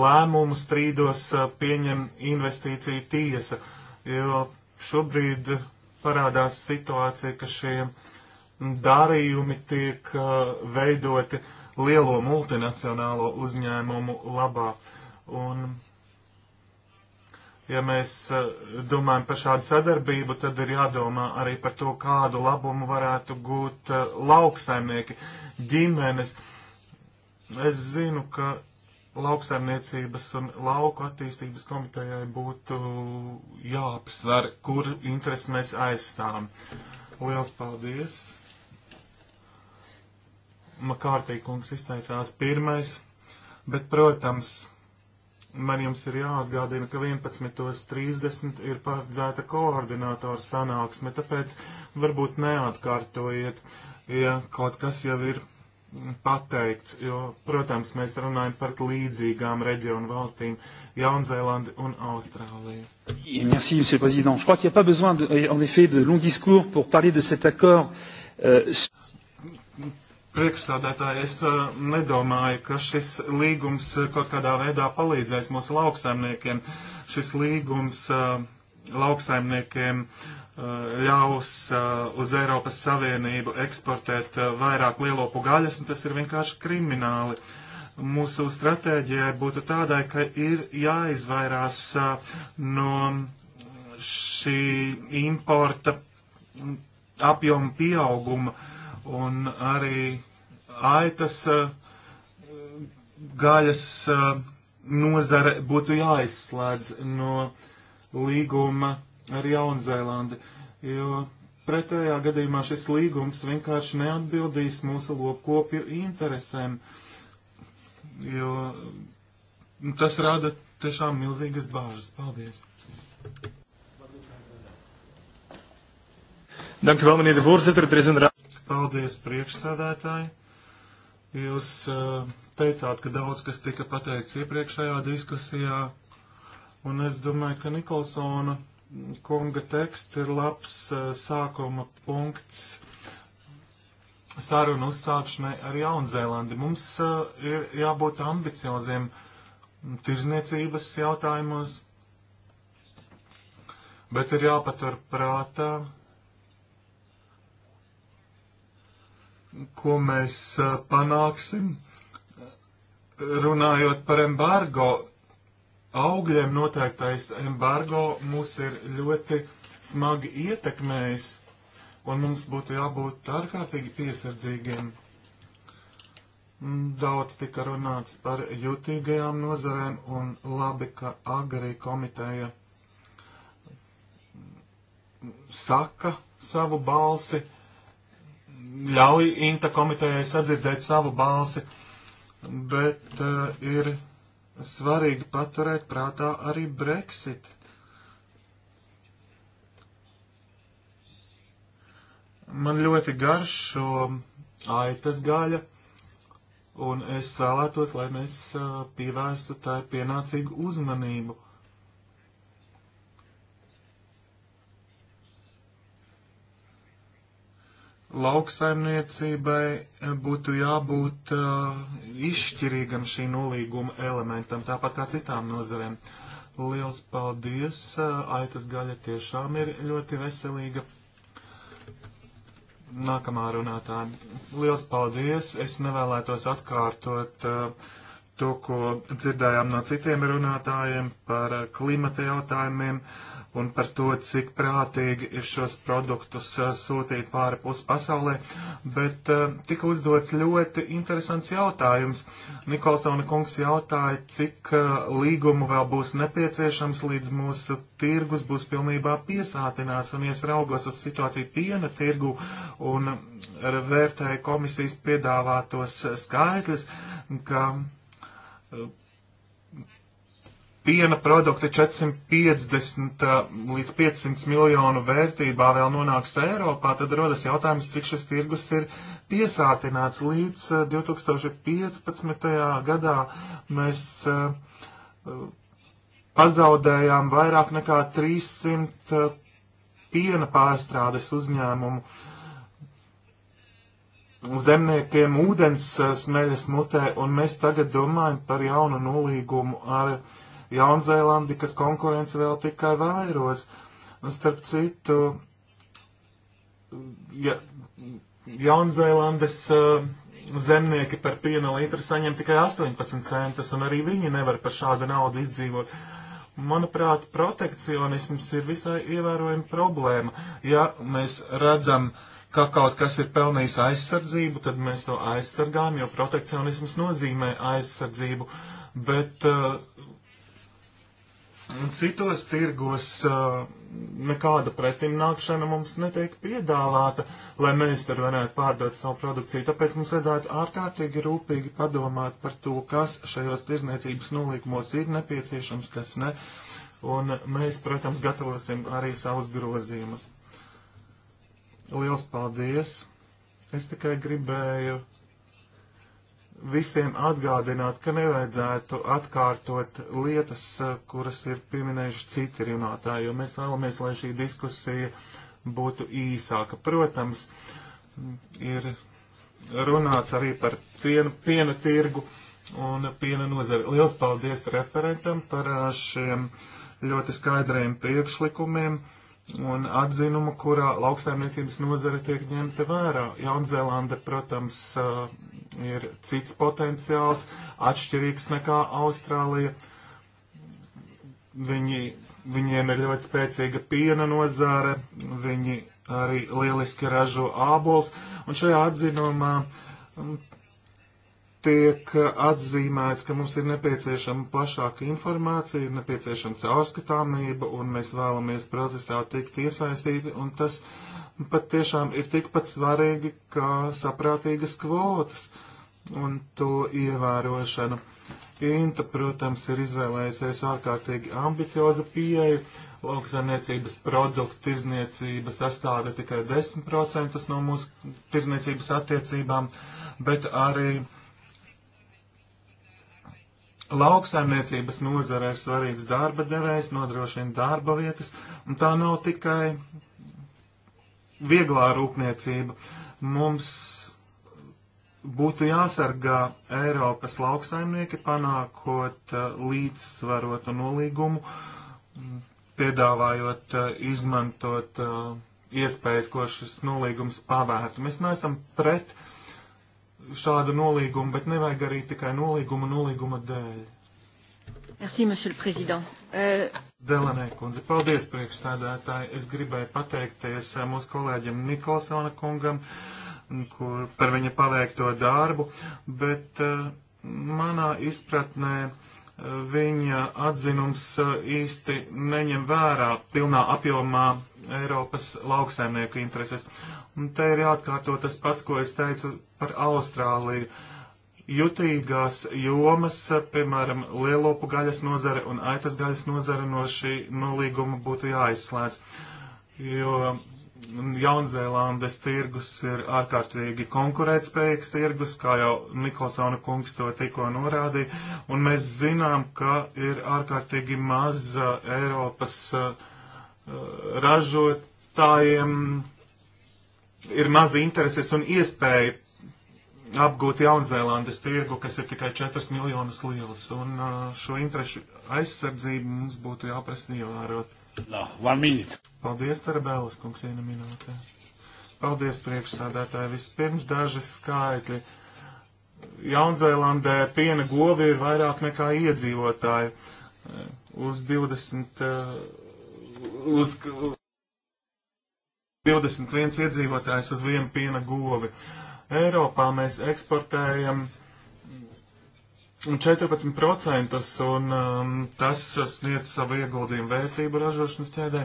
Speaker 1: lēmumu strīdos uh, pieņem investīciju tiesa, jo šobrīd parādās situācija, ka šiem uh, darījumi tiek veidoti lielo multinacionālo uzņēmumu labā. Un, ja mēs domājam par šādu sadarbību, tad ir jādomā arī par to, kādu labumu varētu gūt lauksaimnieki, ģimenes. Es zinu, ka lauksaimniecības un lauku attīstības komitejai būtu jāapsver, kur intereses mēs aizstāvam. Liels paldies! Makārtīkungs izteicās pirmais, bet, protams, man jums ir jāatgādina, ka 11.30 ir paredzēta koordinātora sanāksme, tāpēc varbūt neatkārtojiet, ja kaut kas jau ir pateikts, jo, protams, mēs runājam par līdzīgām reģionu valstīm - Jaunzēlandi un Austrāliju. Merci, Monsieur le Président. Je crois qu'il n'y a pas besoin, de, en effet, de longs discours pour parler de cet accord. Euh... Priekšstādētāji, es eh, nedomāju, ka šis līgums eh, kaut kādā veidā palīdzēs mūsu lauksaimniekiem. Šis līgums eh, lauksaimniekiem ļaus uz Eiropas Savienību eksportēt vairāk lielopu gaļas, un tas ir vienkārši krimināli. Mūsu stratēģijai būtu tādai, ka ir jāizvairās no šī importa apjoma pieauguma. Uh, un arī aitas gaļas nozare būtu jāizslēdz no līguma ar Jaunzēlandi, jo pretējā gadījumā šis līgums vienkārši neatbildīs mūsu lopkopju interesēm, jo nu, tas rada tiešām milzīgas bāžas. Paldies! Dank u wel, meneer de voorzitter. Er is een raad. Paldies, priekšsādātāji. Jūs eh, teicāt, ka daudz kas tika pateikts iepriekšējā diskusijā, un es domāju, ka Nikolsona kunga teksts ir labs eh, sākuma punkts sarunu uzsākšanai ar Jaunzēlandi. Mums eh, ir jābūt ambicioziem tirzniecības jautājumos, bet ir jāpatur prātā, ko mēs panāksim, runājot par embargo. Augļiem noteiktais embargo mūs ir ļoti smagi ietekmējis, un mums būtu jābūt ārkārtīgi piesardzīgiem. Daudz tika runāts par jūtīgajām nozarēm, un labi, ka agrī komiteja saka savu balsi ļauj Inta komitejai sadzirdēt savu balsi, bet uh, ir svarīgi paturēt prātā arī Brexit. Man ļoti garšo aitas gaļa, un es vēlētos, lai mēs uh, pievērstu tai pienācīgu uzmanību. lauksaimniecībai eh, būtu jābūt uh, izšķirīgam šī nolīguma elementam, tāpat kā citām nozarēm. Liels paldies! Eh, Aitas gaļa tiešām ir ļoti veselīga. Nākamā runātāja. Liels paldies! Es nevēlētos atkārtot uh, to, ko dzirdējām no citiem runātājiem par klimata jautājumiem. Uh, un par to, cik prātīgi ir šos produktus eh, sūtīt pārpus pasaulē, bet eh, tika uzdots ļoti interesants jautājums. Nikolsona kungs jautāja, cik eh, līgumu vēl būs nepieciešams, līdz mūsu tirgus būs pilnībā piesātināts, un iesraugos uz situāciju piena tirgu un vērtēju komisijas piedāvātos skaitļus, ka piena produkti 450 līdz 500 miljonu vērtībā vēl nonāks Eiropā, tad rodas jautājums, cik šis tirgus ir piesātināts līdz 2015. gadā. Mēs pazaudējām vairāk nekā 300 piena pārstrādes uzņēmumu zemniekiem ūdens smeļas mutē, un mēs tagad domājam par jaunu nolīgumu ar uh, Jaunzēlandi, kas konkurence vēl tikai vairos. Starp citu, ja, Jaunzēlandes uh, zemnieki par piena litru saņem tikai 18 centus, un arī viņi nevar par šādu naudu izdzīvot. Manuprāt, protekcionisms ir visai ievērojama problēma. Ja mēs redzam, ka kaut kas ir pelnījis aizsardzību, tad mēs to aizsargājam, jo protekcionisms nozīmē aizsardzību. Bet uh, Citos tirgos uh, nekāda pretimnākšana mums netiek piedāvāta, lai mēs tur varētu pārdot savu produkciju. Tāpēc mums vajadzētu ārkārtīgi rūpīgi padomāt par to, kas šajos tirzniecības nolīgumos ir nepieciešams, kas ne. Un mēs, protams, gatavosim arī savus grozījumus. Liels paldies! Es tikai gribēju visiem atgādināt, ka nevajadzētu atkārtot lietas, eh, kuras ir pieminējuši citi runātāji, jo mēs vēlamies, lai šī diskusija būtu īsāka. Protams, ir runāts arī par pienu, piena tirgu un piena nozari. Liels paldies referentam par eh, šiem ļoti skaidriem priekšlikumiem un atzinumu, kurā lauksaimniecības nozare tiek ņemta vērā. Jaunzēlanda, protams, eh, ir cits potenciāls, atšķirīgs nekā Austrālija. Viņi, viņiem ir ļoti spēcīga piena nozāre, viņi arī lieliski ražo ābols, un šajā atzinumā um, tiek atzīmēts, ka mums ir nepieciešama plašāka informācija, ir nepieciešama caurskatāmība, un mēs vēlamies procesā tikt iesaistīti, un tas uh, pat tiešām ir tikpat svarīgi kā saprātīgas kvotas un to ievērošana. Inta, protams, ir izvēlējusies ārkārtīgi ambicioza pieeja. Lauksaimniecības produktu tirzniecība sastāda tikai 10% no mūsu tirzniecības attiecībām, bet arī lauksaimniecības nozare ir svarīgs darba devējs, nodrošina darba vietas, un tā nav tikai vieglā rūpniecība. Mums būtu jāsargā Eiropas lauksaimnieki, panākot uh, līdzsvarotu nolīgumu, piedāvājot uh, izmantot uh, iespējas, ko šis nolīgums pavērtu. Mēs neesam pret šādu nolīgumu, bet nevajag arī tikai nolīgumu nolīguma dēļ. Merci,
Speaker 3: monsieur le président. Eh,
Speaker 1: Delanē kundze, paldies priekšsēdētāji. Es gribēju pateikties eh, mūsu kolēģim Nikolsona kungam kur, par viņa paveikto darbu, bet uh, manā izpratnē uh, viņa atzinums uh, īsti neņem vērā pilnā apjomā Eiropas lauksaimnieku intereses. Un te ir jāatkārto tas pats, ko es teicu par Austrāliju. Uh, jutīgās jomas, piemēram, lielopu gaļas nozare un aitas gaļas nozare no šī nolīguma būtu jāizslēdz, jo Jaunzēlandes tirgus ir ārkārtīgi konkurētspējīgs tirgus, kā jau Nikolsona kungs to tikko norādīja, un mēs zinām, ka ir ārkārtīgi maz uh, Eiropas uh, ražotājiem ir maz intereses un iespēja apgūt Jaunzēlandes tirgu, kas ir tikai 4 miljonus liels. Un uh, šo interešu aizsardzību mums būtu jāprasa ievērot. No, Paldies, Tarabēlis kungs, viena minūte. Paldies, priekšsādātāji. Vispirms daži skaitļi. Jaunzēlandē piena govi ir vairāk nekā iedzīvotāji. Uh, uz 20. Uh, uz 21 iedzīvotājs uz vienu piena govi. Uh, Eiropā mēs eksportējam 14% un um, tas sniedz savu ieguldījumu vērtību ražošanas ķēdē.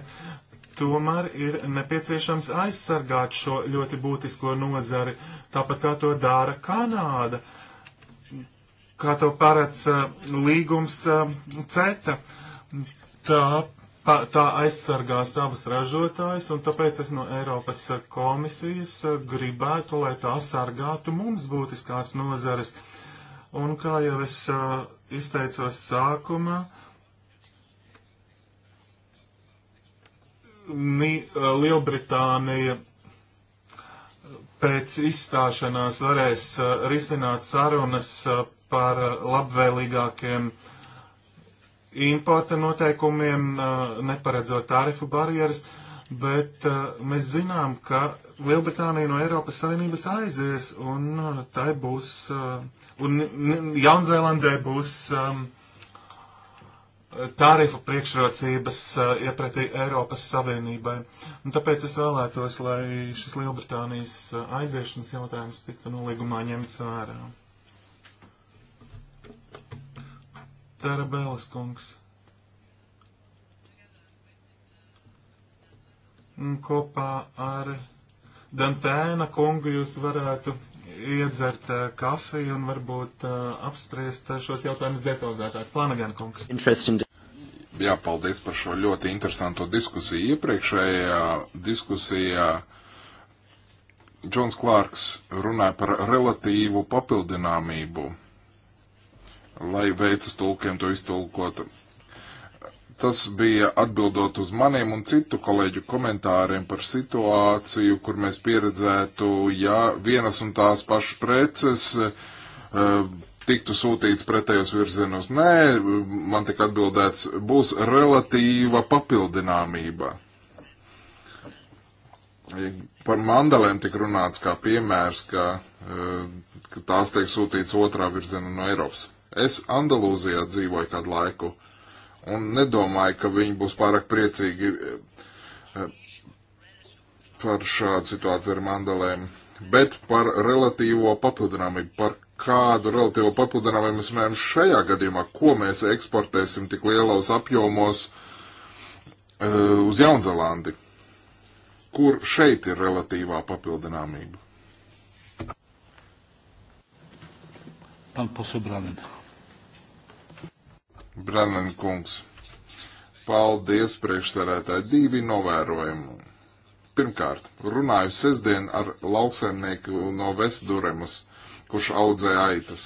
Speaker 1: Tomēr ir nepieciešams aizsargāt šo ļoti būtisko nozari, tāpat kā to dara Kanāda, kā to paredz uh, līgums uh, CETA. Tā pa, tā aizsargā savus ražotājus, un tāpēc es no Eiropas komisijas gribētu, lai tā sargātu mums būtiskās nozares. Un kā jau es uh, izteicos sākumā, Ni, uh, Lielbritānija pēc izstāšanās varēs uh, risināt sarunas uh, par uh, labvēlīgākiem uh, importa noteikumiem, neparedzot tarifu barjeras, bet mēs zinām, ka Lielbritānija no Eiropas Savienības aizies, un tai būs, un Jaunzēlandē būs um, tarifu priekšrocības uh, iepratī Eiropas Savienībai. Un tāpēc es vēlētos, lai šis Lielbritānijas aiziešanas jautājums tiktu nolīgumā ņemts vērā. Tarabēlis kungs. Kopā ar Dantēna kungu jūs varētu iedzert eh, kafiju un varbūt uh, apspriest eh, šos jautājumus detalizētāk. Flanagan kungs.
Speaker 2: Jā, paldies par šo ļoti interesanto diskusiju. Iepriekšējā diskusijā Džons Klārks runāja par relatīvu papildināmību lai veicas tulkiem to iztulkot. Tas bija atbildot uz maniem un citu kolēģu komentāriem par situāciju, kur mēs pieredzētu, ja vienas un tās pašas preces eh, tiktu sūtīts pretējos virzienos. Nē, man tik atbildēts, būs relatīva papildināmība. Par mandalēm tik runāts kā piemērs, ka, eh, ka tās tiek sūtīts otrā virzienā no Eiropas. Es Andalūzijā dzīvoju kādu laiku un nedomāju, ka viņi būs pārāk priecīgi eh, par šādu situāciju ar mandalēm, bet par relatīvo papildinājumu, par kādu relatīvo papildinājumu mēs mēram šajā gadījumā, ko mēs eksportēsim tik lielos apjomos uh, uz Jaunzelandi, kur šeit ir relatīvā papildināmība. Pan posobranin. Brennan kungs. Paldies priekšsarētāji. Divi novērojumi. Pirmkārt, runāju sestdien ar lauksaimnieku no Vestduremas, kurš audzē aitas.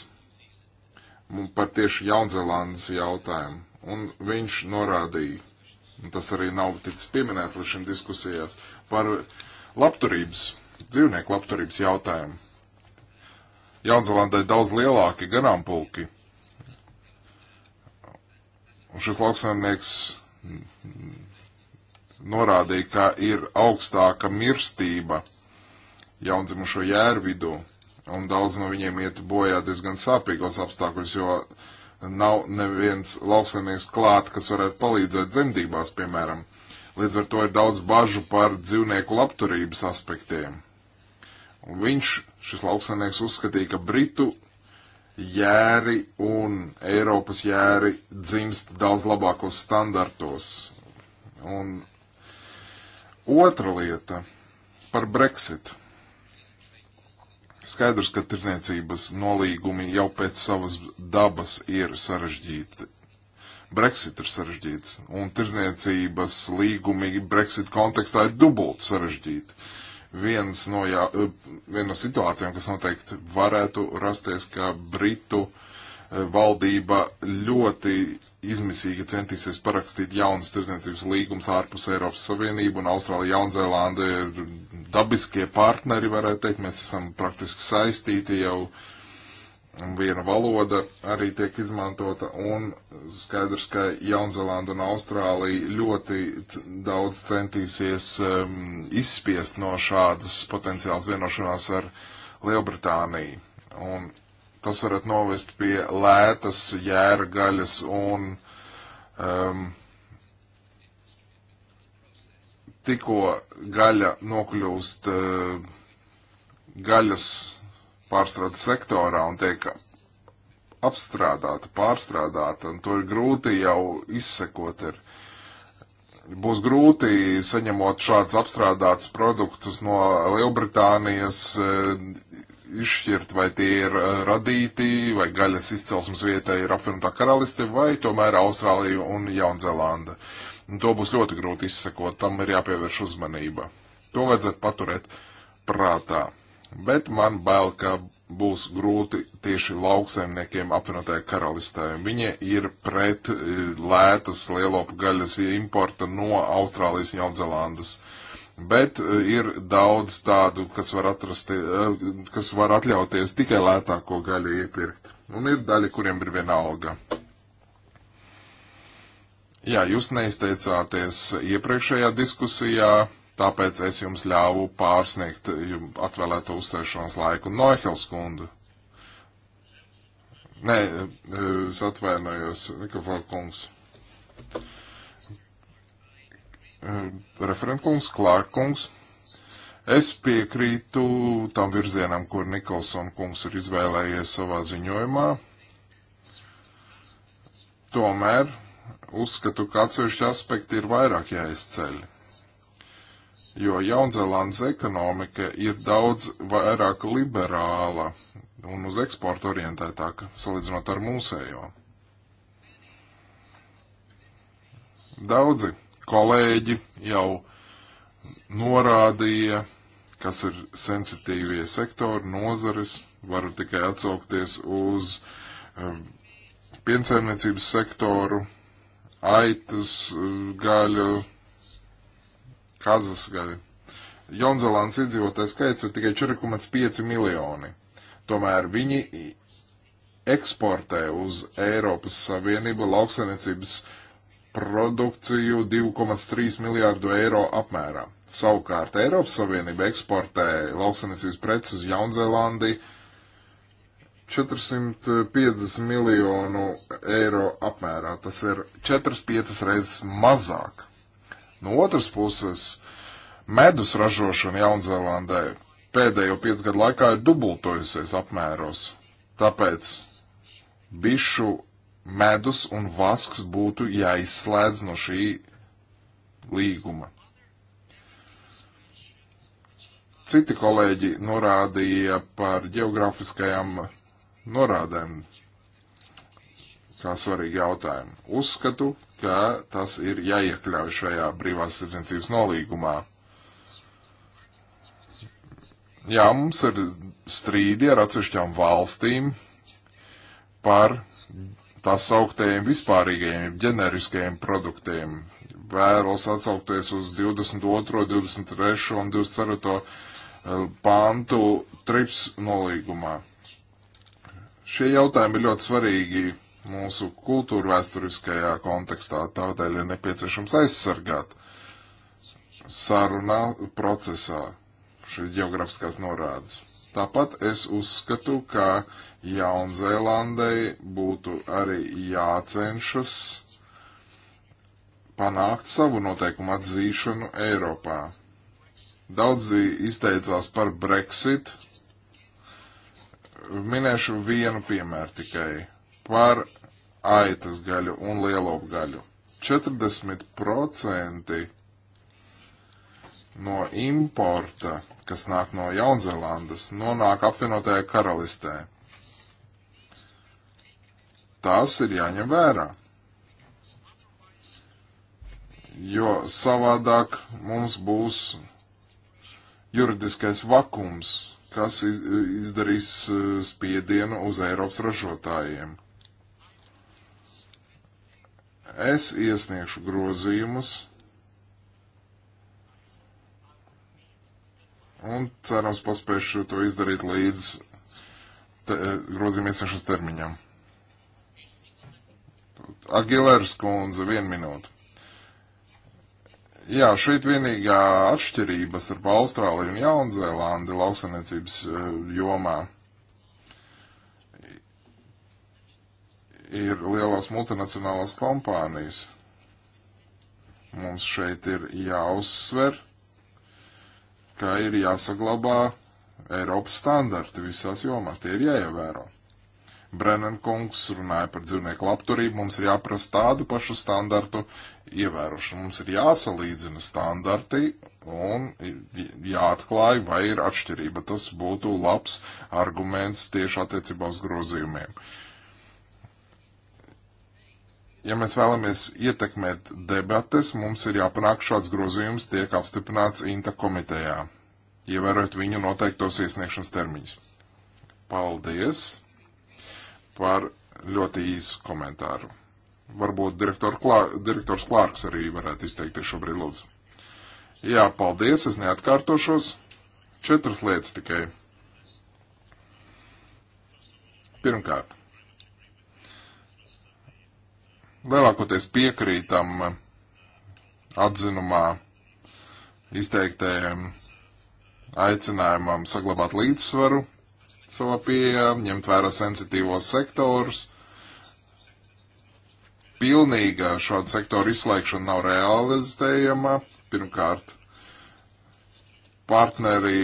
Speaker 2: Un par tieši Jaunzēlandes jautājumu. Un viņš norādīja, un tas arī nav ticis pieminēts līdz šim diskusijās, par labturības, dzīvnieku labturības jautājumu. Jaunzēlandē daudz lielāki ganāmpulki Un šis lauksaimnieks norādīja, ka ir augstāka mirstība jaundzimušo jēru vidū, un daudz no viņiem iet bojā diezgan sāpīgos apstākļus, jo nav neviens lauksaimnieks klāt, kas varētu palīdzēt dzemdībās, piemēram. Līdz ar to ir daudz bažu par dzīvnieku labturības aspektiem. Un viņš, šis lauksaimnieks, uzskatīja, ka Britu jēri un Eiropas jēri dzimst daudz labākos standartos. Un otra lieta par Brexit. Skaidrs, ka tirniecības nolīgumi jau pēc savas dabas ir sarežģīti. Brexit ir sarežģīts, un tirniecības līgumi Brexit kontekstā ir dubult sarežģīti. Uh, viens no, jā, eh, viena no situācijām, kas noteikti varētu rasties, ka Britu eh, valdība ļoti izmisīgi centīsies parakstīt jaunas tirdzniecības līgumas ārpus Eiropas Savienību, un Austrālija, Jaunzēlanda ir dabiskie partneri, varētu teikt, mēs esam praktiski saistīti jau uh, viena valoda arī tiek izmantota, un skaidrs, ka Jaunzelanda un Austrālija ļoti daudz centīsies um, izspiest no šādas potenciāls vienošanās ar Lielbritāniju. Un tas varat novest pie lētas jēra gaļas un um, tikko gaļa nokļūst uh, gaļas pārstrādes sektorā un tiek apstrādāta, pārstrādāta, un to ir grūti jau izsekot. Ir. Būs grūti saņemot šādus apstrādātus produktus no Lielbritānijas, eh, izšķirt, vai tie ir eh, radīti, vai gaļas izcelsmes vietā ir apvienotā karaliste, vai tomēr Austrālija un Jaunzēlanda. Un to būs ļoti grūti izsekot, tam ir jāpievērš uzmanība. To vajadzētu paturēt prātā bet man bail, ka būs grūti tieši lauksaimniekiem apvienotāja karalistē. Viņi ir pret eh, lētas lielopu gaļas importa no Austrālijas un Jaunzēlandes. Bet eh, ir daudz tādu, kas var, atrasti, eh, kas var atļauties tikai lētāko gaļu iepirkt. Un ir daļa, kuriem ir viena alga. Jā, jūs neizteicāties iepriekšējā diskusijā Tāpēc es jums ļāvu pārsniegt jums atvēlēto uzstāšanās laiku. Noihels kundu. Nē, es atvainojos, Nikofora kungs. Referentkungs, Klārkungs. Es piekrītu tam virzienam, kur Nikolson kungs ir izvēlējies savā ziņojumā. Tomēr uzskatu, ka atsevišķi aspekti ir vairāk jāizceļ jo Jaunzēlandes ekonomika ir daudz vairāk liberāla un uz eksportu orientētāka, salīdzinot ar mūsējo. Daudzi kolēģi jau norādīja, kas ir sensitīvie sektori, nozares, varu tikai atsaukties uz um, piensaimniecības sektoru, aitas, uh, gaļu, Kazas, Jonzelāns iedzīvotājs skaits ir tikai 4,5 miljoni. Tomēr viņi eksportē uz Eiropas Savienību lauksainiecības produkciju 2,3 miljārdu eiro apmērā. Savukārt Eiropas Savienība eksportē lauksainiecības preces uz Jaunzēlandi 450 miljonu eiro apmērā. Tas ir 4-5 reizes mazāk. No otras puses, medus ražošana Jaunzēlandē pēdējo piecu gadu laikā ir dubultojusies apmēros. Tāpēc bišu medus un vasks būtu jāizslēdz no šī līguma. Citi kolēģi norādīja par geogrāfiskajām norādēm kā svarīgu jautājumu. Uzskatu, ka tas ir jāiekļauj šajā brīvās tirdzniecības nolīgumā. Jā, mums ir strīdi ar atsevišķām valstīm par tā sauktējiem vispārīgajiem, ģeneriskajiem produktiem. Vēlos atsaukties uz 22., 23. un 24. Eh, pāntu trips nolīgumā. Šie jautājumi ir ļoti svarīgi mūsu kultūra vēsturiskajā kontekstā, tādēļ ir nepieciešams aizsargāt sarunā procesā šīs geografiskās norādes. Tāpat es uzskatu, ka Jaunzēlandei būtu arī jācenšas panākt savu noteikumu atzīšanu Eiropā. Daudzi izteicās par Brexit. Minēšu vienu piemēru tikai par aitas gaļu un lielo gaļu. 40% no importa, kas nāk no Jaunzēlandes, nonāk apvienotajā karalistē. Tas ir jāņem vērā. Jo savādāk mums būs juridiskais vakums, kas izdarīs eh, spiedienu uz Eiropas ražotājiem. Es iesniegšu grozījumus. Un cerams paspēšu to izdarīt līdz te, grozījuma iesniegšanas termiņam. Agilērs kundze, vienu minūtu. Jā, šeit vienīgā atšķirība starp Austrāliju un Jaunzēlandi lauksaniecības eh, jomā. Uh, ir lielās multinacionālās kompānijas. Mums šeit ir jāuzsver, ka ir jāsaglabā Eiropas standarti visās jomās, tie ir jāievēro. Brennan kungs runāja par dzīvnieku labturību, mums ir jāprasa tādu pašu standartu ievērošanu. Mums ir jāsalīdzina standarti un jāatklāj, vai ir atšķirība. Tas būtu labs arguments tieši attiecībā uz grozījumiem. Uh, ja mēs vēlamies ietekmēt debates, mums ir jāpanāk šāds grozījums tiek apstiprināts INTA komitejā, ievērot viņu noteiktos iesniegšanas termiņus. Paldies par ļoti īsu komentāru. Varbūt direktor Klā, direktors Klārks arī varētu izteikties šobrīd lūdzu. Jā, paldies, es neatkārtošos. Četras lietas tikai. Pirmkārt, lielākoties piekrītam atzinumā izteiktējiem aicinājumam saglabāt līdzsvaru savā pieejā, ņemt vērā sensitīvos sektorus. Pilnīga šāda sektora izslēgšana nav realizējama. Pirmkārt, partneri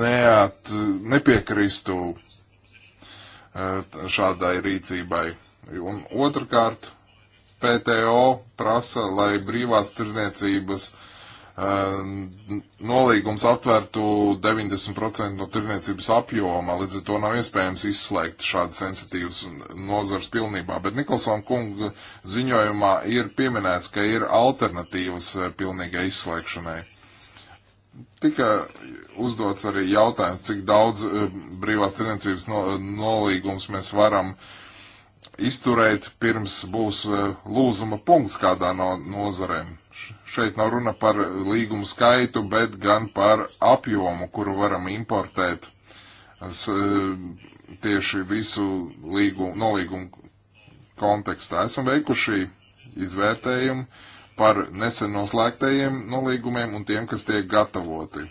Speaker 2: neat, nepiekristu eh, šādai rīcībai. Un otrkārt, PTO prasa, lai brīvās tirzniecības uh, nolīgums aptvertu 90% no tirniecības apjoma, līdz ar to nav iespējams izslēgt šādas sensitīvas nozars pilnībā. Bet Nikolsona kunga ziņojumā ir pieminēts, ka ir alternatīvas eh, pilnīgai izslēgšanai. Tika uzdots arī jautājums, cik daudz eh, brīvās tirniecības no, nolīgums mēs varam uh, izturēt pirms būs e, lūzuma punkts kādā no nozarēm. Šeit nav runa par līgumu skaitu, bet gan par apjomu, kuru varam importēt es, e, tieši visu līgumu, nolīgumu kontekstā. Esam veikuši izvērtējumu par nesen noslēgtajiem nolīgumiem un tiem, kas tiek gatavoti.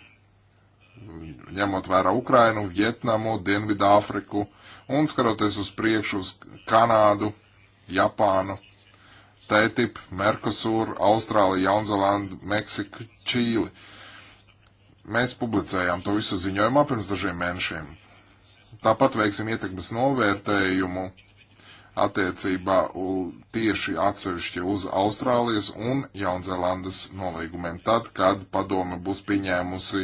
Speaker 2: Ņemot vērā Ukrainu, Vietnamu, Dienvidāfriku, Afriku Un skatoties uz priekšu uz Kanādu, Japānu, TTIP, Merkosur, Austrāliju, Jaunzēlandu, Meksiku, Čīli. Mēs publicējām to visu ziņojumā pirms dažiem mēnešiem. Tāpat veiksim ietekmes novērtējumu attiecībā tieši atsevišķi uz Austrālijas un Jaunzēlandes nolīgumiem, tad, kad padome būs pieņēmusi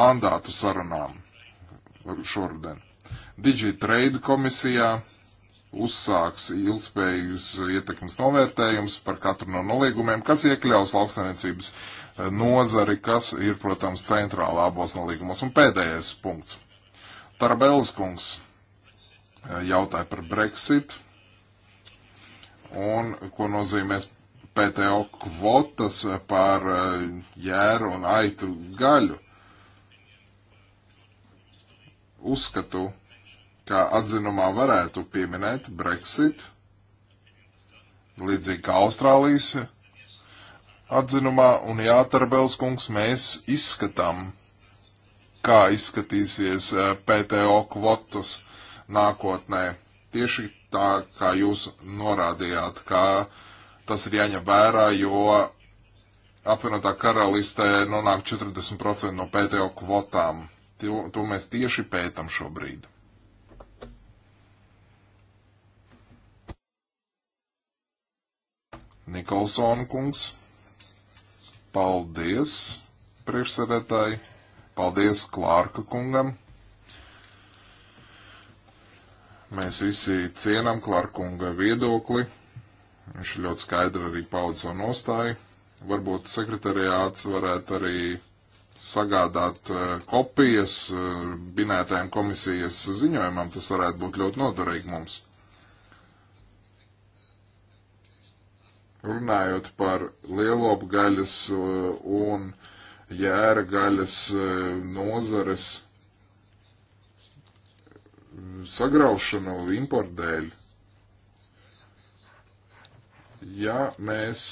Speaker 2: mandātu sarunām šoruden. Digitrade komisijā uzsāks ilgspējīgus ietekmes novērtējums par katru no nolīgumiem, kas iekļaus lauksainiecības eh, nozari, kas ir, protams, centrāla abos nolīgumos. Un pēdējais punkts. Tarabels kungs eh, jautāja par Brexit un ko nozīmēs PTO kvotas par eh, jēru un aitu gaļu. Uzskatu, ka atzinumā varētu pieminēt Brexit, līdzīgi kā Austrālijas atzinumā, un jātarbels kungs mēs izskatām, kā izskatīsies eh, PTO kvotas nākotnē. Tieši tā, kā jūs norādījāt, ka tas ir jāņem vērā, jo apvienotā karalistē nonāk 40% no PTO kvotām. To, to mēs tieši pētam šobrīd. Nikolsona kungs. Paldies, priekšsēdētāji. Paldies Klārka kungam. Mēs visi cienam Klārkunga viedokli. Viņš ļoti skaidri arī pauda savu nostāju. Varbūt sekretariāts varētu arī sagādāt eh, kopijas eh, binētajam komisijas ziņojumam. Tas varētu būt ļoti noderīgi mums. Runājot par lielopgaļas uh, un jēra gaļas uh, nozares sagraušanu importu dēļ, ja mēs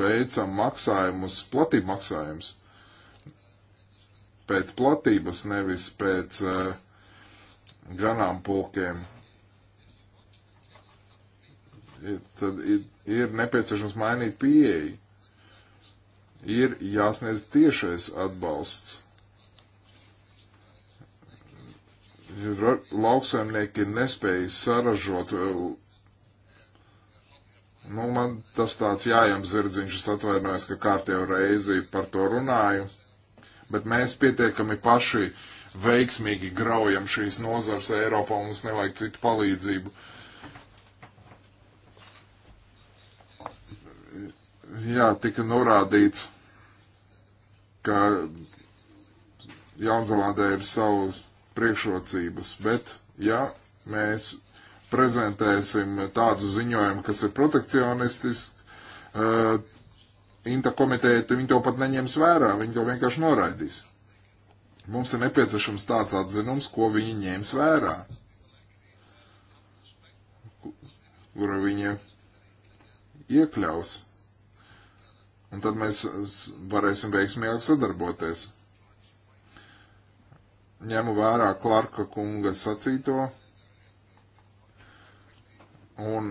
Speaker 2: veicam maksājumus, platību maksājumus pēc platības, nevis pēc uh, ganāmpulkiem, tad ir nepieciešams mainīt pieeju. Ir jāsniedz tiešais atbalsts. Lauksaimnieki nespēja saražot. E, nu, man tas tāds jājams zirdziņš, es atvainojos, ka kārtējo reizi par to runāju, bet mēs pietiekami paši veiksmīgi graujam šīs nozars Eiropā, mums nevajag citu palīdzību. Uh, Jā, tika norādīts, ka Jaunzēlandē ir savas priekšrocības, bet ja mēs prezentēsim tādu ziņojumu, kas ir protekcionistisks, uh, Inta komiteja viņi to pat neņems vērā, viņi to vienkārši noraidīs. Mums ir nepieciešams tāds atzinums, ko viņi ņems vērā, kura viņa iekļaus. Un tad mēs varēsim veiksmīgāk sadarboties. Ņemu vērā Klarka kunga sacīto un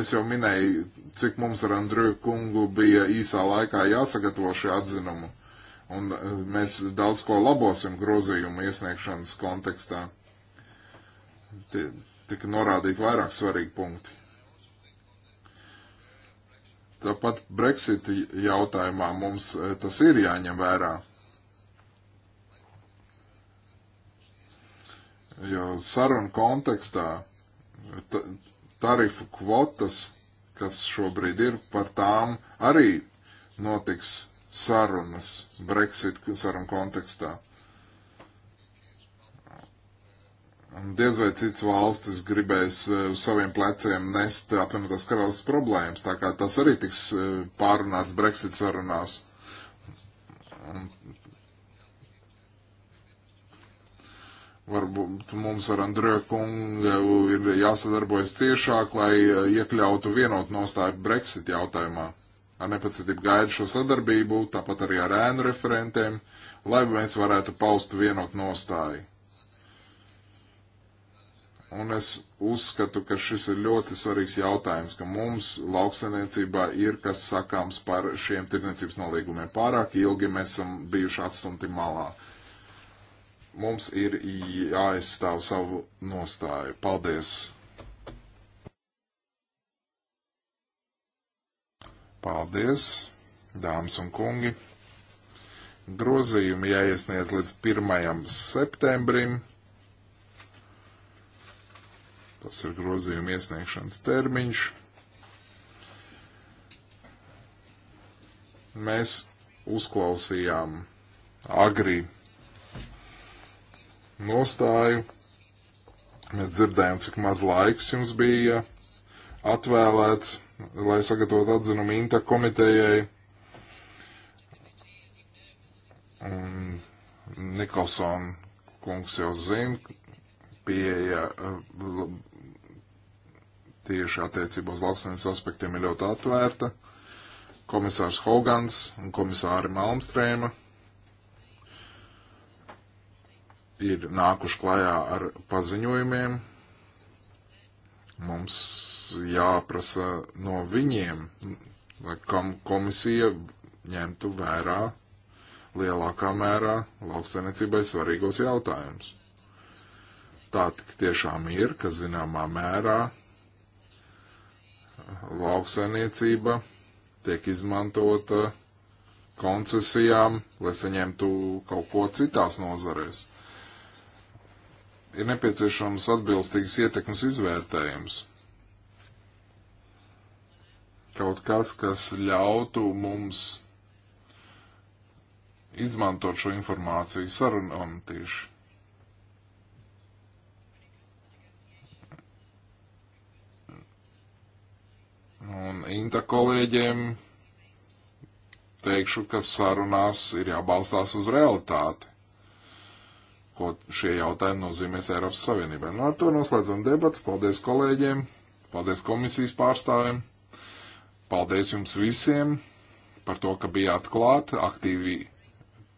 Speaker 2: es jau minēju, cik mums ar Andriju kungu bija īsā laikā jāsagatavo šī atzinumu. Un e, mēs daudz ko labosim grozījumu iesniegšanas kontekstā. Tika norādīti vairāk svarīgi punkti. Tāpat Brexit jautājumā mums eh, tas ir jāņem vērā. Jo sarunu kontekstā tarifu kvotas, kas šobrīd ir, par tām arī notiks sarunas Brexit sarunu kontekstā. Diez vai cits valstis gribēs eh, uz saviem pleciem nest apvienotās karalistas problēmas, tā kā tas arī tiks eh, pārunāts Brexit sarunās. Varbūt mums ar Andrēju kungu ir jāsadarbojas ciešāk, lai eh, iekļautu vienotu nostāju Brexit jautājumā. Ar nepacietību gaidu šo sadarbību, tāpat arī ar ēnu referentiem, lai mēs varētu paust vienotu nostāju. Un es uzskatu, ka šis ir ļoti svarīgs jautājums, ka mums lauksaimniecībā ir kas sakāms par šiem tirniecības nolīgumiem. Pārāk ilgi mēs esam bijuši atstumti malā. Mums ir jāaizstāv savu nostāju. Paldies! Paldies, dāmas un kungi! Grozījumi jāiesniedz līdz 1. septembrim. Tas ir grozījuma iesniegšanas termiņš. Mēs uzklausījām agri nostāju. Mēs dzirdējām, cik maz laiks jums bija atvēlēts, lai sagatavotu atzinumu Inta komitejai. Un Nikolson kungs jau zina, pieeja tieši attiecībā uz lauksainas aspektiem ir ļoti atvērta. Komisārs Hogans un komisāri Malmstrēma ir nākuši klajā ar paziņojumiem. Mums jāprasa no viņiem, lai kam komisija ņemtu vērā lielākā mērā lauksainiecībai svarīgos jautājumus. Tā tik tiešām ir, ka zināmā mērā lauksainiecība tiek izmantota koncesijām, lai saņemtu kaut ko citās nozarēs. Ir nepieciešams atbilstīgs ietekmes izvērtējums. Kaut kas, kas ļautu mums izmantot šo informāciju sarunām tieši. un Inta kolēģiem teikšu, ka sarunās ir jābalstās uz realitāti, ko šie jautājumi nozīmēs Eiropas Savienībai. Nu, ar to noslēdzam debats. Paldies kolēģiem, paldies komisijas pārstāvjiem, paldies jums visiem par to, ka bijāt klāt, aktīvi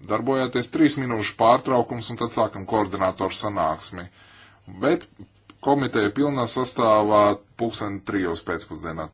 Speaker 2: darbojāties. Trīs minūšu pārtraukums un tad sākam koordinātoru sanāksmi. Bet komiteja pilnā sastāvā pulksten trijos pēcpusdienā.